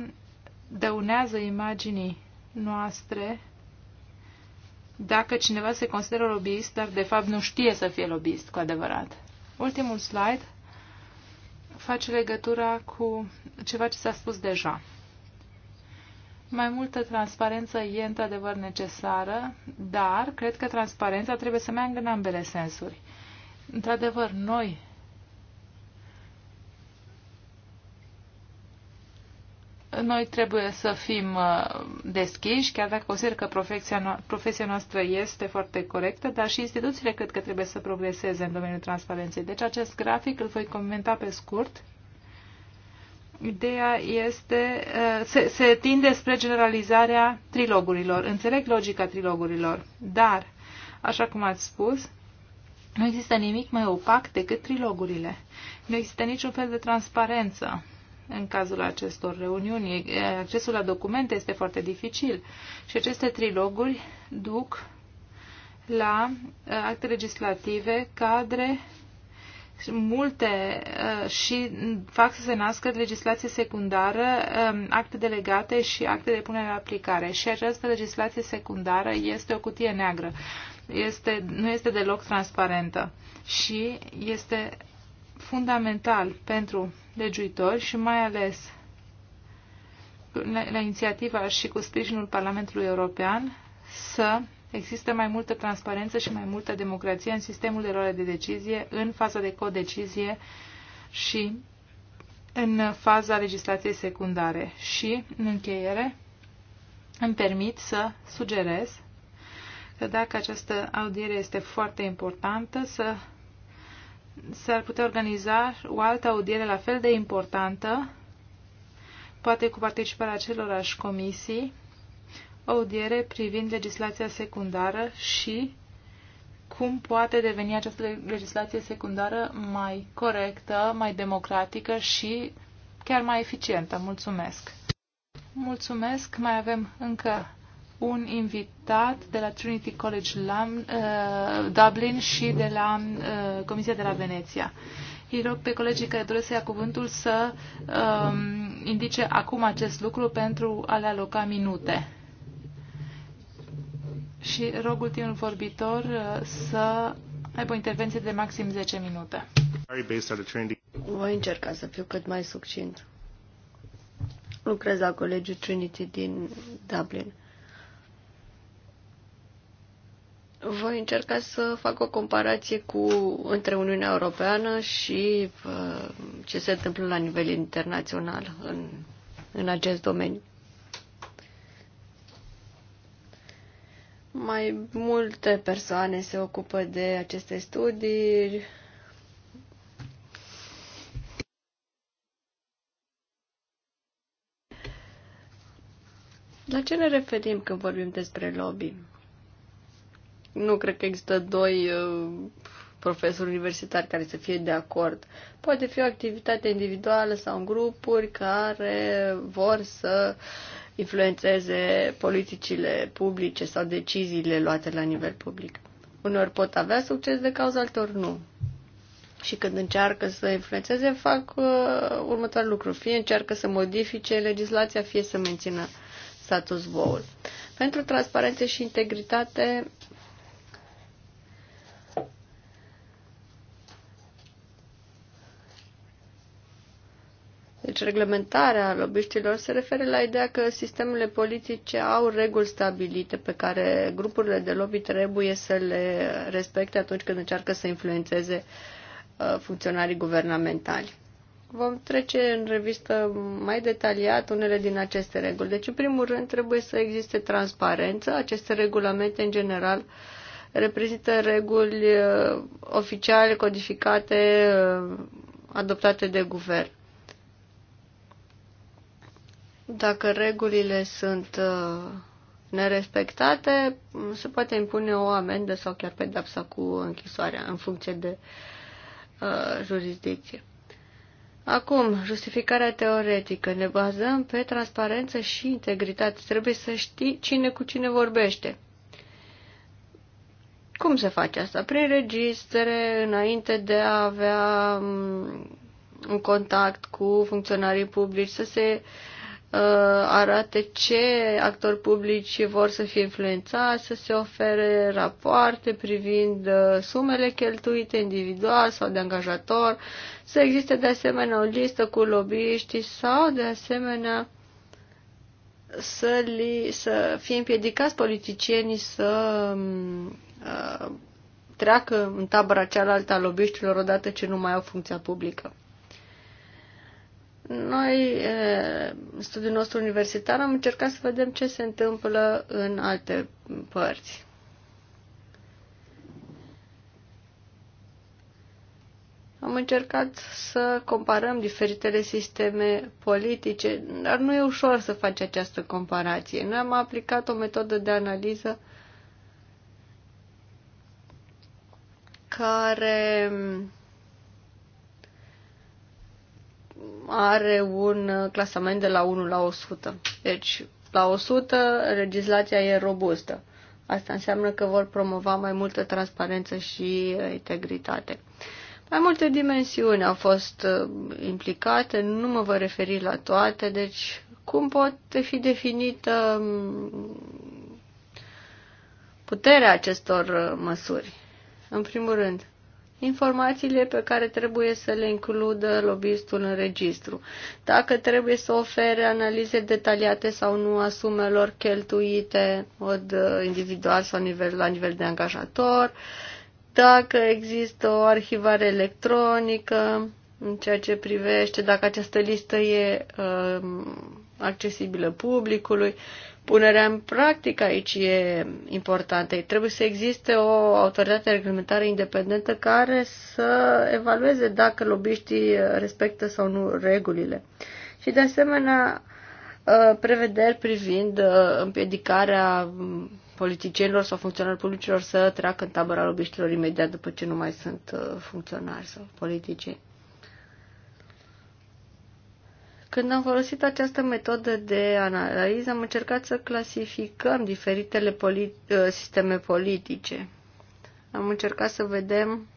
dăunează imaginii noastre dacă cineva se consideră lobbyist, dar de fapt nu știe să fie lobbyist cu adevărat. Ultimul slide face legătura cu ceva ce s-a spus deja. Mai multă transparență e într-adevăr necesară, dar cred că transparența trebuie să meargă în ambele sensuri. Într-adevăr, noi Noi trebuie să fim uh, deschiși, chiar dacă consider că profesia, no profesia noastră este foarte corectă, dar și instituțiile cred că trebuie să progreseze în domeniul transparenței. Deci acest grafic îl voi comenta pe scurt. Ideea este, uh, se, se tinde spre generalizarea trilogurilor. Înțeleg logica trilogurilor, dar, așa cum ați spus, nu există nimic mai opac decât trilogurile. Nu există niciun fel de transparență în cazul acestor reuniuni. Accesul la documente este foarte dificil și aceste triloguri duc la acte legislative, cadre multe și fac să se nască legislație secundară, acte delegate și acte de punere în aplicare. Și această legislație secundară este o cutie neagră. Este, nu este deloc transparentă și este fundamental pentru legiuitori și mai ales la, la inițiativa și cu sprijinul Parlamentului European să există mai multă transparență și mai multă democrație în sistemul de luare de decizie, în faza de codecizie și în faza legislației secundare. Și, în încheiere, îmi permit să sugerez că dacă această audiere este foarte importantă, să s-ar putea organiza o altă audiere la fel de importantă, poate cu participarea acelorași comisii, audiere privind legislația secundară și cum poate deveni această legislație secundară mai corectă, mai democratică și chiar mai eficientă. Mulțumesc! Mulțumesc! Mai avem încă un invitat de la Trinity College Lam, uh, Dublin și de la uh, Comisia de la Veneția. Îi rog pe colegii care doresc să ia cuvântul să um, indice acum acest lucru pentru a le aloca minute. Și rog ultimul vorbitor uh, să aibă o intervenție de maxim 10 minute. Voi încerca să fiu cât mai succint. Lucrez la Colegiul Trinity din Dublin. voi încerca să fac o comparație cu între Uniunea Europeană și uh, ce se întâmplă la nivel internațional în, în acest domeniu. Mai multe persoane se ocupă de aceste studii. La ce ne referim când vorbim despre lobby? nu cred că există doi uh, profesori universitari care să fie de acord. Poate fi o activitate individuală sau în grupuri care vor să influențeze politicile publice sau deciziile luate la nivel public. Uneori pot avea succes de cauza, altor nu. Și când încearcă să influențeze, fac uh, următoarele lucru. Fie încearcă să modifice legislația, fie să mențină status quo-ul. Pentru transparență și integritate, deci reglementarea lobiștilor, se referă la ideea că sistemele politice au reguli stabilite pe care grupurile de lobby trebuie să le respecte atunci când încearcă să influențeze uh, funcționarii guvernamentali. Vom trece în revistă mai detaliat unele din aceste reguli. Deci, în primul rând, trebuie să existe transparență. Aceste regulamente, în general, reprezintă reguli uh, oficiale, codificate, uh, adoptate de guvern. Dacă regulile sunt uh, nerespectate, mm, se poate impune o amendă sau chiar pedapsa cu închisoarea, în funcție de uh, jurisdicție. Acum, justificarea teoretică. Ne bazăm pe transparență și integritate. Trebuie să știi cine cu cine vorbește. Cum se face asta? Prin registre, înainte de a avea mm, un contact cu funcționarii publici, să se uh, Uh, arate ce actori publici vor să fie influențați, să se ofere rapoarte privind uh, sumele cheltuite individual sau de angajator, să existe de asemenea o listă cu lobbyiștii sau de asemenea să, li, să fie împiedicați politicienii să um, uh, treacă în tabăra cealaltă a lobbyiștilor odată ce nu mai au funcția publică. Noi, studiul nostru universitar, am încercat să vedem ce se întâmplă în alte părți. Am încercat să comparăm diferitele sisteme politice, dar nu e ușor să faci această comparație. Noi am aplicat o metodă de analiză care are un clasament de la 1 la 100. Deci, la 100, legislația e robustă. Asta înseamnă că vor promova mai multă transparență și uh, integritate. Mai multe dimensiuni au fost uh, implicate, nu mă voi referi la toate, deci cum pot fi definită um, puterea acestor uh, măsuri? În primul rând, informațiile pe care trebuie să le includă lobbyistul în registru, dacă trebuie să ofere analize detaliate sau nu a sumelor cheltuite mod uh, individual sau nivel, la nivel de angajator, dacă există o arhivare electronică în ceea ce privește dacă această listă e uh, accesibilă publicului. Uh, Punerea în practică aici e importantă. Trebuie să existe o autoritate reglementară independentă care să evalueze dacă lobiștii respectă sau nu regulile. Și de asemenea, uh, prevederi privind uh, împiedicarea mm, politicienilor sau funcționarilor publicilor să treacă în tabăra lobiștilor imediat după ce nu mai sunt uh, funcționari sau politicieni. Când am folosit această metodă de analiză, am încercat să clasificăm diferitele politi- uh, sisteme politice. Am încercat să vedem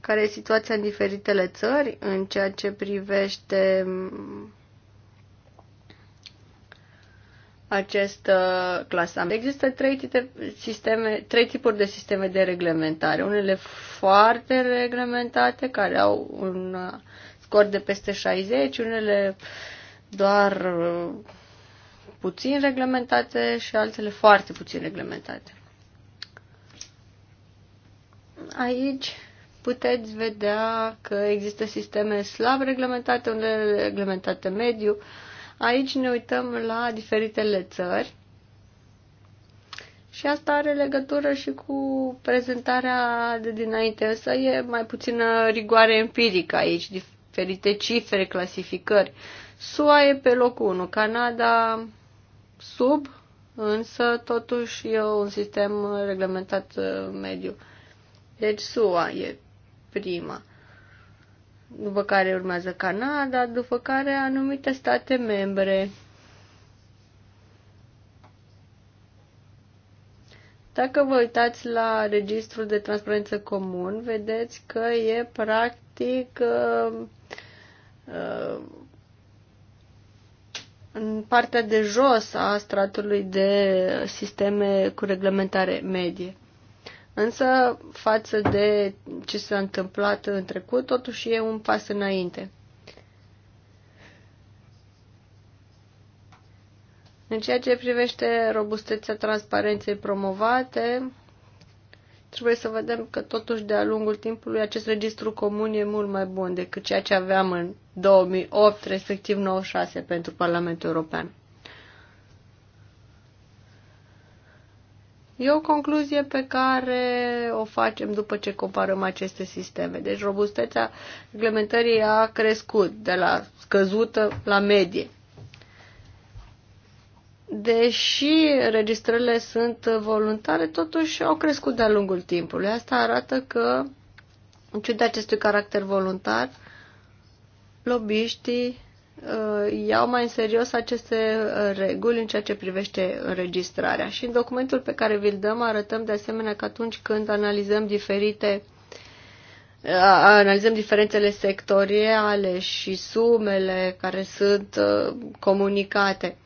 care e situația în diferitele țări în ceea ce privește mm, acest clasament. Există trei, tite, sisteme, trei tipuri de sisteme de reglementare. Unele foarte reglementate, care au un scor de peste 60, unele doar uh, puțin reglementate și altele foarte puțin reglementate. Aici puteți vedea că există sisteme slab reglementate, unele reglementate mediu. Aici ne uităm la diferitele țări și asta are legătură și cu prezentarea de dinainte, însă e mai puțină rigoare empirică aici diferite cifre, clasificări. SUA e pe locul 1, Canada sub, însă totuși e un sistem reglementat uh, mediu. Deci SUA e prima. După care urmează Canada, după care anumite state membre. Dacă vă uitați la registrul de transparență comun, vedeți că e practic practic, uh, uh, în partea de jos a stratului de sisteme cu reglementare medie. Însă, față de ce s-a întâmplat în trecut, totuși e un pas înainte. În ceea ce privește robustețea transparenței promovate, trebuie să vedem că totuși de-a lungul timpului acest registru comun e mult mai bun decât ceea ce aveam în 2008, respectiv 96 pentru Parlamentul European. E o concluzie pe care o facem după ce comparăm aceste sisteme. Deci robustețea reglementării a crescut de la scăzută la medie deși registrările sunt voluntare, totuși au crescut de-a lungul timpului. Asta arată că, în ciuda acestui caracter voluntar, lobiștii uh, iau mai în serios aceste uh, reguli în ceea ce privește înregistrarea. Și în documentul pe care vi-l dăm arătăm de asemenea că atunci când analizăm diferite uh, analizăm diferențele sectoriale și sumele care sunt uh, comunicate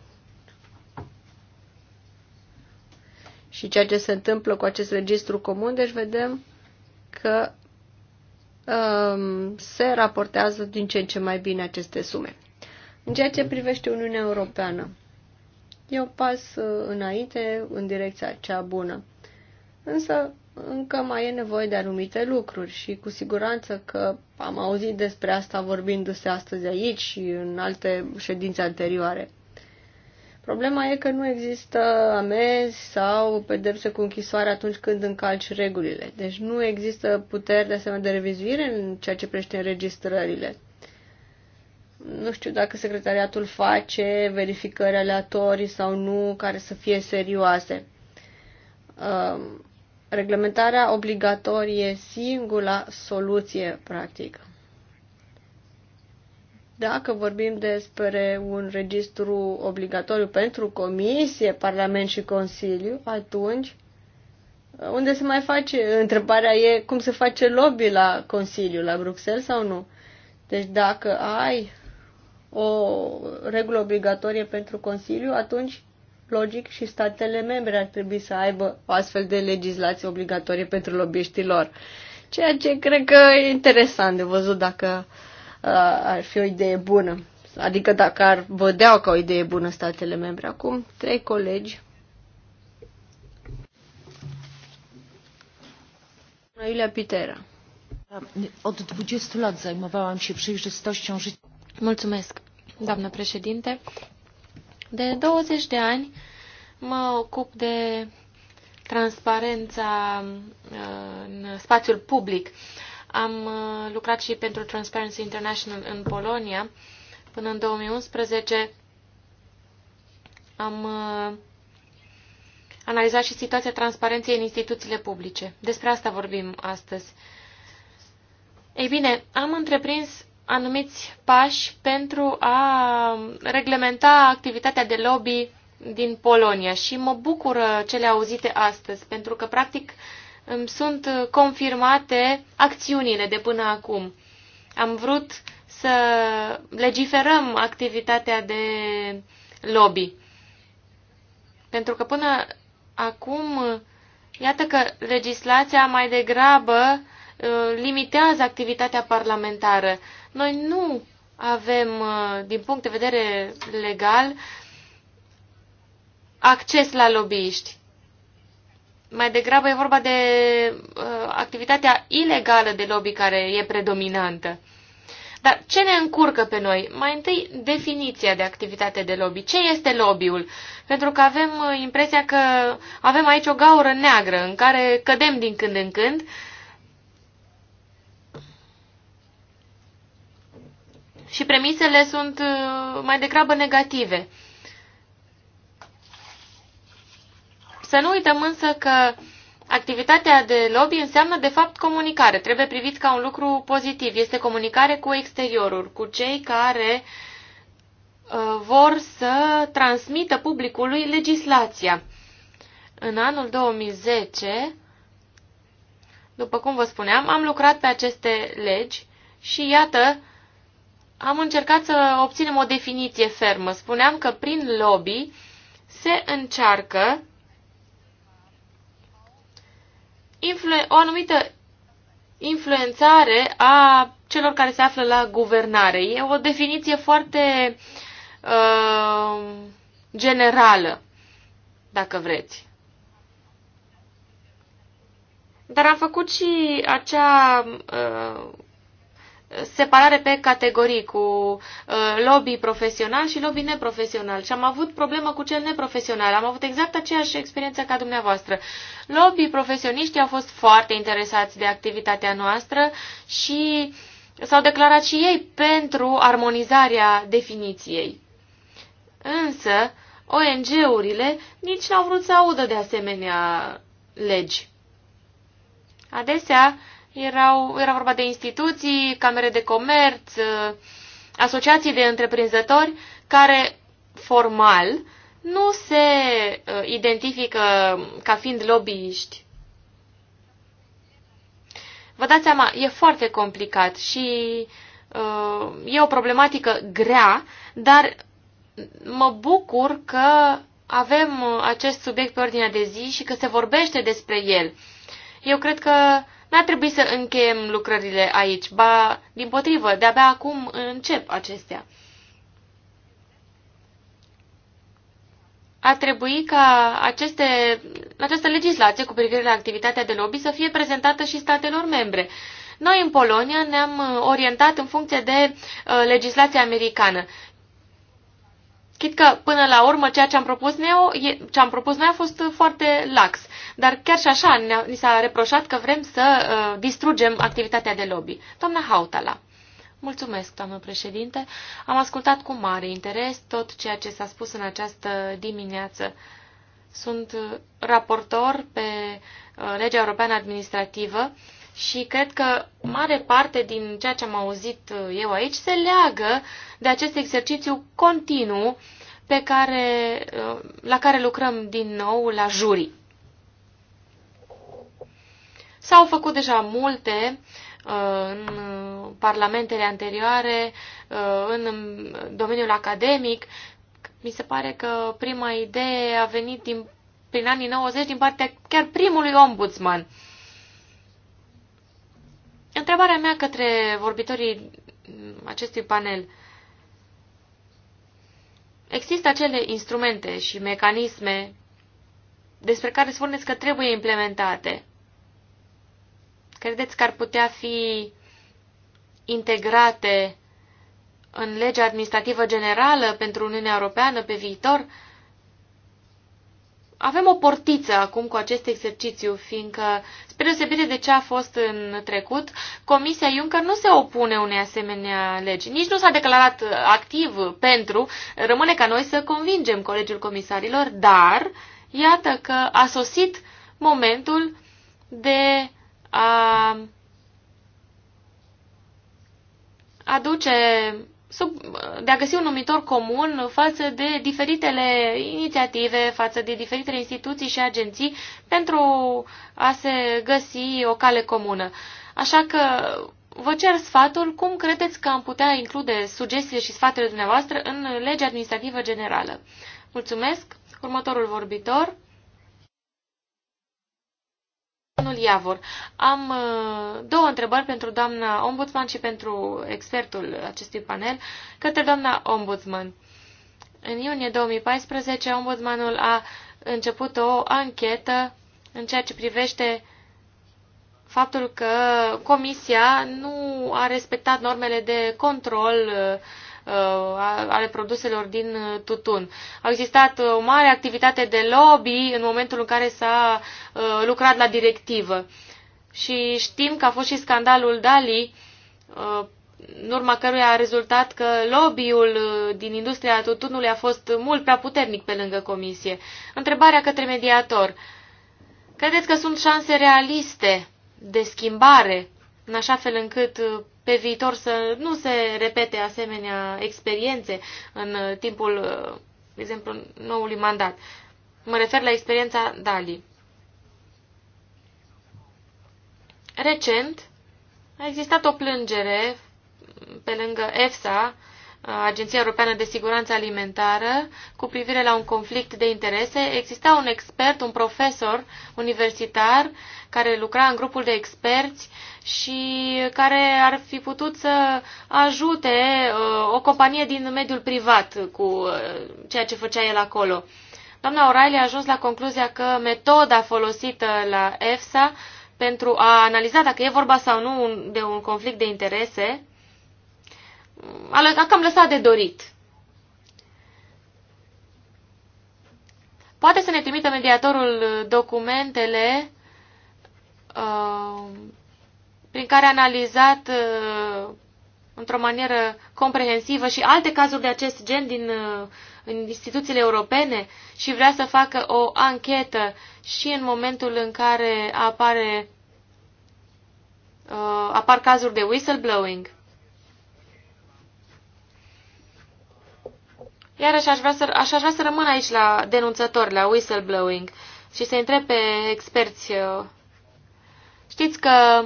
și ceea ce se întâmplă cu acest registru comun, deci vedem că um, se raportează din ce în ce mai bine aceste sume. În ceea ce privește Uniunea Europeană, e un pas uh, înainte în direcția cea bună. Însă încă mai e nevoie de anumite lucruri și cu siguranță că am auzit despre asta vorbindu-se astăzi aici și în alte ședințe anterioare. Problema e că nu există amenzi sau pedepse cu închisoare atunci când încalci regulile. Deci nu există puteri de asemenea de revizuire în ceea ce privește înregistrările. Nu știu dacă secretariatul face verificări aleatorii sau nu, care să fie serioase. Um, reglementarea obligatorie e singura soluție, practic. Dacă vorbim despre un registru obligatoriu pentru Comisie, Parlament și Consiliu, atunci unde se mai face? Întrebarea e cum se face lobby la Consiliu, la Bruxelles sau nu? Deci dacă ai o regulă obligatorie pentru Consiliu, atunci logic și statele membre ar trebui să aibă o astfel de legislație obligatorie pentru lobbyiștii lor. Ceea ce cred că e interesant de văzut dacă uh, uh, ar fi o idee bună. Adică dacă ar vedea ca o idee bună statele membre. Acum, trei colegi. Iulia Pitera. Od 20 lat zajmowałam się przejrzystością życia. Mulțumesc, doamnă președinte. De 20 de ani mă ocup de transparența uh, în spațiul public. Am uh, lucrat și pentru Transparency International în Polonia. Până în 2011 am uh, analizat și situația transparenței în instituțiile publice. Despre asta vorbim astăzi. Ei bine, am întreprins anumiți pași pentru a reglementa activitatea de lobby din Polonia și mă bucură cele auzite astăzi, pentru că, practic, sunt uh, confirmate acțiunile de până acum. Am vrut să legiferăm activitatea de lobby. Pentru că până acum, iată că legislația mai degrabă uh, limitează activitatea parlamentară. Noi nu avem, uh, din punct de vedere legal, acces la lobbyiști. Mai degrabă e vorba de uh, activitatea ilegală de lobby care e predominantă. Dar ce ne încurcă pe noi? Mai întâi, definiția de activitate de lobby. Ce este lobby-ul? Pentru că avem uh, impresia că avem aici o gaură neagră în care cădem din când în când. Și premisele sunt uh, mai degrabă negative. Să nu uităm însă că activitatea de lobby înseamnă de fapt comunicare. Trebuie privit ca un lucru pozitiv. Este comunicare cu exteriorul, cu cei care uh, vor să transmită publicului legislația. În anul 2010, după cum vă spuneam, am lucrat pe aceste legi și iată, am încercat să obținem o definiție fermă. Spuneam că prin lobby se încearcă influ- o anumită influențare a celor care se află la guvernare. E o definiție foarte uh, generală, dacă vreți. Dar am făcut și acea uh, separare pe categorii cu uh, lobby profesional și lobby neprofesional. Și am avut problemă cu cel neprofesional. Am avut exact aceeași experiență ca dumneavoastră. Lobby profesioniștii au fost foarte interesați de activitatea noastră și s-au declarat și ei pentru armonizarea definiției. Însă, ONG-urile nici n-au vrut să audă de asemenea legi. Adesea, erau, era vorba de instituții, camere de comerț, uh, asociații de întreprinzători care formal nu se uh, identifică ca fiind lobbyiști. Vă dați seama, e foarte complicat și uh, e o problematică grea, dar mă bucur că avem uh, acest subiect pe ordinea de zi și că se vorbește despre el. Eu cred că n a trebuit să încheiem lucrările aici, ba, din potrivă, de-abia acum încep acestea. A trebuit ca aceste, această legislație cu privire la activitatea de lobby să fie prezentată și statelor membre. Noi în Polonia ne-am orientat în funcție de uh, legislația americană. Chit că, până la urmă, ceea ce am propus, neo, ce am propus noi a fost foarte lax dar chiar și așa ni s-a reproșat că vrem să uh, distrugem activitatea de lobby. Doamna Hautala. Mulțumesc, doamnă președinte. Am ascultat cu mare interes tot ceea ce s-a spus în această dimineață. Sunt uh, raportor pe uh, legea europeană administrativă și cred că mare parte din ceea ce am auzit uh, eu aici se leagă de acest exercițiu continuu pe care, la care lucrăm din nou la jurii. S-au făcut deja multe uh, în parlamentele anterioare, uh, în domeniul academic. Mi se pare că prima idee a venit din, prin anii 90 din partea chiar primului ombudsman. Întrebarea mea către vorbitorii acestui panel. Există acele instrumente și mecanisme despre care spuneți că trebuie implementate. Credeți că ar putea fi integrate în legea administrativă generală pentru Uniunea Europeană pe viitor? Avem o portiță acum cu acest exercițiu, fiindcă, spre deosebire de ce a fost în trecut, Comisia Juncker nu se opune unei asemenea legi. Nici nu s-a declarat activ pentru, rămâne ca noi să convingem Colegiul Comisarilor, dar iată că a sosit momentul de a aduce sub, de a găsi un numitor comun față de diferitele inițiative, față de diferitele instituții și agenții pentru a se găsi o cale comună. Așa că vă cer sfatul cum credeți că am putea include sugestiile și sfaturile dumneavoastră în legea administrativă generală. Mulțumesc! Următorul vorbitor domnul Iavor. Am uh, două întrebări pentru doamna ombudsman și pentru expertul acestui panel, către doamna ombudsman. În iunie 2014, ombudsmanul a început o anchetă în ceea ce privește faptul că comisia nu a respectat normele de control uh, Uh, ale produselor din uh, tutun. Au existat uh, o mare activitate de lobby în momentul în care s-a lucrat la directivă. Și știm că a fost și scandalul Dali, în urma căruia a rezultat că lobby-ul din industria tutunului a fost mult prea puternic pe lângă comisie. Întrebarea către mediator. Credeți că sunt șanse realiste de schimbare în așa fel încât uh, pe viitor să nu se repete asemenea experiențe în uh, timpul, uh, de exemplu, noului mandat. Mă refer la experiența Dali. Recent a existat o plângere pe lângă EFSA Agenția Europeană de Siguranță Alimentară cu privire la un conflict de interese. Exista un expert, un profesor universitar care lucra în grupul de experți și care ar fi putut să ajute uh, o companie din mediul privat cu uh, ceea ce făcea el acolo. Doamna O'Reilly a ajuns la concluzia că metoda folosită la EFSA pentru a analiza dacă e vorba sau nu de un conflict de interese a cam lăsat de dorit. Poate să ne trimită mediatorul documentele uh, prin care a analizat uh, într-o manieră comprehensivă și alte cazuri de acest gen din uh, în instituțiile europene și vrea să facă o anchetă și în momentul în care apare, uh, apar cazuri de whistleblowing. Iarăși aș vrea să, aș vrea să rămân aici la denunțător, la whistleblowing și să întreb pe experți. Uh, știți că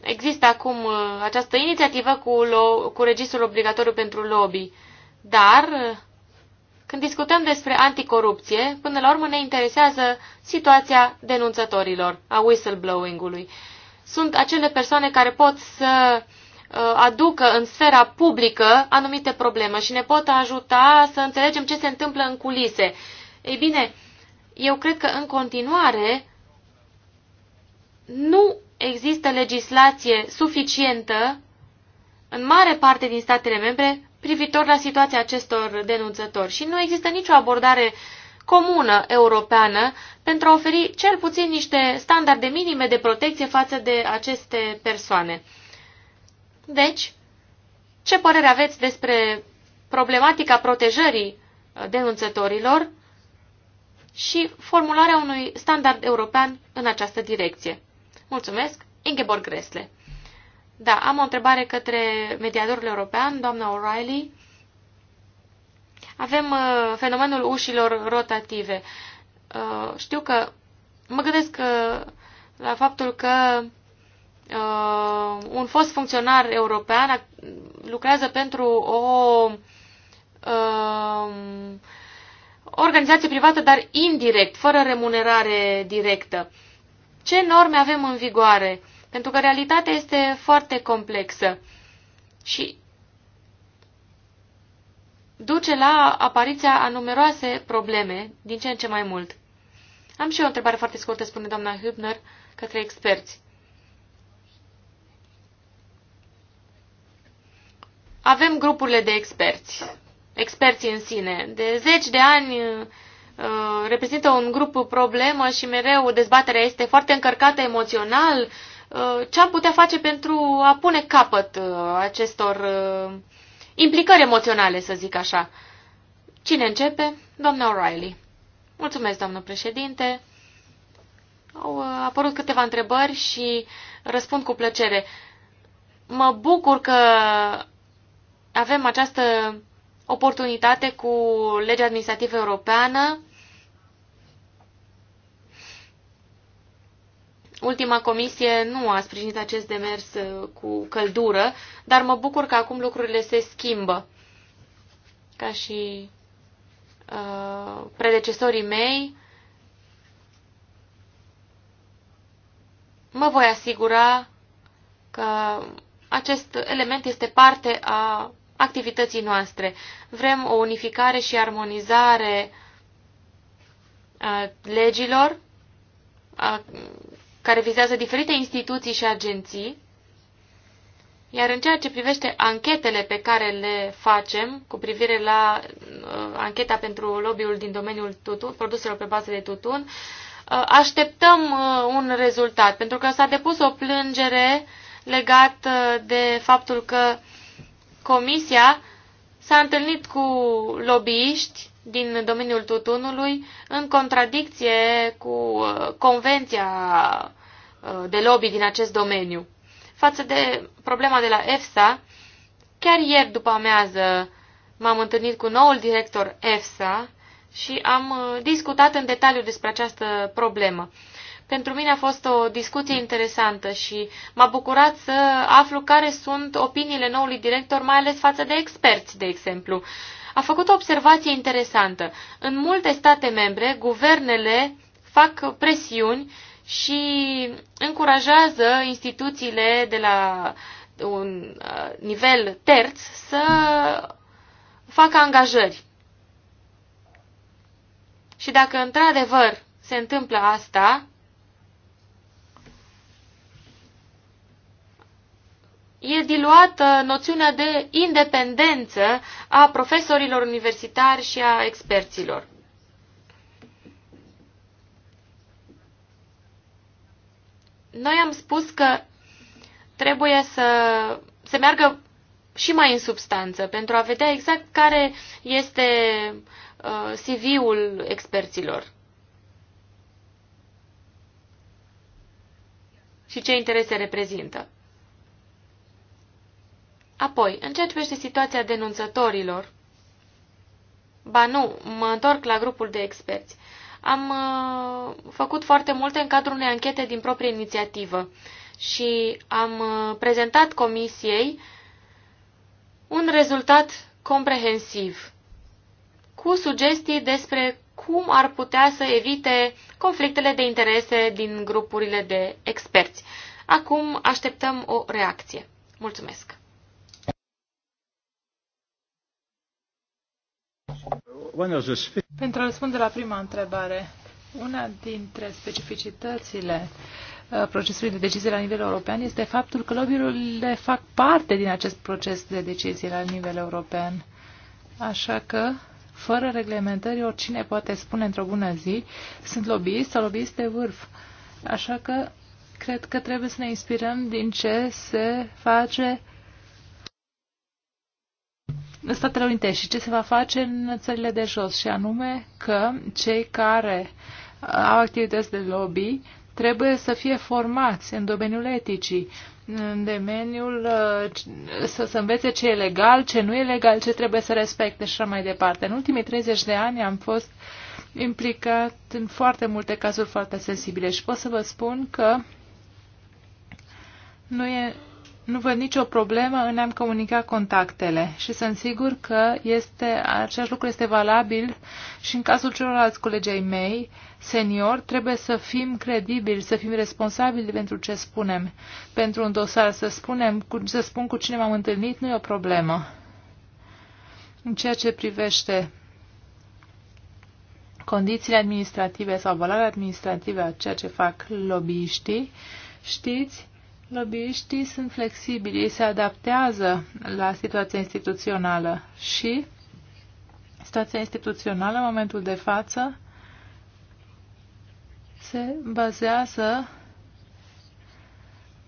există acum uh, această inițiativă cu, lo, cu registrul obligatoriu pentru lobby, dar uh, când discutăm despre anticorupție, până la urmă ne interesează situația denunțătorilor, a whistleblowing-ului. Sunt acele persoane care pot să Uh, aducă în sfera publică anumite probleme și ne pot ajuta să înțelegem ce se întâmplă în culise. Ei bine, eu cred că în continuare nu există legislație suficientă în mare parte din statele membre privitor la situația acestor denunțători și nu există nicio abordare comună europeană pentru a oferi cel puțin niște standarde minime de protecție față de aceste persoane. Deci, ce părere aveți despre problematica protejării uh, denunțătorilor și formularea unui standard european în această direcție? Mulțumesc, Ingeborg Gresle. Da, am o întrebare către mediatorul european, doamna O'Reilly. Avem uh, fenomenul ușilor rotative. Uh, știu că mă gândesc uh, la faptul că uh, un fost funcționar european lucrează pentru o uh, organizație privată, dar indirect, fără remunerare directă. Ce norme avem în vigoare? Pentru că realitatea este foarte complexă și duce la apariția a numeroase probleme, din ce în ce mai mult. Am și eu o întrebare foarte scurtă, spune doamna Hübner, către experți. avem grupurile de experți, experții în sine. De zeci de ani uh, reprezintă un grup problemă și mereu dezbaterea este foarte încărcată emoțional. Uh, ce am putea face pentru a pune capăt uh, acestor implicări emoționale, să zic așa? Cine începe? Doamna O'Reilly. Mulțumesc, doamnă președinte. Au apărut câteva întrebări și răspund cu plăcere. Mă bucur că avem această oportunitate cu legea administrativă europeană. Ultima comisie nu a sprijinit acest demers uh, cu căldură, dar mă bucur că acum lucrurile se schimbă. Ca și uh, predecesorii mei, mă voi asigura că acest element este parte a activității noastre. Vrem o unificare și armonizare a uh, legilor a, uh, care vizează diferite instituții și agenții, iar în ceea ce privește anchetele pe care le facem cu privire la uh, ancheta pentru lobby-ul din domeniul tutun, produselor pe bază de tutun, uh, așteptăm uh, un rezultat, pentru că s-a depus o plângere legată de faptul că uh, Comisia s-a întâlnit cu lobbyiști din domeniul tutunului în contradicție cu uh, convenția uh, de lobby din acest domeniu. Față de problema de la EFSA, chiar ieri după amiază m-am întâlnit cu noul director EFSA și am uh, discutat în detaliu despre această problemă. Pentru mine a fost o discuție interesantă și m-a bucurat să aflu care sunt opiniile noului director, mai ales față de experți, de exemplu. A făcut o observație interesantă. În multe state membre, guvernele fac presiuni și încurajează instituțiile de la un uh, nivel terț să facă angajări. Și dacă într-adevăr se întâmplă asta, e diluată noțiunea de independență a profesorilor universitari și a experților. Noi am spus că trebuie să se meargă și mai în substanță pentru a vedea exact care este uh, CV-ul experților. Și ce interese reprezintă. Apoi, în ceea ce privește situația denunțătorilor, ba nu, mă întorc la grupul de experți. Am uh, făcut foarte multe în cadrul unei anchete din proprie inițiativă și am uh, prezentat comisiei un rezultat comprehensiv cu sugestii despre cum ar putea să evite conflictele de interese din grupurile de experți. Acum așteptăm o reacție. Mulțumesc! Pentru a răspunde la prima întrebare, una dintre specificitățile uh, procesului de decizie la nivel european este faptul că lobby-urile fac parte din acest proces de decizie la nivel european. Așa că, fără reglementări, oricine poate spune într-o bună zi, sunt lobbyist sau lobbyist de vârf. Așa că, cred că trebuie să ne inspirăm din ce se face Statele Unite și ce se va face în țările de jos, și anume că cei care uh, au activități de lobby trebuie să fie formați în domeniul eticii, în domeniul uh, să, să învețe ce e legal, ce nu e legal, ce trebuie să respecte și așa mai departe. În ultimii 30 de ani am fost implicat în foarte multe cazuri foarte sensibile și pot să vă spun că nu e nu văd nicio problemă în a-mi comunica contactele și sunt sigur că este, același lucru este valabil și în cazul celorlalți colegi ai mei, senior, trebuie să fim credibili, să fim responsabili pentru ce spunem. Pentru un dosar să spunem, să spun cu cine m-am întâlnit, nu e o problemă. În ceea ce privește condițiile administrative sau valoarea administrativă a ceea ce fac lobbyiștii, știți, Lobbyiștii sunt flexibili, ei se adaptează la situația instituțională și situația instituțională în momentul de față se bazează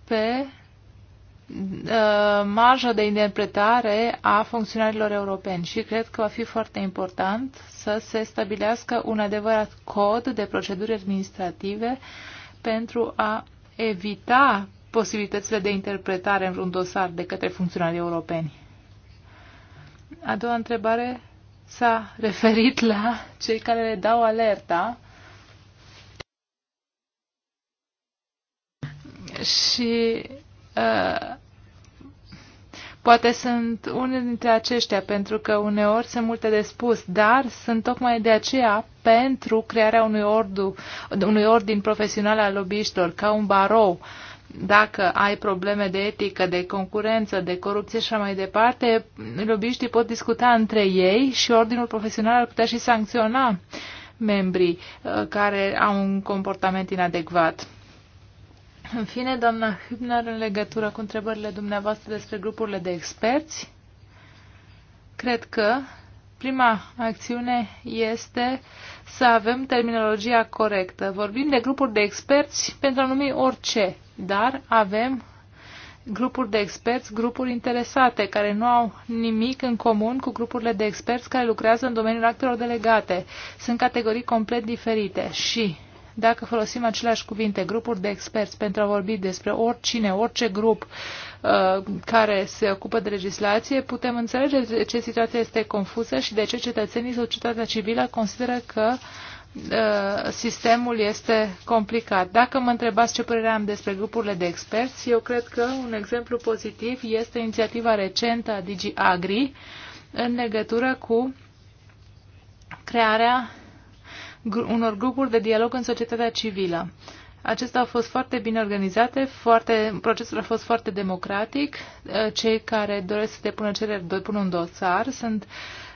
pe uh, marja de interpretare a funcționarilor europeni și cred că va fi foarte important să se stabilească un adevărat cod de proceduri administrative pentru a evita posibilitățile de interpretare în vreun dosar de către funcționarii europeni. A doua întrebare s-a [LAUGHS] referit la cei care le dau alerta și uh, Poate sunt unele dintre aceștia, pentru că uneori sunt multe de spus, dar sunt tocmai de aceea pentru crearea unui, ordu, unui ordin profesional al lobiștilor, ca un barou. Uh, dacă ai probleme de etică, de concurență, de corupție și așa mai departe, lobiștii pot discuta între ei și ordinul profesional ar putea și sancționa membrii uh, care au un comportament inadecvat. În fine, doamna Hübner, în legătură cu întrebările dumneavoastră despre grupurile de experți, cred că prima acțiune este să avem terminologia corectă. Vorbim de grupuri de experți pentru a numi orice dar avem grupuri de experți, grupuri interesate, care nu au nimic în comun cu grupurile de experți care lucrează în domeniul actelor delegate. Sunt categorii complet diferite și dacă folosim aceleași cuvinte, grupuri de experți, pentru a vorbi despre oricine, orice grup uh, care se ocupă de legislație, putem înțelege de ce situația este confuză și de ce cetățenii, societatea civilă consideră că uh, Uh, sistemul este complicat. Dacă mă întrebați ce părere am despre grupurile de experți, eu cred că un exemplu pozitiv este inițiativa recentă a DigiAgri în legătură cu crearea unor grupuri de dialog în societatea civilă. Acestea au fost foarte bine organizate, foarte, procesul a fost foarte democratic. Uh, cei care doresc să depună cereri, depun un dosar, sunt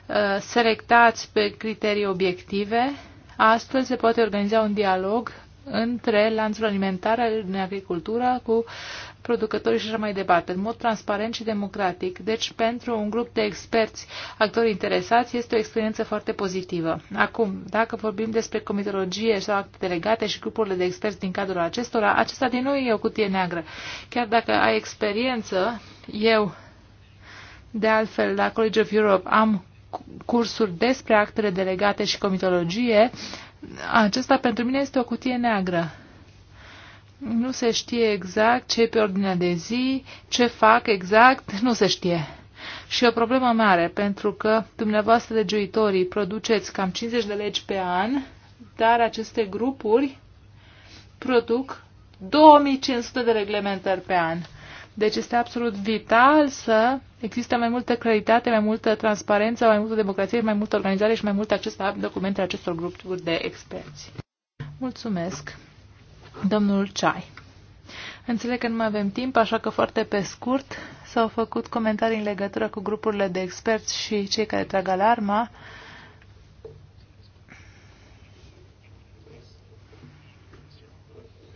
uh, selectați pe criterii obiective, Astfel se poate organiza un dialog între lanțul alimentar în agricultură cu producătorii și așa mai departe, în mod transparent și democratic. Deci, pentru un grup de experți, actori interesați, este o experiență foarte pozitivă. Acum, dacă vorbim despre comitologie sau acte delegate și grupurile de experți din cadrul acestora, acesta din nou e o cutie neagră. Chiar dacă ai experiență, eu, de altfel, la College of Europe am cursuri despre actele delegate și comitologie, acesta pentru mine este o cutie neagră. Nu se știe exact ce e pe ordinea de zi, ce fac exact, nu se știe. Și o problemă mare, pentru că dumneavoastră legiuitorii produceți cam 50 de legi pe an, dar aceste grupuri produc 2500 de reglementări pe an. Deci este absolut vital să există mai multă claritate, mai multă transparență, mai multă democrație, mai multă organizare și mai mult acces la documentele acestor grupuri de experți. Mulțumesc, domnul Ceai. Înțeleg că nu mai avem timp, așa că foarte pe scurt s-au făcut comentarii în legătură cu grupurile de experți și cei care trag alarma.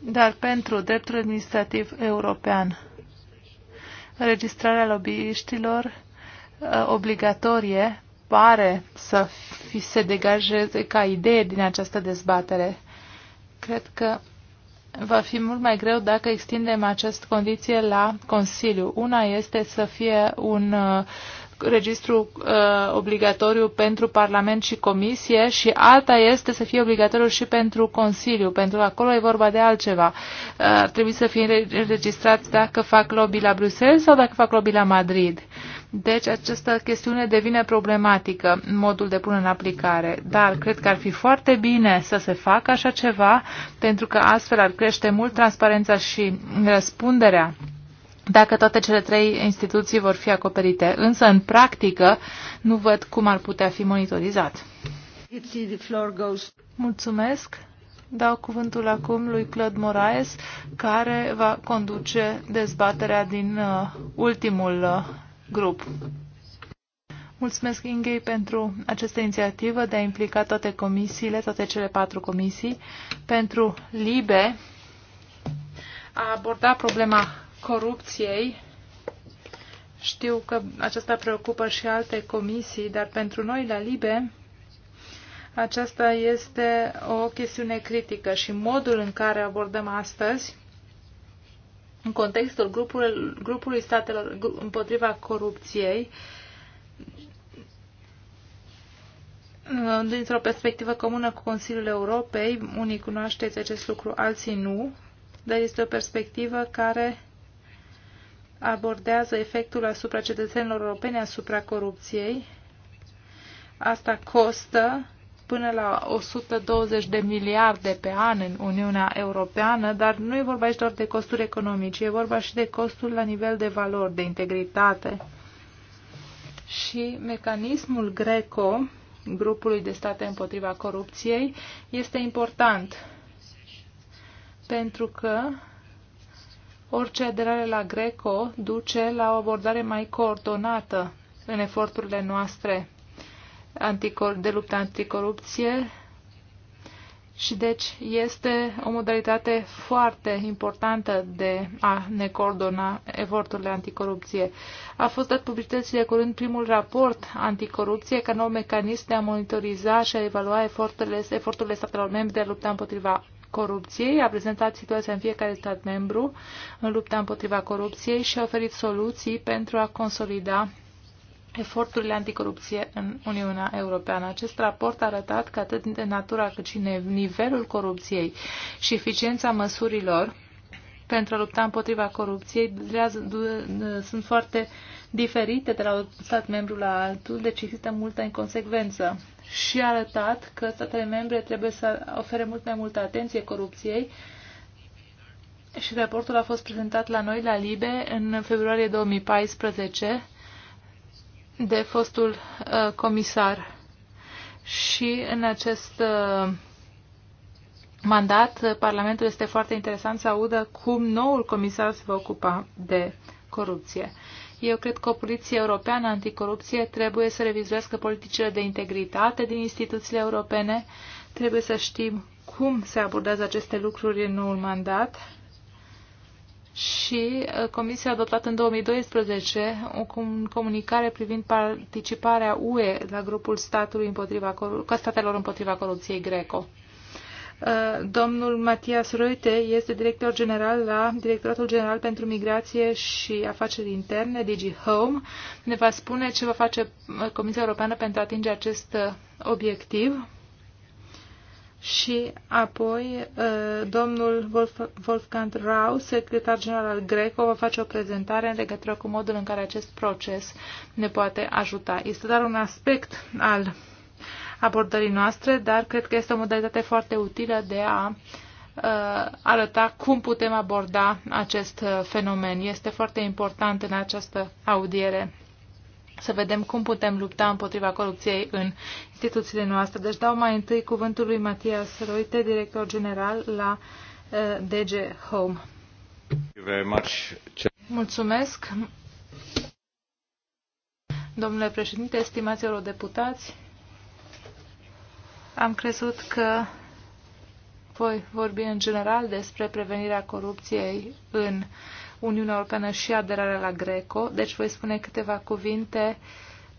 Dar pentru dreptul administrativ european Registrarea lobbyiștilor uh, obligatorie pare să fi, se degajeze ca idee din această dezbatere. Cred că va fi mult mai greu dacă extindem această condiție la Consiliu. Una este să fie un uh, registru uh, obligatoriu pentru Parlament și Comisie și alta este să fie obligatoriu și pentru Consiliu, pentru că acolo e vorba de altceva. Uh, ar trebui să fie înregistrați dacă fac lobby la Bruxelles sau dacă fac lobby la Madrid. Deci această chestiune devine problematică, modul de pune în aplicare. Dar cred că ar fi foarte bine să se facă așa ceva, pentru că astfel ar crește mult transparența și răspunderea dacă toate cele trei instituții vor fi acoperite. Însă, în practică, nu văd cum ar putea fi monitorizat. Mulțumesc. Dau cuvântul acum lui Claude Moraes, care va conduce dezbaterea din uh, ultimul uh, grup. Mulțumesc, Ingei, pentru această inițiativă de a implica toate comisiile, toate cele patru comisii, pentru LIBE a aborda problema corupției. Știu că aceasta preocupă și alte comisii, dar pentru noi la LIBE aceasta este o chestiune critică și modul în care abordăm astăzi în contextul grupului, grupului statelor împotriva corupției dintr-o perspectivă comună cu Consiliul Europei, unii cunoașteți acest lucru, alții nu, dar este o perspectivă care abordează efectul asupra cetățenilor europene asupra corupției. Asta costă până la 120 de miliarde pe an în Uniunea Europeană, dar nu e vorba aici doar de costuri economice, e vorba și de costuri la nivel de valori, de integritate. Și mecanismul greco, grupului de state împotriva corupției, este important pentru că Orice aderare la Greco duce la o abordare mai coordonată în eforturile noastre de luptă anticorupție și deci este o modalitate foarte importantă de a ne coordona eforturile anticorupție. A fost dat publicității de curând primul raport anticorupție ca nou mecanism de a monitoriza și a evalua eforturile, eforturile statelor membre de a lupta împotriva corupției, a prezentat situația în fiecare stat membru în lupta împotriva corupției și a oferit soluții pentru a consolida eforturile anticorupție în Uniunea Europeană. Acest raport a arătat că atât de natura cât și nivelul corupției și eficiența măsurilor pentru a lupta împotriva corupției sunt foarte diferite de la un stat membru la altul, deci există multă inconsecvență și a arătat că statele membre trebuie să ofere mult mai multă atenție corupției și raportul a fost prezentat la noi, la LIBE, în februarie 2014 de fostul uh, comisar. Și în acest uh, mandat, Parlamentul este foarte interesant să audă cum noul comisar se va ocupa de corupție. Eu cred că o poliție europeană anticorupție trebuie să revizuiască politicile de integritate din instituțiile europene. Trebuie să știm cum se abordează aceste lucruri în noul mandat. Și uh, Comisia a adoptat în 2012 o comunicare privind participarea UE la grupul statului împotriva, statelor împotriva corupției greco. Uh, domnul Matias Roite este director general la Directoratul General pentru Migrație și Afaceri Interne, DG Home. Ne va spune ce va face uh, Comisia Europeană pentru a atinge acest uh, obiectiv. Și apoi domnul Wolf, Wolfgang Rau, secretar general al Greco, va face o prezentare în legătură cu modul în care acest proces ne poate ajuta. Este doar un aspect al abordării noastre, dar cred că este o modalitate foarte utilă de a uh, arăta cum putem aborda acest uh, fenomen. Este foarte important în această audiere să vedem cum putem lupta împotriva corupției în instituțiile noastre. Deci dau mai întâi cuvântul lui Matias Roite, director general la uh, DG Home. Mulțumesc. Domnule președinte, stimați eurodeputați, am crezut că voi vorbi în general despre prevenirea corupției în Uniunea Europeană și aderarea la Greco, deci voi spune câteva cuvinte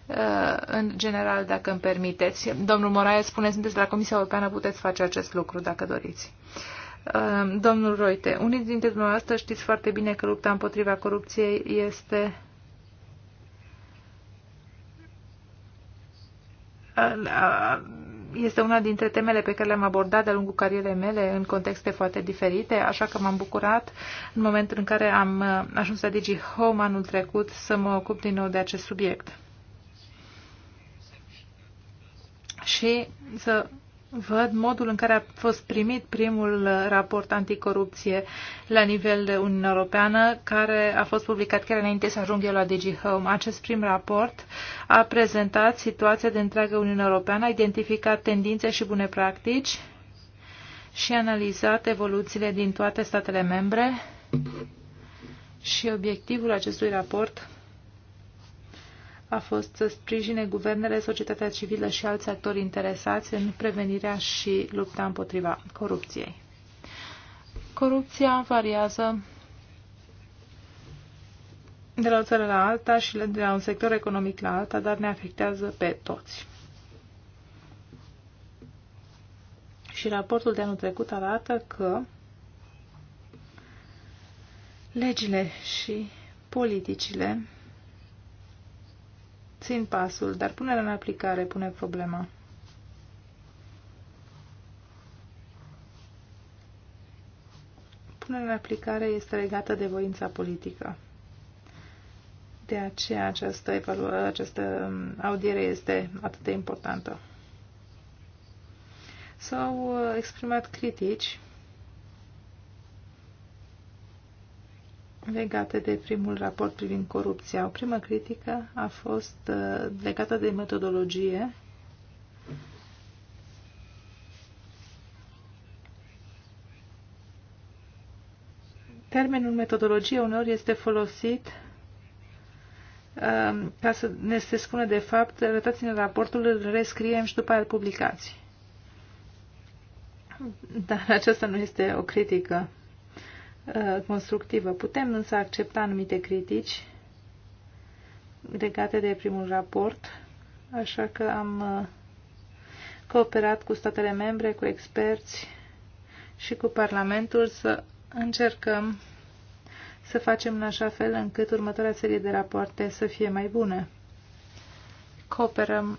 uh, în general, dacă îmi permiteți. Domnul Moraes spune, sunteți la Comisia Europeană, puteți face acest lucru dacă doriți. Uh, domnul Roite, unii dintre dumneavoastră știți foarte bine că lupta împotriva corupției este uh, este una dintre temele pe care le-am abordat de-a lungul carierei mele în contexte foarte diferite, așa că m-am bucurat în momentul în care am uh, ajuns la Digi Home anul trecut să mă ocup din nou de acest subiect. Și să văd modul în care a fost primit primul raport anticorupție la nivel de Uniunea Europeană, care a fost publicat chiar înainte să ajung eu la DG Home. Acest prim raport a prezentat situația de întreagă Uniunea Europeană, a identificat tendințe și bune practici și a analizat evoluțiile din toate statele membre și obiectivul acestui raport a fost să sprijine guvernele, societatea civilă și alți actori interesați în prevenirea și lupta împotriva corupției. Corupția variază de la o țară la alta și de la un sector economic la alta, dar ne afectează pe toți. Și raportul de anul trecut arată că legile și politicile țin pasul, dar punerea în aplicare pune problema. Punerea în aplicare este legată de voința politică. De aceea această, evaluare, această um, audiere este atât de importantă. S-au uh, exprimat critici legate de primul raport privind corupția. O primă critică a fost uh, legată de metodologie. Termenul metodologie uneori este folosit um, ca să ne se spune de fapt, arătați-ne raportul, îl rescriem și după aia îl publicați. Dar aceasta nu este o critică Uh, constructivă. Putem însă accepta anumite critici legate de primul raport, așa că am uh, cooperat cu statele membre, cu experți și cu Parlamentul să încercăm să facem în așa fel încât următoarea serie de rapoarte să fie mai bune. Cooperăm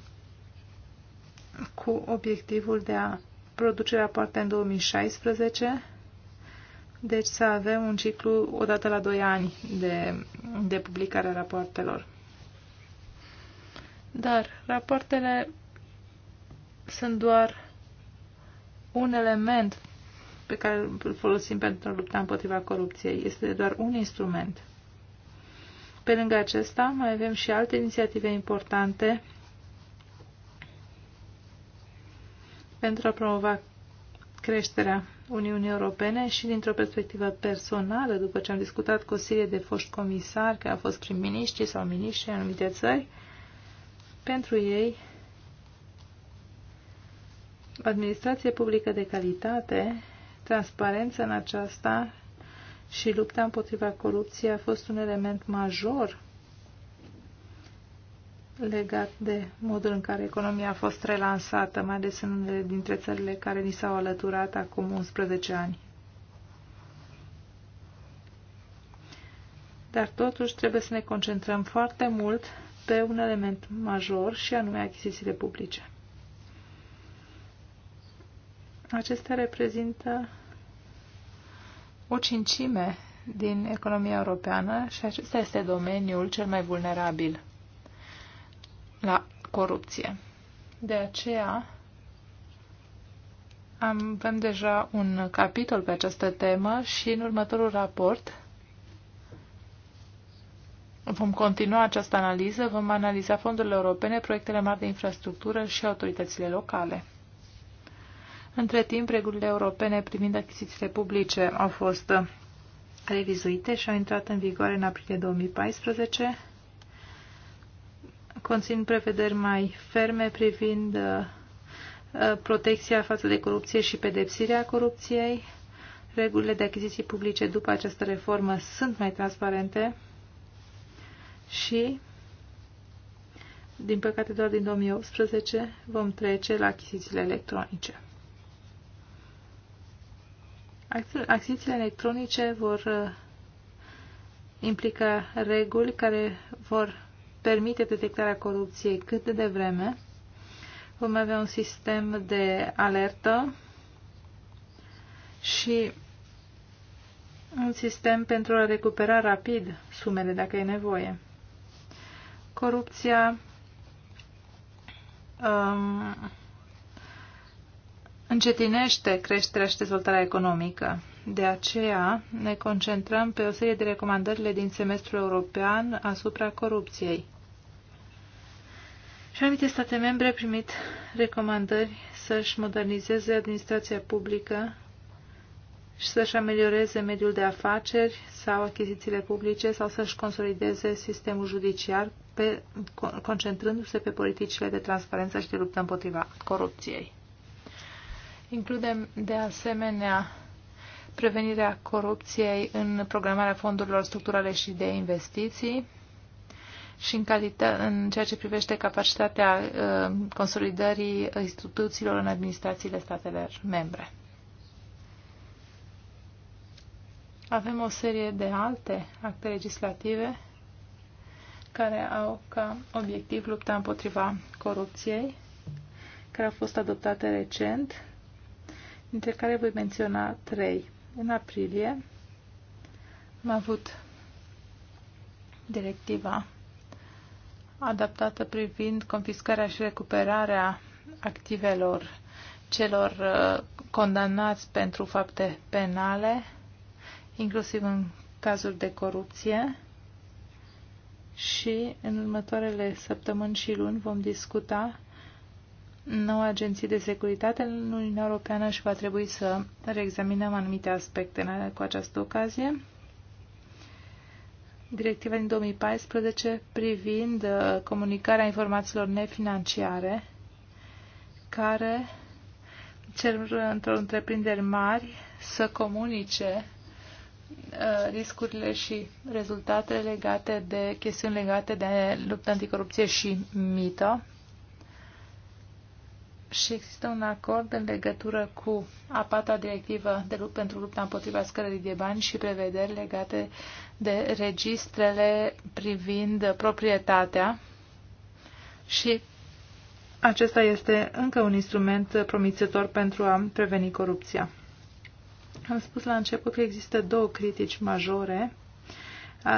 cu obiectivul de a produce rapoarte în 2016 deci să avem un ciclu odată la 2 ani de, de publicare a rapoartelor. Dar rapoartele sunt doar un element pe care îl folosim pentru a lupta împotriva corupției. Este doar un instrument. Pe lângă acesta, mai avem și alte inițiative importante pentru a promova creșterea Uniunii Europene și dintr-o perspectivă personală, după ce am discutat cu o serie de foști comisari, care au fost prim-miniștri sau miniștri în anumite țări, pentru ei administrație publică de calitate, transparență în aceasta și lupta împotriva corupției a fost un element major legat de modul în care economia a fost relansată, mai ales în unele dintre țările care ni s-au alăturat acum 11 ani. Dar totuși trebuie să ne concentrăm foarte mult pe un element major și anume achizițiile publice. Acestea reprezintă o cincime din economia europeană și acesta este domeniul cel mai vulnerabil la corupție. De aceea am, avem deja un capitol pe această temă și în următorul raport vom continua această analiză, vom analiza fondurile europene, proiectele mari de infrastructură și autoritățile locale. Între timp, regulile europene privind achizițiile publice au fost revizuite și au intrat în vigoare în aprilie 2014 conțin prevederi mai ferme privind uh, uh, protecția față de corupție și pedepsirea corupției. Regulile de achiziții publice după această reformă sunt mai transparente și, din păcate, doar din 2018 vom trece la achizițiile electronice. Achizițiile electronice vor uh, implica reguli care vor permite detectarea corupției cât de devreme. Vom avea un sistem de alertă și un sistem pentru a recupera rapid sumele dacă e nevoie. Corupția um, încetinește creșterea și dezvoltarea economică. De aceea ne concentrăm pe o serie de recomandările din semestrul european asupra corupției. Și anumite state membre au primit recomandări să-și modernizeze administrația publică și să-și amelioreze mediul de afaceri sau achizițiile publice sau să-și consolideze sistemul judiciar, pe, concentrându-se pe politicile de transparență și de luptă împotriva corupției. Includem de asemenea prevenirea corupției în programarea fondurilor structurale și de investiții, și în, calitate, în ceea ce privește capacitatea uh, consolidării instituțiilor în administrațiile statelor membre. Avem o serie de alte acte legislative care au ca obiectiv lupta împotriva corupției, care au fost adoptate recent, dintre care voi menționa trei. În aprilie am avut directiva adaptată privind confiscarea și recuperarea activelor celor uh, condamnați pentru fapte penale, inclusiv în cazuri de corupție. Și în următoarele săptămâni și luni vom discuta noua agenție de securitate în Uniunea Europeană și va trebui să reexaminăm anumite aspecte cu această ocazie directiva din 2014 privind uh, comunicarea informațiilor nefinanciare care cer uh, într-o întreprinderi mari să comunice uh, riscurile și rezultatele legate de chestiuni legate de luptă anticorupție și mită și există un acord în legătură cu a patra directivă de lupt pentru lupta împotriva scării de bani și prevederi legate de registrele privind proprietatea și acesta este încă un instrument promițător pentru a preveni corupția. Am spus la început că există două critici majore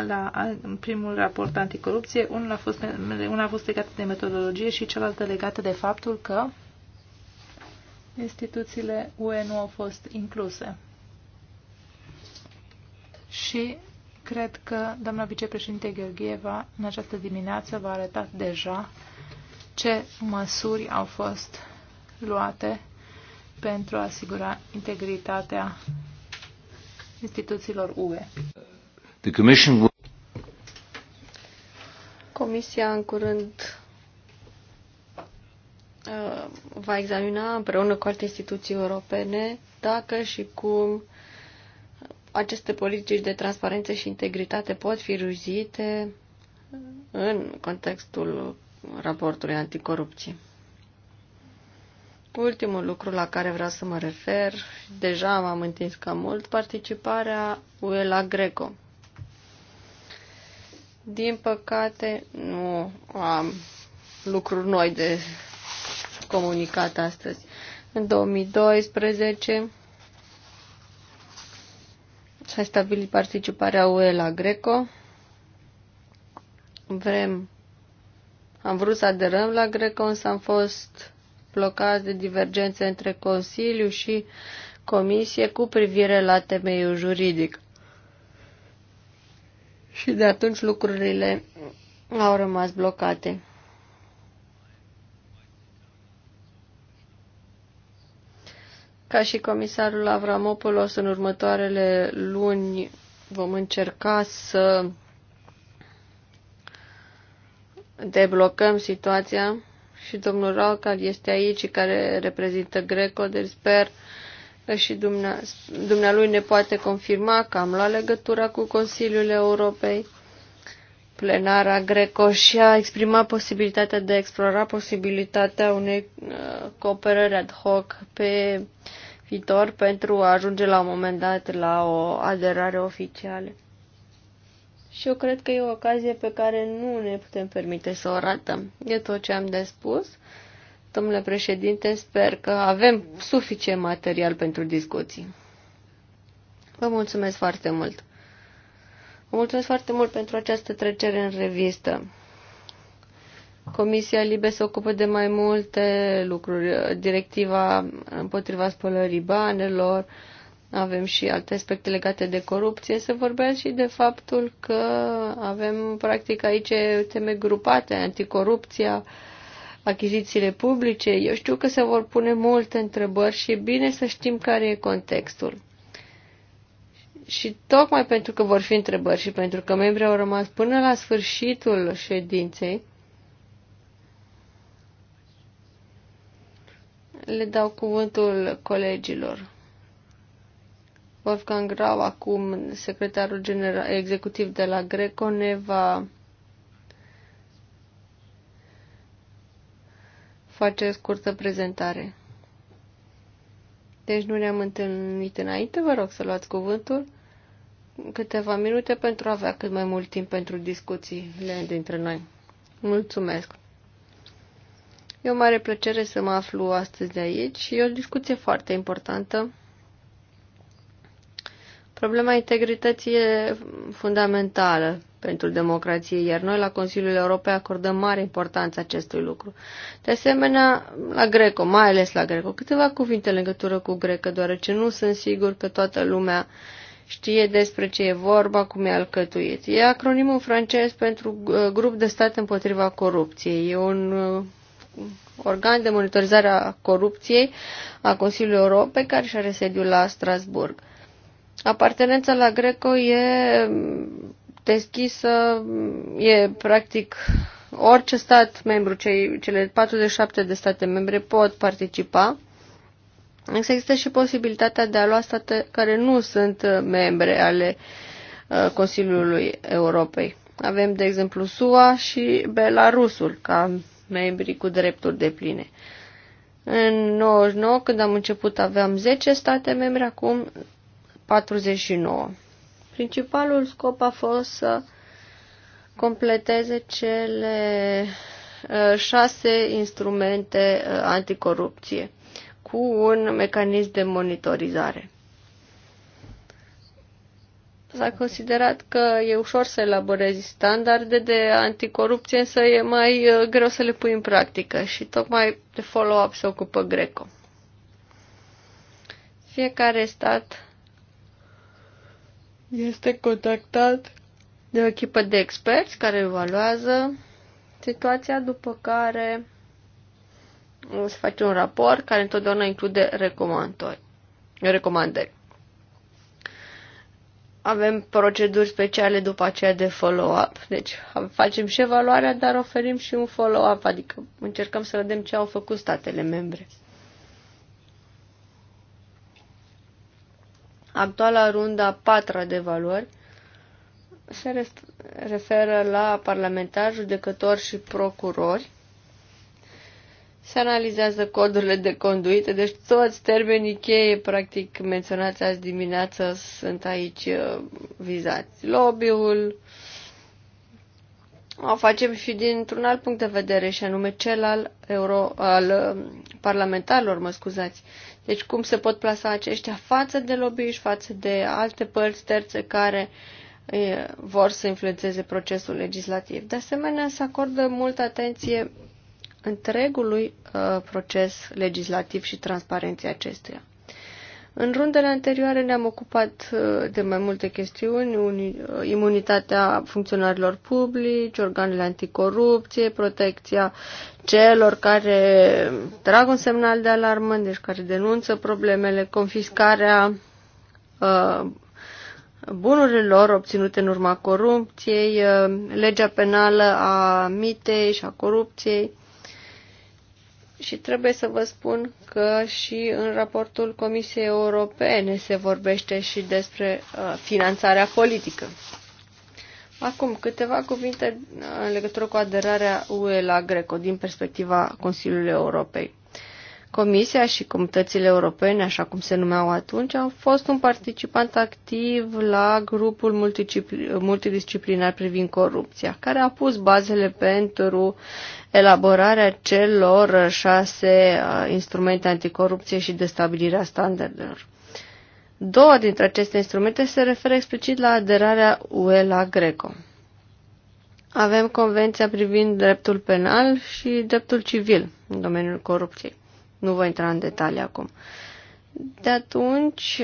la primul raport anticorupție. Unul a fost, unul a fost legat de metodologie și cealaltă legat de faptul că instituțiile UE nu au fost incluse. Și cred că doamna vicepreședinte Gheorgheva în această dimineață v-a arătat deja ce măsuri au fost luate pentru a asigura integritatea instituțiilor UE. Comisia în curând Uh, va examina împreună cu alte instituții europene dacă și cum aceste politici de transparență și integritate pot fi ruzite în contextul raportului anticorupție. Ultimul lucru la care vreau să mă refer, deja m-am întins cam mult, participarea UE la Greco. Din păcate, nu am lucruri noi de comunicat astăzi. În 2012 s-a stabilit participarea UE la Greco. Vrem, am vrut să aderăm la Greco, însă am fost blocați de divergențe între Consiliu și Comisie cu privire la temeiul juridic. Și de atunci lucrurile au rămas blocate. Ca și comisarul Avramopoulos, în următoarele luni vom încerca să deblocăm situația și domnul Raucal este aici care reprezintă Greco, deci sper și dumne, dumnealui ne poate confirma că am luat legătura cu Consiliul Europei. Plenara Greco și a exprimat posibilitatea de a explora posibilitatea unei uh, cooperări ad hoc pe uh, viitor pentru a ajunge la un moment dat la o aderare oficială. Și eu cred că e o ocazie pe care nu ne putem permite să o ratăm. E tot ce am de spus. Domnule președinte, sper că avem suficient material pentru discuții. Vă mulțumesc foarte mult! Vă mulțumesc foarte mult pentru această trecere în revistă. Comisia Libe se ocupă de mai multe lucruri. Directiva împotriva spălării banelor, avem și alte aspecte legate de corupție. Se vorbea și de faptul că avem practic aici teme grupate, anticorupția, achizițiile publice. Eu știu că se vor pune multe întrebări și e bine să știm care e contextul. Și tocmai pentru că vor fi întrebări și pentru că membrii au rămas până la sfârșitul ședinței, le dau cuvântul colegilor. Wolfgang Grau, acum secretarul general, executiv de la Greco, ne va face scurtă prezentare. Deci nu ne-am întâlnit înainte, vă rog să luați cuvântul câteva minute pentru a avea cât mai mult timp pentru discuțiile dintre noi. Mulțumesc! E o mare plăcere să mă aflu astăzi de aici și e o discuție foarte importantă. Problema integrității e fundamentală pentru democrație, iar noi la Consiliul Europei acordăm mare importanță acestui lucru. De asemenea, la Greco, mai ales la Greco, câteva cuvinte în legătură cu Grecă, deoarece nu sunt sigur că toată lumea știe despre ce e vorba, cum e alcătuit. E acronimul francez pentru uh, Grup de Stat împotriva Corupției. E un uh, organ de monitorizare a corupției a Consiliului Europei, care și are sediul la Strasburg. Apartenența la Greco e deschisă, e practic orice stat membru, cei, cele 47 de state membre pot participa. Însă există și posibilitatea de a lua state care nu sunt membre ale uh, Consiliului Europei. Avem, de exemplu, SUA și Belarusul ca membri cu drepturi de pline. În 99, când am început, aveam 10 state membre, acum 49. Principalul scop a fost să completeze cele ă, șase instrumente ă, anticorupție cu un mecanism de monitorizare s-a considerat că e ușor să elaborezi standarde de anticorupție, însă e mai uh, greu să le pui în practică și tocmai de follow-up se ocupă Greco. Fiecare stat este contactat de o echipă de experți care evaluează situația, după care uh, se face un raport care întotdeauna include recomandări. recomandări avem proceduri speciale după aceea de follow-up. Deci facem și evaluarea, dar oferim și un follow-up, adică încercăm să vedem ce au făcut statele membre. Actuala runda a patra de valori se referă la parlamentari, judecători și procurori. Se analizează codurile de conduită, deci toți termenii cheie, practic, menționați azi dimineață, sunt aici uh, vizați. Lobby-ul, o facem și dintr-un alt punct de vedere, și anume cel al, euro, al uh, parlamentarilor, mă scuzați. Deci cum se pot plasa aceștia față de lobby și față de alte părți terțe care e, vor să influențeze procesul legislativ. De asemenea, se acordă multă atenție întregului uh, proces legislativ și transparenței acestuia. În rundele anterioare ne-am ocupat uh, de mai multe chestiuni, uh, imunitatea funcționarilor publici, organele anticorupție, protecția celor care trag un semnal de alarmă, deci care denunță problemele, confiscarea uh, bunurilor obținute în urma corupției, uh, legea penală a mitei și a corupției, și trebuie să vă spun că și în raportul Comisiei Europene se vorbește și despre uh, finanțarea politică. Acum, câteva cuvinte în legătură cu aderarea UE la Greco din perspectiva Consiliului Europei. Comisia și comunitățile europene, așa cum se numeau atunci, au fost un participant activ la grupul multidisciplinar privind corupția, care a pus bazele pentru elaborarea celor șase uh, instrumente anticorupție și de stabilirea standardelor. Două dintre aceste instrumente se referă explicit la aderarea UE la Greco. Avem convenția privind dreptul penal și dreptul civil în domeniul corupției. Nu voi intra în detalii acum. De atunci,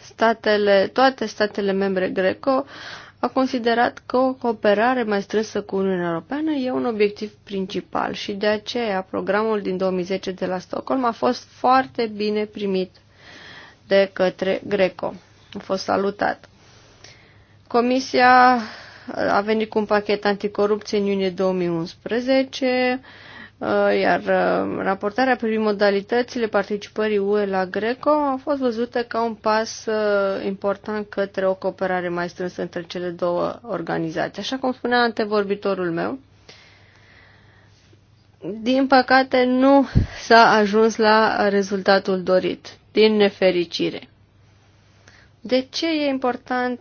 statele, toate statele membre greco au considerat că o cooperare mai strânsă cu Uniunea Europeană e un obiectiv principal și de aceea programul din 2010 de la Stockholm a fost foarte bine primit de către Greco. A fost salutat. Comisia a venit cu un pachet anticorupție în iunie 2011 Uh, iar uh, raportarea privind modalitățile participării UE la Greco a fost văzută ca un pas uh, important către o cooperare mai strânsă între cele două organizații. Așa cum spunea antevorbitorul meu, din păcate nu s-a ajuns la rezultatul dorit, din nefericire. De ce e important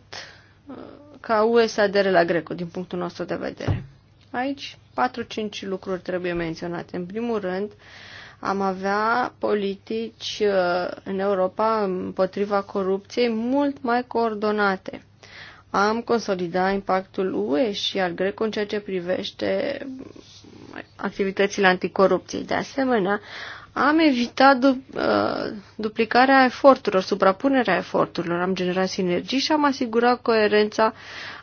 ca UE să adere la Greco, din punctul nostru de vedere? Aici 4-5 lucruri trebuie menționate. În primul rând, am avea politici uh, în Europa împotriva corupției mult mai coordonate. Am consolidat impactul UE și al Greco în ceea ce privește activitățile anticorupției. De asemenea, am evitat du- uh, duplicarea eforturilor, suprapunerea eforturilor, am generat sinergii și am asigurat coerența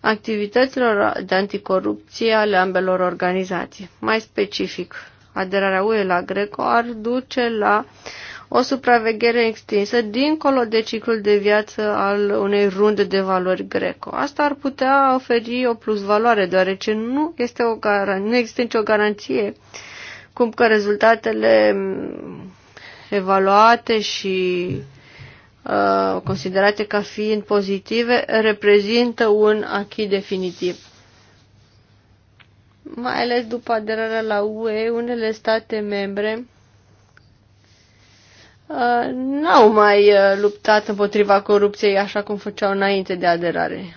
activităților de anticorupție ale ambelor organizații. Mai specific, aderarea UE la Greco ar duce la o supraveghere extinsă dincolo de ciclul de viață al unei runde de valori greco. Asta ar putea oferi o plusvaloare, deoarece nu, este o gar- nu există nicio garanție uh, cum că rezultatele mm, evaluate și uh, considerate ca fiind pozitive reprezintă un achii definitiv. Mai ales după aderarea la UE, unele state membre uh, n-au mai uh, luptat împotriva corupției așa cum făceau înainte de aderare.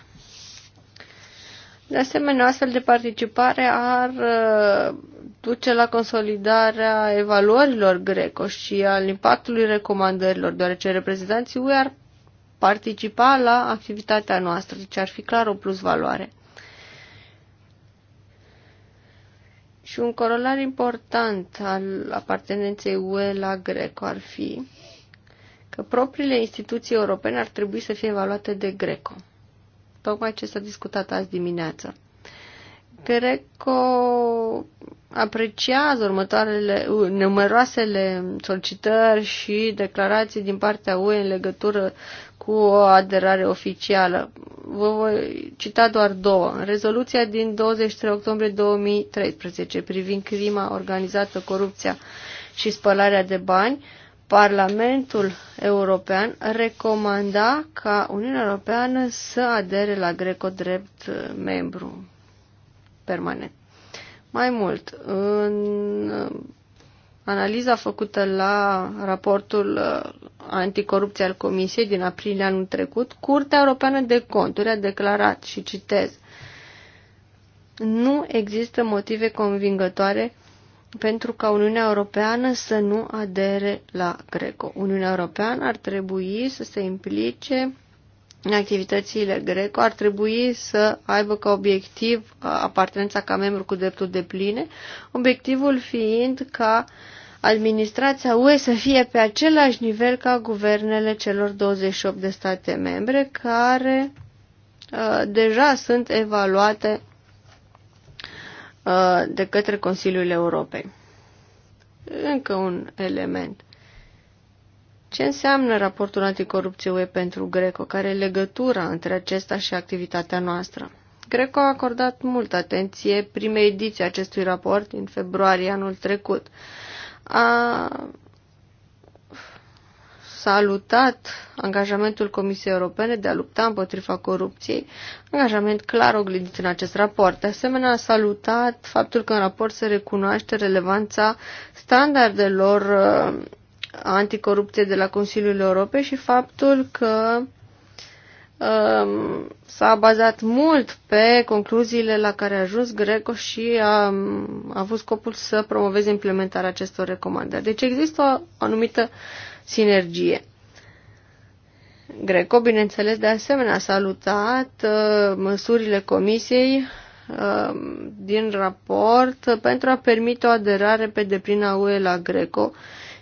De asemenea, astfel de participare ar uh, duce la consolidarea evaluărilor greco și al impactului recomandărilor, deoarece reprezentanții UE ar participa la activitatea noastră, deci ar fi clar o plus valoare. Și un corolar important al apartenenței UE la Greco ar fi că propriile instituții europene ar trebui să fie evaluate de Greco. Tocmai ce s-a discutat azi dimineață. Greco apreciază următoarele, numeroasele solicitări și declarații din partea UE în legătură cu o aderare oficială. Vă voi cita doar două. În rezoluția din 23 octombrie 2013 privind crima organizată, corupția și spălarea de bani, Parlamentul European recomanda ca Uniunea Europeană să adere la Greco drept membru permanent. Mai mult, în uh, analiza făcută la raportul uh, anticorupție al Comisiei din aprilie anul trecut, Curtea Europeană de Conturi a declarat, și citez, nu există motive convingătoare pentru ca Uniunea Europeană să nu adere la Greco. Uniunea Europeană ar trebui să se implice activitățile Greco ar trebui să aibă ca obiectiv apartenența ca membru cu dreptul de pline, obiectivul fiind ca administrația UE să fie pe același nivel ca guvernele celor 28 de state membre care uh, deja sunt evaluate uh, de către Consiliul Europei. Încă un element. Ce înseamnă raportul anticorupție UE pentru Greco? Care e legătura între acesta și activitatea noastră? Greco a acordat multă atenție primei ediții acestui raport în februarie anul trecut. A salutat angajamentul Comisiei Europene de a lupta împotriva corupției, angajament clar oglindit în acest raport. De asemenea, a salutat faptul că în raport se recunoaște relevanța standardelor uh, anticorupție de la Consiliul Europei și faptul că um, s-a bazat mult pe concluziile la care a ajuns Greco și a, a avut scopul să promoveze implementarea acestor recomandări. Deci există o anumită sinergie. Greco, bineînțeles, de asemenea a salutat uh, măsurile Comisiei uh, din raport pentru a permite o aderare pe deplin a UE la Greco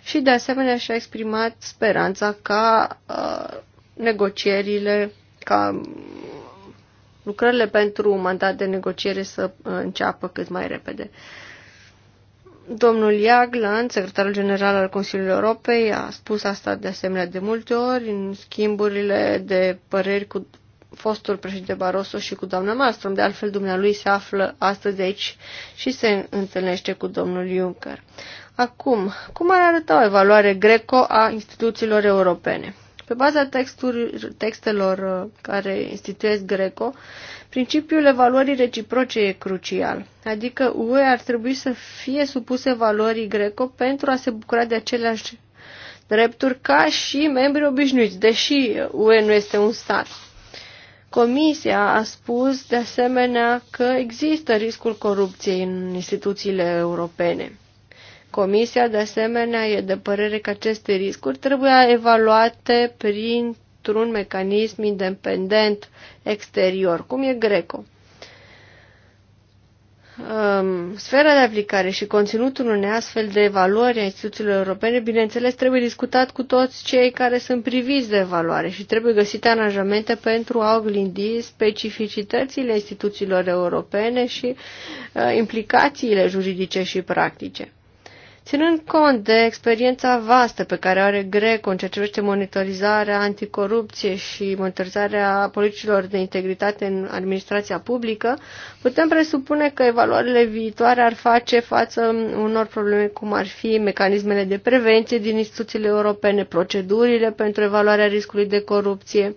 și de asemenea și-a exprimat speranța ca uh, negocierile, ca lucrările pentru mandat de negociere să uh, înceapă cât mai repede. Domnul Iaglan, secretarul general al Consiliului Europei, a spus asta de asemenea de multe ori în schimburile de păreri cu fostul președinte Barroso și cu doamna Malmström. De altfel, dumnealui se află astăzi aici și se întâlnește cu domnul Juncker. Acum, cum ar arăta o evaluare greco a instituțiilor europene? Pe baza textelor uh, care instituiesc greco, principiul evaluării reciproce e crucial, adică UE ar trebui să fie supuse evaluării greco pentru a se bucura de aceleași drepturi ca și membrii obișnuiți, deși UE nu este un stat. Comisia a spus de asemenea că există riscul corupției în instituțiile europene. Comisia, de asemenea, e de părere că aceste riscuri trebuie evaluate printr-un mecanism independent exterior, cum e Greco. Um, sfera de aplicare și conținutul unei astfel de evaluări a instituțiilor europene, bineînțeles, trebuie discutat cu toți cei care sunt priviți de evaluare și trebuie găsite aranjamente pentru a oglindi specificitățile instituțiilor europene și uh, implicațiile juridice și practice. Ținând cont de experiența vastă pe care are Greco în ceea ce privește monitorizarea anticorupție și monitorizarea politicilor de integritate în administrația publică, putem presupune că evaluările viitoare ar face față unor probleme cum ar fi mecanismele de prevenție din instituțiile europene, procedurile pentru evaluarea riscului de corupție,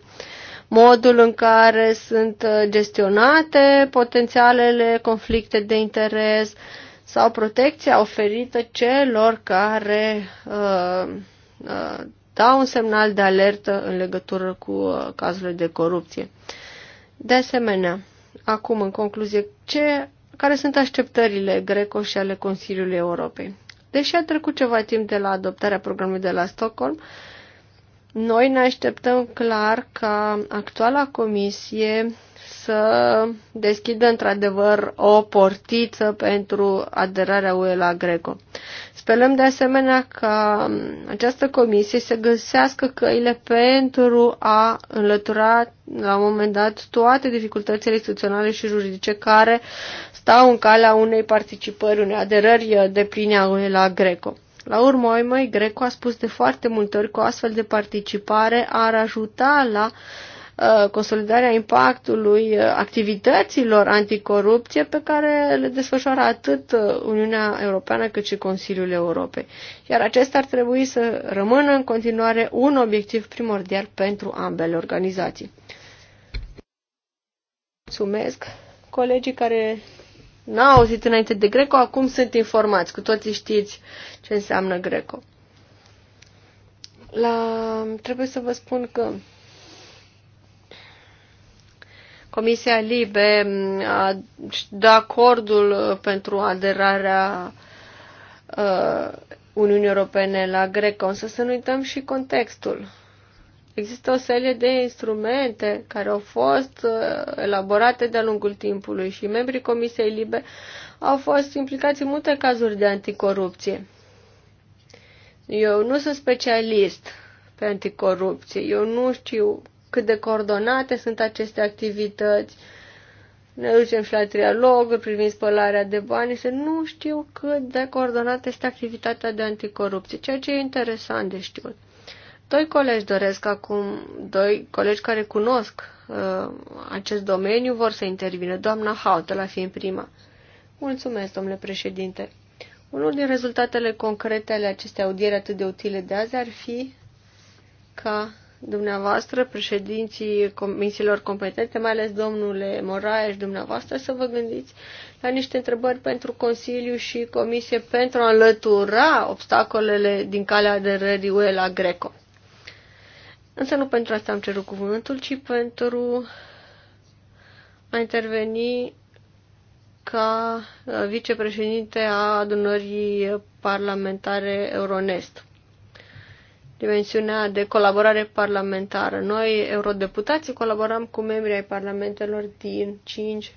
modul în care sunt gestionate potențialele conflicte de interes, sau protecția oferită celor care uh, uh, dau un semnal de alertă în legătură cu uh, cazurile de corupție. De asemenea, acum în concluzie, ce, care sunt așteptările Greco și ale Consiliului Europei? Deși a trecut ceva timp de la adoptarea programului de la Stockholm, noi ne așteptăm clar ca actuala comisie să deschidă într-adevăr o portiță pentru aderarea UE la Greco. Sperăm de asemenea ca această comisie să găsească căile pentru a înlătura la un moment dat toate dificultățile instituționale și juridice care stau în calea unei participări, unei aderări de pline a UE la Greco. La urmă, mai Greco a spus de foarte multe ori că o astfel de participare ar ajuta la uh, Uh, consolidarea impactului uh, activităților anticorupție pe care le desfășoară atât uh, Uniunea Europeană cât și Consiliul Europei. Iar acesta ar trebui să rămână în continuare un obiectiv primordial pentru ambele organizații. Mulțumesc! Colegii care n-au auzit înainte de Greco, acum sunt informați. Cu toții știți ce înseamnă Greco. La... Trebuie să vă spun că Comisia Libe mm, dat acordul uh, pentru aderarea uh, Uniunii Europene la Greco, însă să nu uităm și contextul. Există o serie de instrumente care au fost uh, elaborate de-a lungul timpului și membrii Comisiei Libe au fost implicați în multe cazuri de anticorupție. Eu nu sunt specialist pe anticorupție, eu nu știu cât de coordonate sunt aceste activități, ne ducem și la trialog privind spălarea de bani, să nu știu cât de coordonată este activitatea de anticorupție, ceea ce e interesant de știut. Doi colegi doresc acum, doi colegi care cunosc uh, acest domeniu vor să intervină, doamna la fiind prima. Mulțumesc, domnule președinte. Unul din rezultatele concrete ale acestei audieri atât de utile de azi ar fi ca dumneavoastră, președinții comisiilor competente, mai ales domnule Moraes, dumneavoastră, să vă gândiți la niște întrebări pentru Consiliu și Comisie pentru a înlătura obstacolele din calea aderării UE la Greco. Însă nu pentru asta am cerut cuvântul, ci pentru a interveni ca uh, vicepreședinte a adunării parlamentare Euronest dimensiunea de colaborare parlamentară. Noi, eurodeputații, colaborăm cu membrii ai parlamentelor din cinci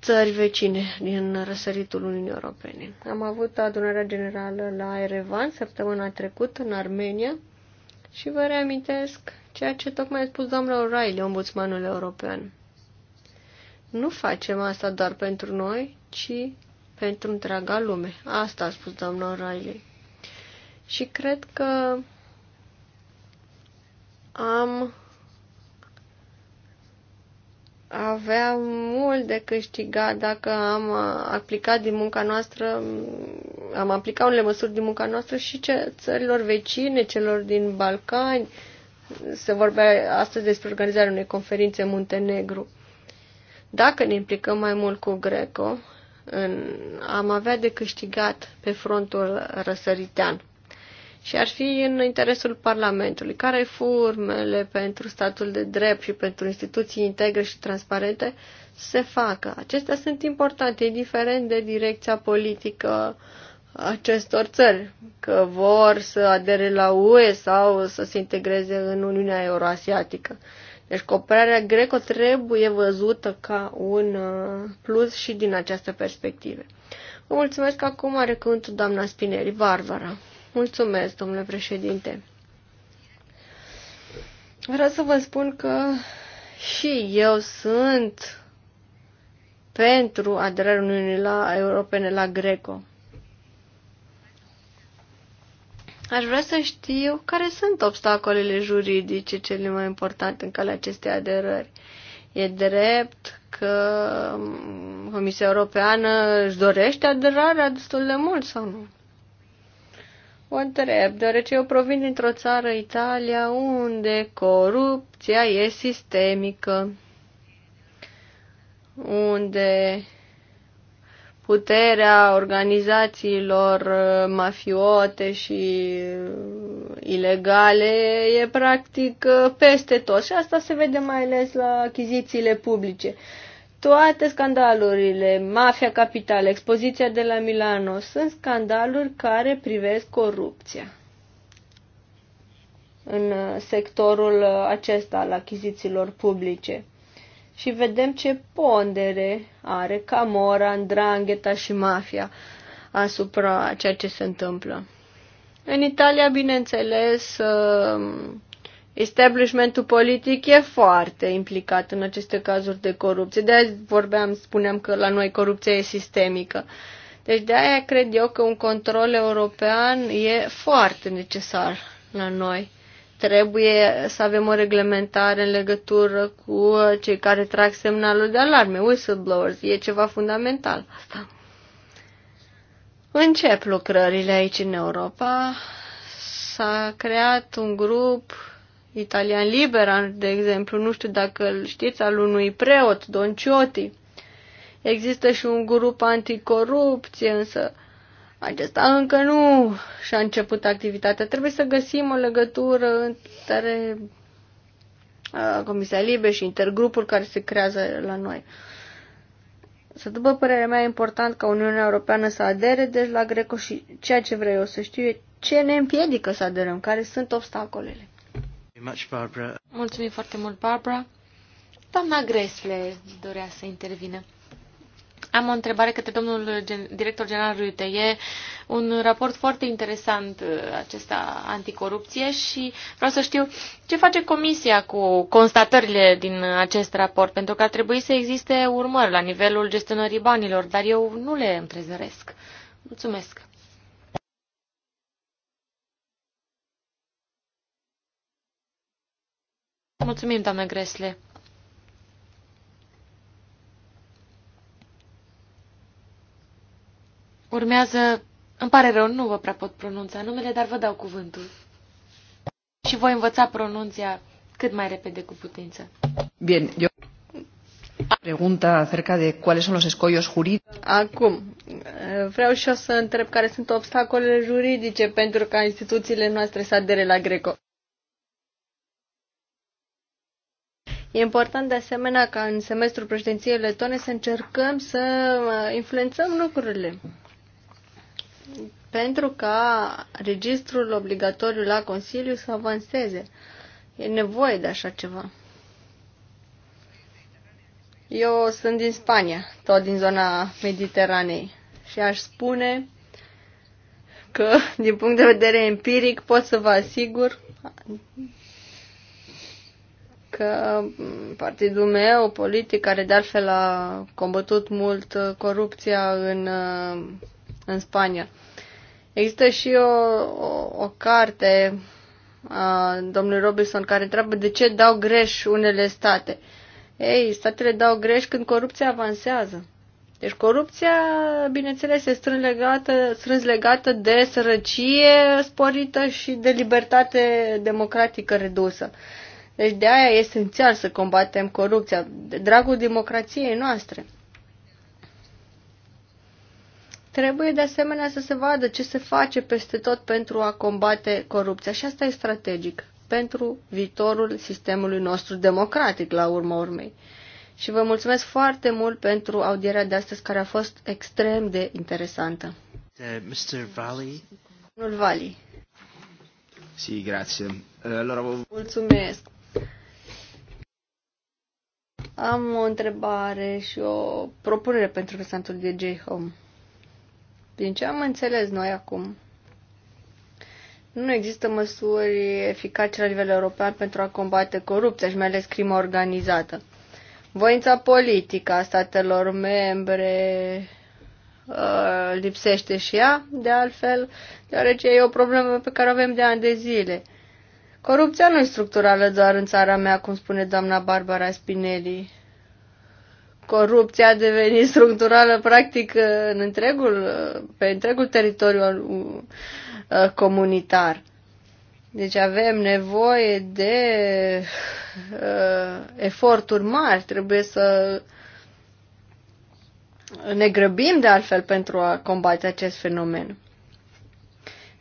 țări vecine din răsăritul Uniunii Europene. Am avut adunarea generală la Erevan săptămâna trecută în Armenia și vă reamintesc ceea ce tocmai a spus doamna O'Reilly, ombudsmanul european. Nu facem asta doar pentru noi, ci pentru întreaga lume. Asta a spus doamna O'Reilly. Și cred că am avea mult de câștigat dacă am aplicat din munca noastră, am aplicat unele măsuri din munca noastră și ce, țărilor vecine, celor din Balcani. Se vorbea astăzi despre organizarea unei conferințe în Muntenegru. Dacă ne implicăm mai mult cu Greco, în, am avea de câștigat pe frontul răsăritean și ar fi în interesul Parlamentului. Care formele pentru statul de drept și pentru instituții integre și transparente se facă? Acestea sunt importante, indiferent de direcția politică acestor țări, că vor să adere la UE sau să se integreze în Uniunea Euroasiatică. Deci cooperarea greco trebuie văzută ca un uh, plus și din această perspectivă. Vă mulțumesc acum are cuvântul doamna Spineri, Varvara. Mulțumesc, domnule președinte. Vreau să vă spun că și eu sunt pentru aderarea Uniunii la Europene la Greco. Aș vrea să știu care sunt obstacolele juridice cele mai importante în calea acestei aderări. E drept că mm, Comisia Europeană își dorește aderarea destul de mult sau nu? o întreb, deoarece eu provin dintr-o țară, Italia, unde corupția e sistemică, unde puterea organizațiilor uh, mafiote și uh, ilegale e practic uh, peste tot și asta se vede mai ales la achizițiile publice toate scandalurile, mafia capitală, expoziția de la Milano, sunt scandaluri care privesc corupția în uh, sectorul uh, acesta al achizițiilor publice. Și vedem ce pondere are Camora, Andrangheta și mafia asupra ceea ce se întâmplă. În Italia, bineînțeles, uh, establishmentul politic e foarte implicat în aceste cazuri de corupție. De aia vorbeam, spuneam că la noi corupția e sistemică. Deci de aia cred eu că un control european e foarte necesar la noi. Trebuie să avem o reglementare în legătură cu cei care trag semnalul de alarme, whistleblowers. E ceva fundamental asta. Încep lucrările aici în Europa. S-a creat un grup Italian Liberan, de exemplu, nu știu dacă îl știți, al unui preot, Don Ciotti. Există și un grup anticorupție, însă acesta încă nu și-a început activitatea. Trebuie să găsim o legătură între uh, Comisia Libe și intergrupul care se creează la noi. Să după părerea mea, e important ca Uniunea Europeană să adere deci la Greco și ceea ce vreau eu să știu e ce ne împiedică să aderăm, care sunt obstacolele. Mulțumim foarte mult, Barbara. Doamna Gresle dorea să intervină. Am o întrebare către domnul director general Rute. E un raport foarte interesant uh, acesta anticorupție și vreau să știu ce face comisia cu constatările din acest raport, pentru că ar trebui să existe urmări la nivelul gestionării banilor, dar eu nu le întrezăresc. Mulțumesc. Mulțumim, doamnă Gresle. Urmează, îmi pare rău, nu vă prea pot pronunța numele, dar vă dau cuvântul. Și voi învăța pronunția cât mai repede cu putință. Bine, eu pregunta acerca de cuale sunt los escoios juridici. Acum, vreau și eu să întreb care sunt obstacolele juridice pentru ca instituțiile noastre să adere la Greco. E important de asemenea ca în semestrul președinției letone să încercăm să uh, influențăm lucrurile. Pentru ca registrul obligatoriu la Consiliu să avanseze. E nevoie de așa ceva. Eu sunt din Spania, tot din zona Mediteranei și aș spune că, din punct de vedere empiric, pot să vă asigur că partidul meu politic, care de altfel a combătut mult uh, corupția în, uh, în Spania. Există și o, o, o carte a domnului Robinson care întreabă de ce dau greș unele state. Ei, statele dau greș când corupția avansează. Deci corupția, bineînțeles, este strâns legată, strâns legată de sărăcie sporită și de libertate democratică redusă. Deci de aia e esențial să combatem corupția, de dragul democrației noastre. Trebuie de asemenea să se vadă ce se face peste tot pentru a combate corupția și asta e strategic pentru viitorul sistemului nostru democratic la urma urmei. Și vă mulțumesc foarte mult pentru audierea de astăzi care a fost extrem de interesantă. De uh, Mr. Valley. Domnul Vali. Si, grazie. Eh, allora... Mulțumesc. Am o întrebare și o propunere pentru restantul DJ Home. Din ce am înțeles noi acum, nu există măsuri eficace la nivel european pentru a combate corupția și mai ales crima organizată. Voința politică a statelor membre uh, lipsește și ea, de altfel, deoarece e o problemă pe care o avem de ani de zile. Corupția nu e structurală doar în țara mea, cum spune doamna Barbara Spinelli. Corupția a devenit structurală practic în întregul, pe întregul teritoriu uh, comunitar. Deci avem nevoie de uh, eforturi mari, trebuie să ne grăbim de altfel pentru a combate acest fenomen.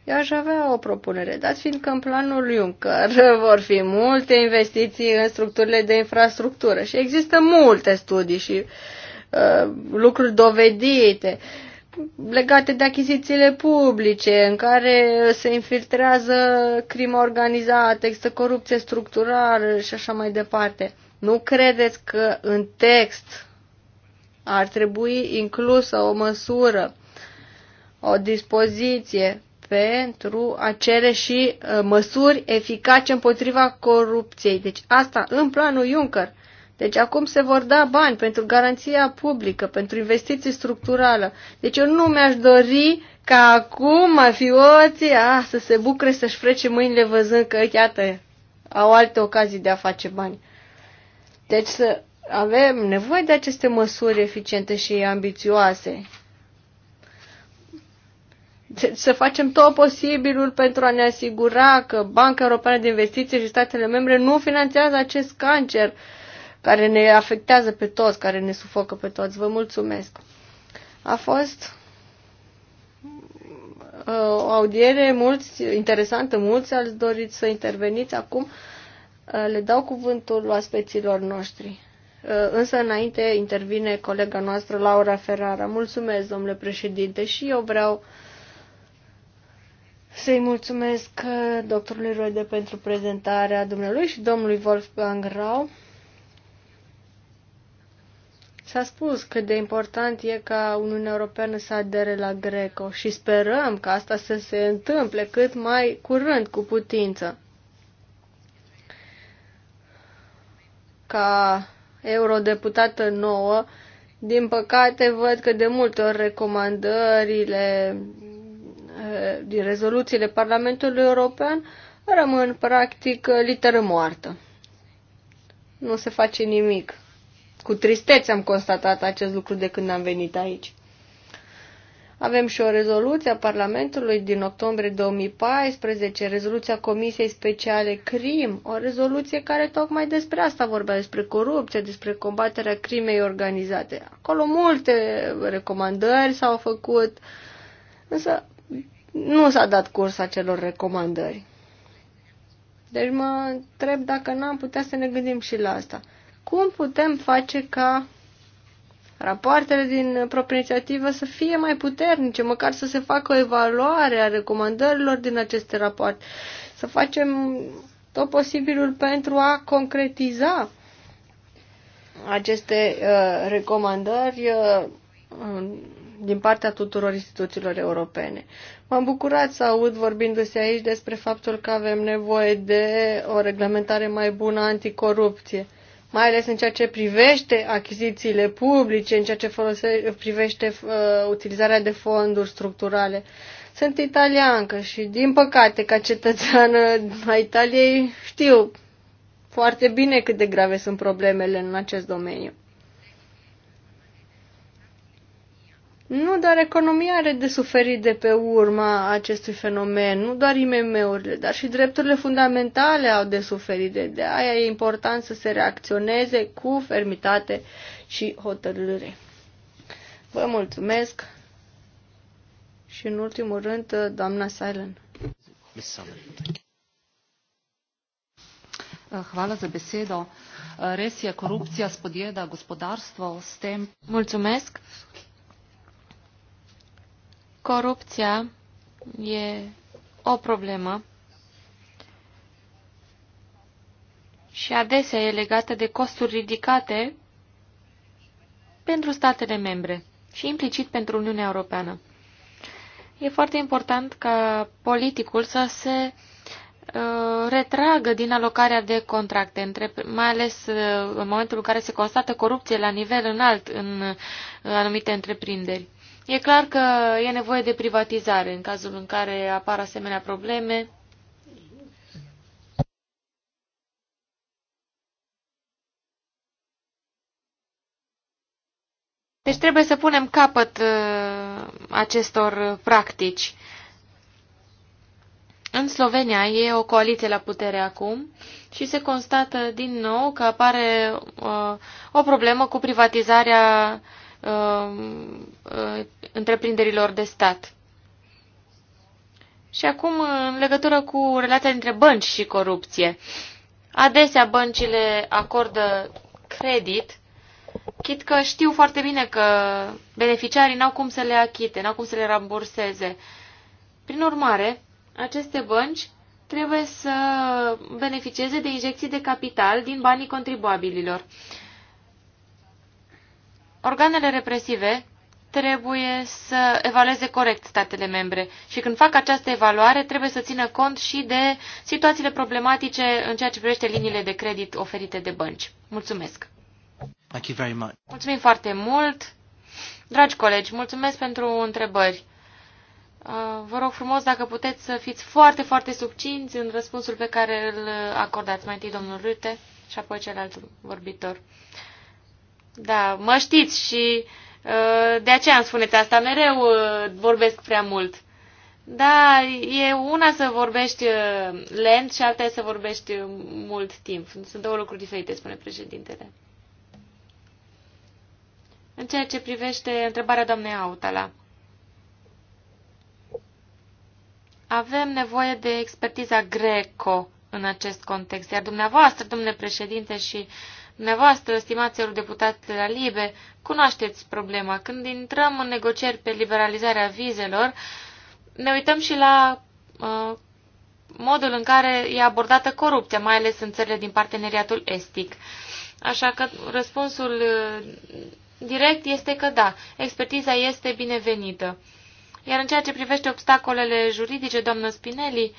Eu aș avea o propunere, dat fiindcă în planul Juncker [LAUGHS] vor fi multe investiții în structurile de infrastructură și există multe studii și uh, lucruri dovedite legate de achizițiile publice, în care se infiltrează crimă organizată, există corupție structurală și așa mai departe. Nu credeți că în text ar trebui inclusă o măsură, o dispoziție pentru a cere și uh, măsuri eficace împotriva corupției. Deci asta în planul Juncker. Deci acum se vor da bani pentru garanția publică, pentru investiții structurală. Deci eu nu mi-aș dori ca acum mafioții a, să se bucure să-și frece mâinile văzând că, iată, au alte ocazii de a face bani. Deci să avem nevoie de aceste măsuri eficiente și ambițioase să facem tot posibilul pentru a ne asigura că Banca Europeană de Investiții și statele membre nu finanțează acest cancer care ne afectează pe toți, care ne sufocă pe toți. Vă mulțumesc. A fost uh, o audiere mulți, interesantă, mulți ați dorit să interveniți acum. Uh, le dau cuvântul oaspeților noștri. Uh, însă înainte intervine colega noastră Laura Ferrara. Mulțumesc, domnule președinte, și eu vreau să-i mulțumesc uh, doctorului Roide pentru prezentarea dumnealui și domnului Wolfgang Rau. S-a spus cât de important e ca Uniunea Europeană să adere la Greco și sperăm ca asta să se întâmple cât mai curând cu putință. Ca eurodeputată nouă, din păcate văd că de multe ori recomandările Eh, din rezoluțiile Parlamentului European rămân practic eh, literă moartă. Nu se face nimic. Cu tristețe am constatat acest lucru de când am venit aici. Avem și o rezoluție a Parlamentului din octombrie 2014, rezoluția Comisiei Speciale CRIM, o rezoluție care tocmai despre asta vorbea, despre corupție, despre combaterea crimei organizate. Acolo multe recomandări s-au făcut, însă nu s-a dat curs acelor recomandări. Deci mă întreb dacă n-am putea să ne gândim și la asta. Cum putem face ca rapoartele din proprie inițiativă să fie mai puternice, măcar să se facă o evaluare a recomandărilor din aceste rapoarte, să facem tot posibilul pentru a concretiza aceste uh, recomandări uh, din partea tuturor instituțiilor europene. M-am bucurat să aud vorbindu-se aici despre faptul că avem nevoie de o reglementare mai bună anticorupție, mai ales în ceea ce privește achizițiile publice, în ceea ce folose, privește uh, utilizarea de fonduri structurale. Sunt italiancă și, din păcate, ca cetățeană a Italiei, știu foarte bine cât de grave sunt problemele în acest domeniu. Nu doar economia are de suferit de pe urma acestui fenomen, nu doar IMM-urile, dar și drepturile fundamentale au de suferit. De, de aia e important să se reacționeze cu fermitate și hotărâre. Vă mulțumesc și în ultimul rând, doamna Silent. Hvala za besedo. Res je, korupcija spodjeda gospodarstvo s tem. Mulțumesc. Corupția e o problemă și adesea e legată de costuri ridicate pentru statele membre și implicit pentru Uniunea Europeană. E foarte important ca politicul să se uh, retragă din alocarea de contracte, între, mai ales uh, în momentul în care se constată corupție la nivel înalt în uh, anumite întreprinderi. E clar că e nevoie de privatizare în cazul în care apar asemenea probleme. Deci trebuie să punem capăt uh, acestor practici. În Slovenia e o coaliție la putere acum și se constată din nou că apare uh, o problemă cu privatizarea Um, uh, întreprinderilor de stat. Și acum, în legătură cu relația dintre bănci și corupție. Adesea băncile acordă credit, chit că știu foarte bine că beneficiarii n-au cum să le achite, n-au cum să le ramburseze. Prin urmare, aceste bănci trebuie să beneficieze de injecții de capital din banii contribuabililor organele represive trebuie să evalueze corect statele membre și când fac această evaluare trebuie să țină cont și de situațiile problematice în ceea ce privește liniile de credit oferite de bănci. Mulțumesc! Thank you very much. Mulțumim foarte mult! Dragi colegi, mulțumesc pentru întrebări. Uh, vă rog frumos dacă puteți să fiți foarte, foarte subcinți în răspunsul pe care îl acordați. Mai întâi domnul Rute și apoi celălalt vorbitor. Da, mă știți și uh, de aceea îmi spuneți asta. Mereu uh, vorbesc prea mult. Da, e una să vorbești uh, lent și alta e să vorbești mult timp. Sunt două lucruri diferite, spune președintele. În ceea ce privește întrebarea doamnei Autala, avem nevoie de expertiza greco în acest context, iar dumneavoastră, domnule președinte, și uh, Dumneavoastră, stimați deputați de la Libe, cunoașteți problema. Când intrăm în negocieri pe liberalizarea vizelor, ne uităm și la uh, modul în care e abordată corupția, mai ales în țările din parteneriatul estic. Așa că răspunsul uh, direct este că da, expertiza este binevenită. Iar în ceea ce privește obstacolele juridice, doamnă Spinelli, uh,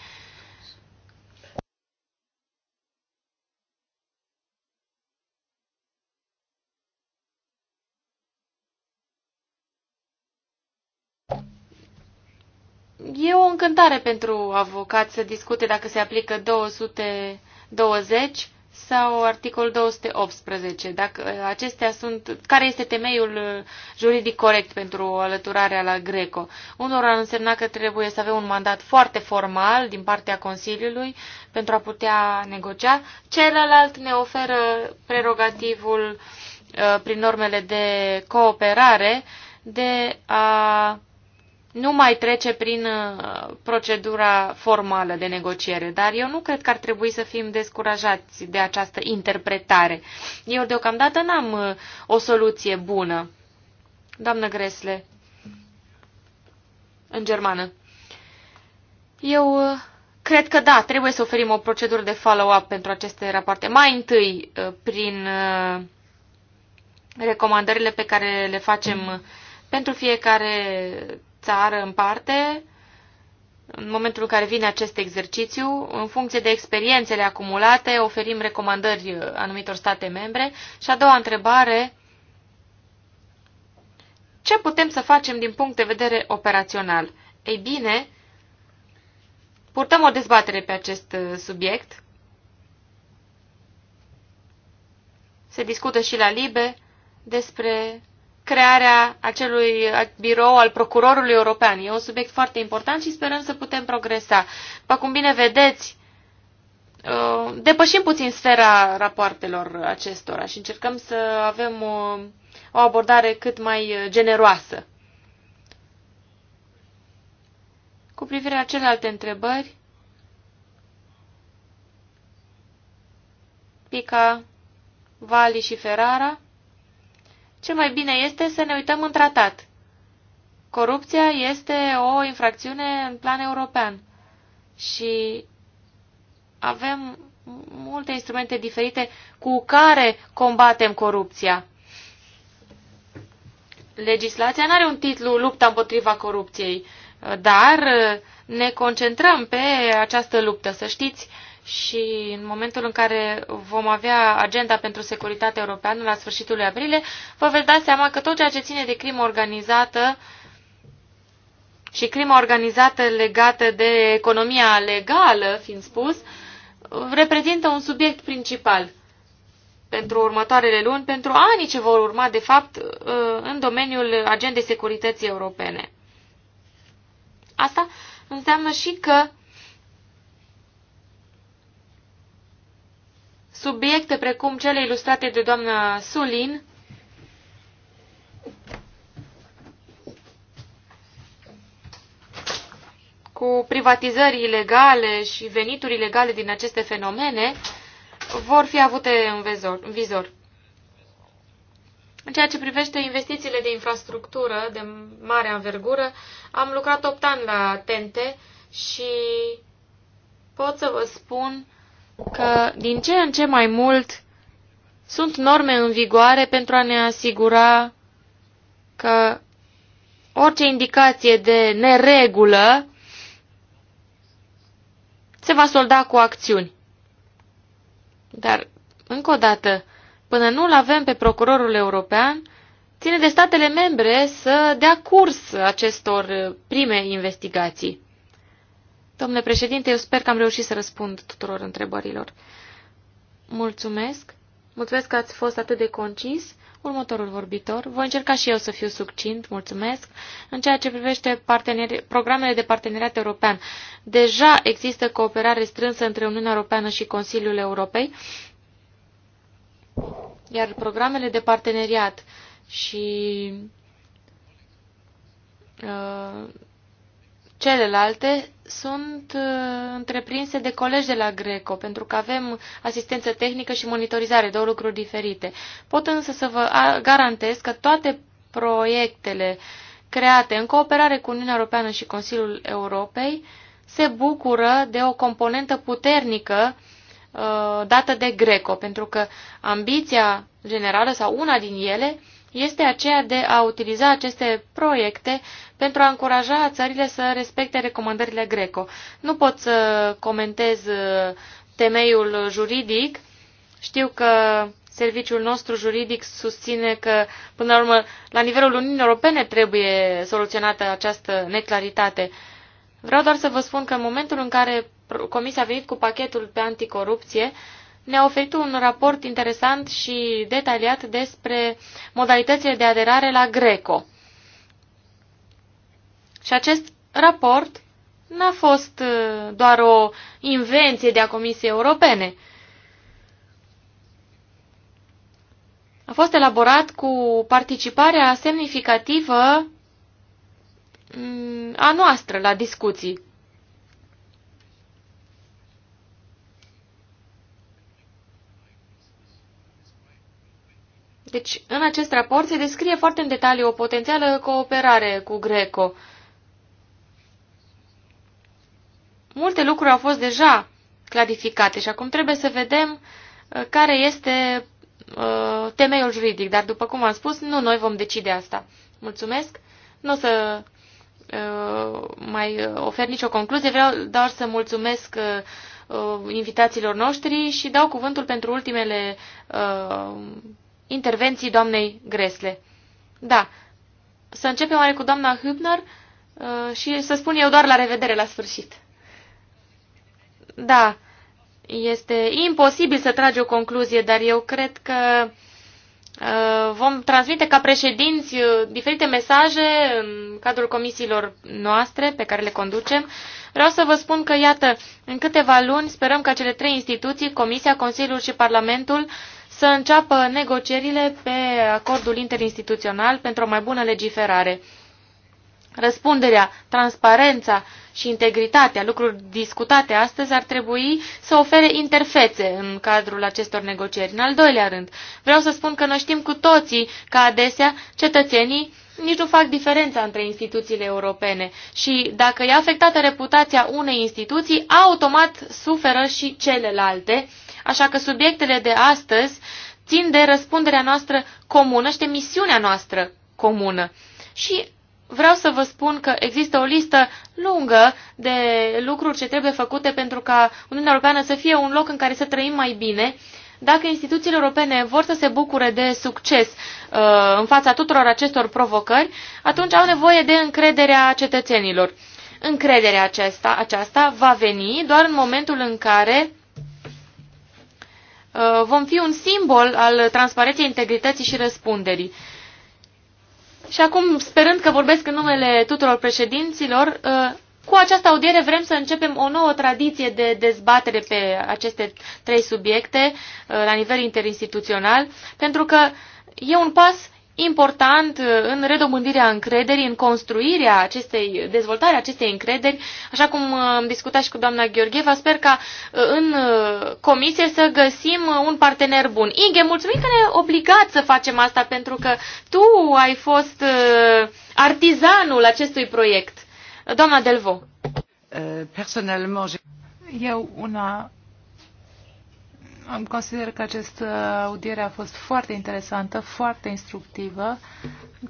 E o încântare pentru avocat să discute dacă se aplică 220 sau articolul 218, dacă ă, acestea sunt, care este temeiul ă, juridic corect pentru alăturarea la Greco. Unor ar însemna că trebuie să avem un mandat foarte formal din partea Consiliului pentru a putea negocia, celălalt ne oferă prerogativul ă, prin normele de cooperare de a nu mai trece prin uh, procedura formală de negociere, dar eu nu cred că ar trebui să fim descurajați de această interpretare. Eu deocamdată n-am uh, o soluție bună. Doamnă Gresle, în germană, eu uh, cred că da, trebuie să oferim o procedură de follow-up pentru aceste rapoarte. Mai întâi, prin recomandările pe care le facem pentru fiecare țară în parte, în momentul în care vine acest exercițiu, în funcție de experiențele acumulate, oferim recomandări anumitor state membre. Și a doua întrebare, ce putem să facem din punct de vedere operațional? Ei bine, purtăm o dezbatere pe acest uh, subiect. Se discută și la LIBE despre crearea acelui birou al procurorului european. E un subiect foarte important și sperăm să putem progresa. După cum bine vedeți, uh, depășim puțin sfera rapoartelor acestora și încercăm să avem o, uh, o abordare cât mai uh, generoasă. Cu privire la celelalte întrebări, Pica, Vali și Ferrara, cel mai bine este să ne uităm în tratat. Corupția este o infracțiune în plan european și avem multe instrumente diferite cu care combatem corupția. Legislația nu are un titlu lupta împotriva corupției, dar ne concentrăm pe această luptă. Să știți și în momentul în care vom avea agenda pentru securitate europeană la sfârșitul lui aprilie, vă veți da seama că tot ceea ce ține de crimă organizată și crimă organizată legată de economia legală, fiind spus, reprezintă un subiect principal pentru următoarele luni, pentru anii ce vor urma, de fapt, uh, în domeniul agendei securității europene. Asta înseamnă și că subiecte precum cele ilustrate de doamna Sulin, cu privatizări ilegale și venituri ilegale din aceste fenomene, vor fi avute în, vezor, în vizor. În ceea ce privește investițiile de infrastructură de mare anvergură, am lucrat 8 ani la Tente și pot să vă spun că din ce în ce mai mult sunt norme în vigoare pentru a ne asigura că orice indicație de neregulă se va solda cu acțiuni. Dar, încă o dată, până nu-l avem pe procurorul european, ține de statele membre să dea curs acestor prime investigații. Domnule președinte, eu sper că am reușit să răspund tuturor întrebărilor. Mulțumesc. Mulțumesc că ați fost atât de concis. Următorul vorbitor. Voi încerca și eu să fiu succint, mulțumesc, în ceea ce privește programele de parteneriat european. Deja există cooperare strânsă între Uniunea Europeană și Consiliul Europei, iar programele de parteneriat și uh, Celelalte sunt uh, întreprinse de colegi de la Greco, pentru că avem asistență tehnică și monitorizare, două lucruri diferite. Pot însă să vă garantez că toate proiectele create în cooperare cu Uniunea Europeană și Consiliul Europei se bucură de o componentă puternică uh, dată de Greco, pentru că ambiția generală sau una din ele este aceea de a utiliza aceste proiecte pentru a încuraja țările să respecte recomandările Greco. Nu pot să comentez uh, temeiul juridic. Știu că serviciul nostru juridic susține că, până la urmă, la nivelul Uniunii Europene trebuie soluționată această neclaritate. Vreau doar să vă spun că în momentul în care Comisia a venit cu pachetul pe anticorupție, ne-a oferit un raport interesant și detaliat despre modalitățile de aderare la Greco. Și acest raport n-a fost uh, doar o invenție de a Comisiei Europene. A fost elaborat cu participarea semnificativă mm, a noastră la discuții. Deci, în acest raport se descrie foarte în detaliu o potențială cooperare cu Greco. multe lucruri au fost deja clarificate și acum trebuie să vedem uh, care este uh, temeiul juridic, dar după cum am spus, nu noi vom decide asta. Mulțumesc, nu o să uh, mai ofer nicio concluzie, vreau doar să mulțumesc invitațiilor noștri și dau cuvântul pentru ultimele intervenții doamnei Gresle. Da, să începem oare cu doamna Hübner și să spun eu doar la revedere la sfârșit. Da, este imposibil să tragi o concluzie, dar eu cred că uh, vom transmite ca președinți uh, diferite mesaje în cadrul comisiilor noastre pe care le conducem. Vreau să vă spun că, iată, în câteva luni sperăm ca cele trei instituții, Comisia, Consiliul și Parlamentul, să înceapă negocierile pe acordul interinstituțional pentru o mai bună legiferare. Răspunderea, transparența și integritatea, lucruri discutate astăzi, ar trebui să ofere interfețe în cadrul acestor negocieri. În al doilea rând, vreau să spun că noi știm cu toții că adesea cetățenii nici nu fac diferența între instituțiile europene și dacă e afectată reputația unei instituții, automat suferă și celelalte, așa că subiectele de astăzi țin de răspunderea noastră comună și de misiunea noastră comună. Și vreau să vă spun că există o listă lungă de lucruri ce trebuie făcute pentru ca Uniunea Europeană să fie un loc în care să trăim mai bine. Dacă instituțiile europene vor să se bucure de succes uh, în fața tuturor acestor provocări, atunci au nevoie de încrederea cetățenilor. Încrederea aceasta, aceasta va veni doar în momentul în care uh, vom fi un simbol al transparenței, integrității și răspunderii. Și acum, sperând că vorbesc în numele tuturor președinților, uh, cu această audiere vrem să începem o nouă tradiție de dezbatere pe aceste trei subiecte uh, la nivel interinstituțional, pentru că e un pas important uh, în redobândirea încrederii, în construirea acestei, dezvoltarea acestei încrederi, așa cum uh, am discutat și cu doamna Gheorgheva, sper ca uh, în comisie să găsim un partener bun. Inge, mulțumim că ne obligat să facem asta, pentru că tu ai fost artizanul acestui proiect. Doamna Delvo. Personalmente, eu una Consider că această audiere a fost foarte interesantă, foarte instructivă.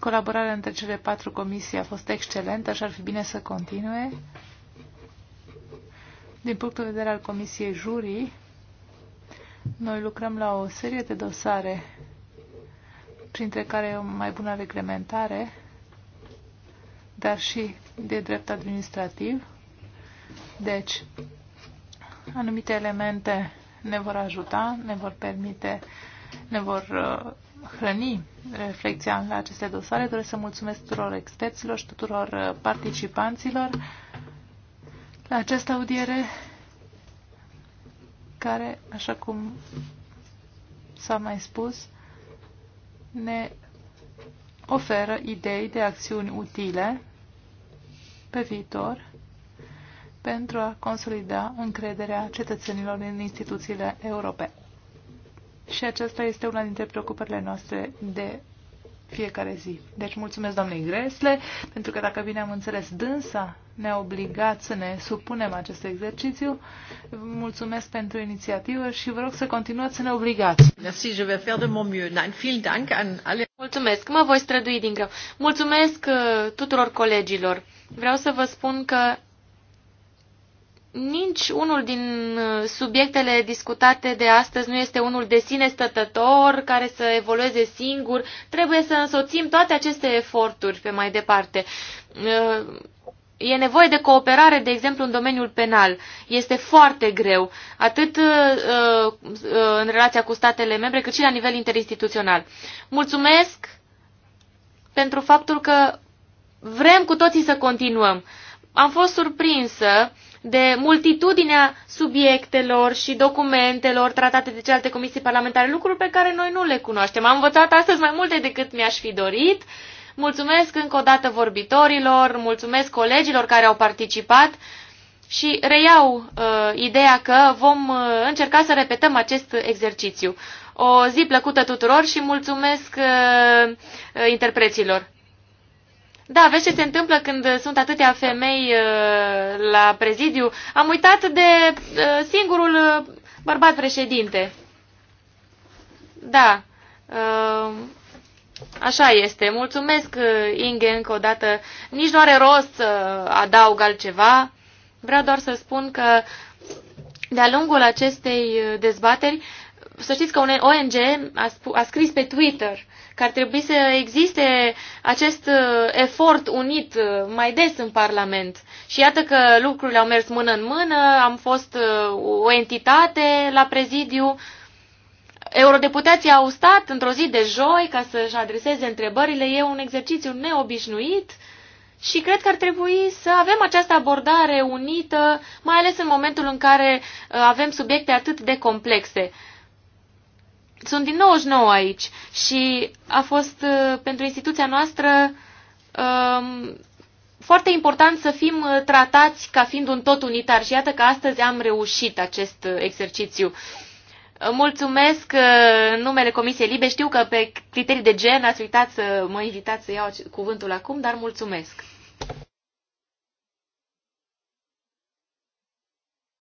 Colaborarea între cele patru comisii a fost excelentă și ar fi bine să continue. Din punctul de vedere al Comisiei Jurii, noi lucrăm la o serie de dosare, printre care o mai bună reglementare, dar și de drept administrativ. Deci, anumite elemente ne vor ajuta, ne vor permite, ne vor uh, hrăni reflexia la aceste dosare. Doresc să mulțumesc tuturor experților și tuturor uh, participanților la această audiere care, așa cum s-a mai spus, ne oferă idei de acțiuni utile pe viitor pentru a consolida încrederea cetățenilor în instituțiile europene. Și aceasta este una dintre preocupările noastre de fiecare zi. Deci mulțumesc doamnei Gresle, pentru că dacă bine am înțeles dânsa, ne-a obligat să ne supunem acest exercițiu. Mulțumesc pentru inițiativă și vă rog să continuați să ne obligați. Merci, je vais faire de mon mieux. Nein, vielen Dank an alle. Mulțumesc, mă voi strădui din greu. Mulțumesc uh, tuturor colegilor. Vreau să vă spun că nici unul din uh, subiectele discutate de astăzi nu este unul de sine stătător, care să evolueze singur. Trebuie să însoțim toate aceste eforturi pe mai departe. Uh, e nevoie de cooperare, de exemplu, în domeniul penal. Este foarte greu, atât uh, în relația cu statele membre, cât și la nivel interinstituțional. Mulțumesc pentru faptul că vrem cu toții să continuăm. Am fost surprinsă de multitudinea subiectelor și documentelor tratate de celelalte comisii parlamentare, lucruri pe care noi nu le cunoaștem. Am învățat astăzi mai multe decât mi-aș fi dorit. Mulțumesc încă o dată vorbitorilor, mulțumesc colegilor care au participat și reiau uh, ideea că vom uh, încerca să repetăm acest exercițiu. O zi plăcută tuturor și mulțumesc uh, uh interpreților. Da, vezi ce se întâmplă când sunt atâtea femei uh, la prezidiu? Am uitat de uh, singurul uh, bărbat președinte. Da, așa este. Mulțumesc, Inge, încă o dată. Nici nu are rost să adaug altceva. Vreau doar să spun că de-a lungul acestei dezbateri, să știți că un ONG a, a scris pe Twitter că ar trebui să existe acest uh, efort unit uh, mai des în Parlament. Și iată că lucrurile au mers mână în mână, am fost uh, o entitate la prezidiu, Eurodeputații au stat într-o zi de joi ca să-și adreseze întrebările. E un exercițiu neobișnuit și cred că ar trebui să avem această abordare unită, mai ales în momentul în care avem subiecte atât de complexe sunt din 99 aici și a fost uh, pentru instituția noastră uh, foarte important să fim uh, tratați ca fiind un tot unitar și iată că astăzi am reușit acest uh, exercițiu. Mulțumesc în numele Comisiei Libe. Știu că pe criterii de gen ați uitat să mă invitați să iau cuvântul acum, dar mulțumesc.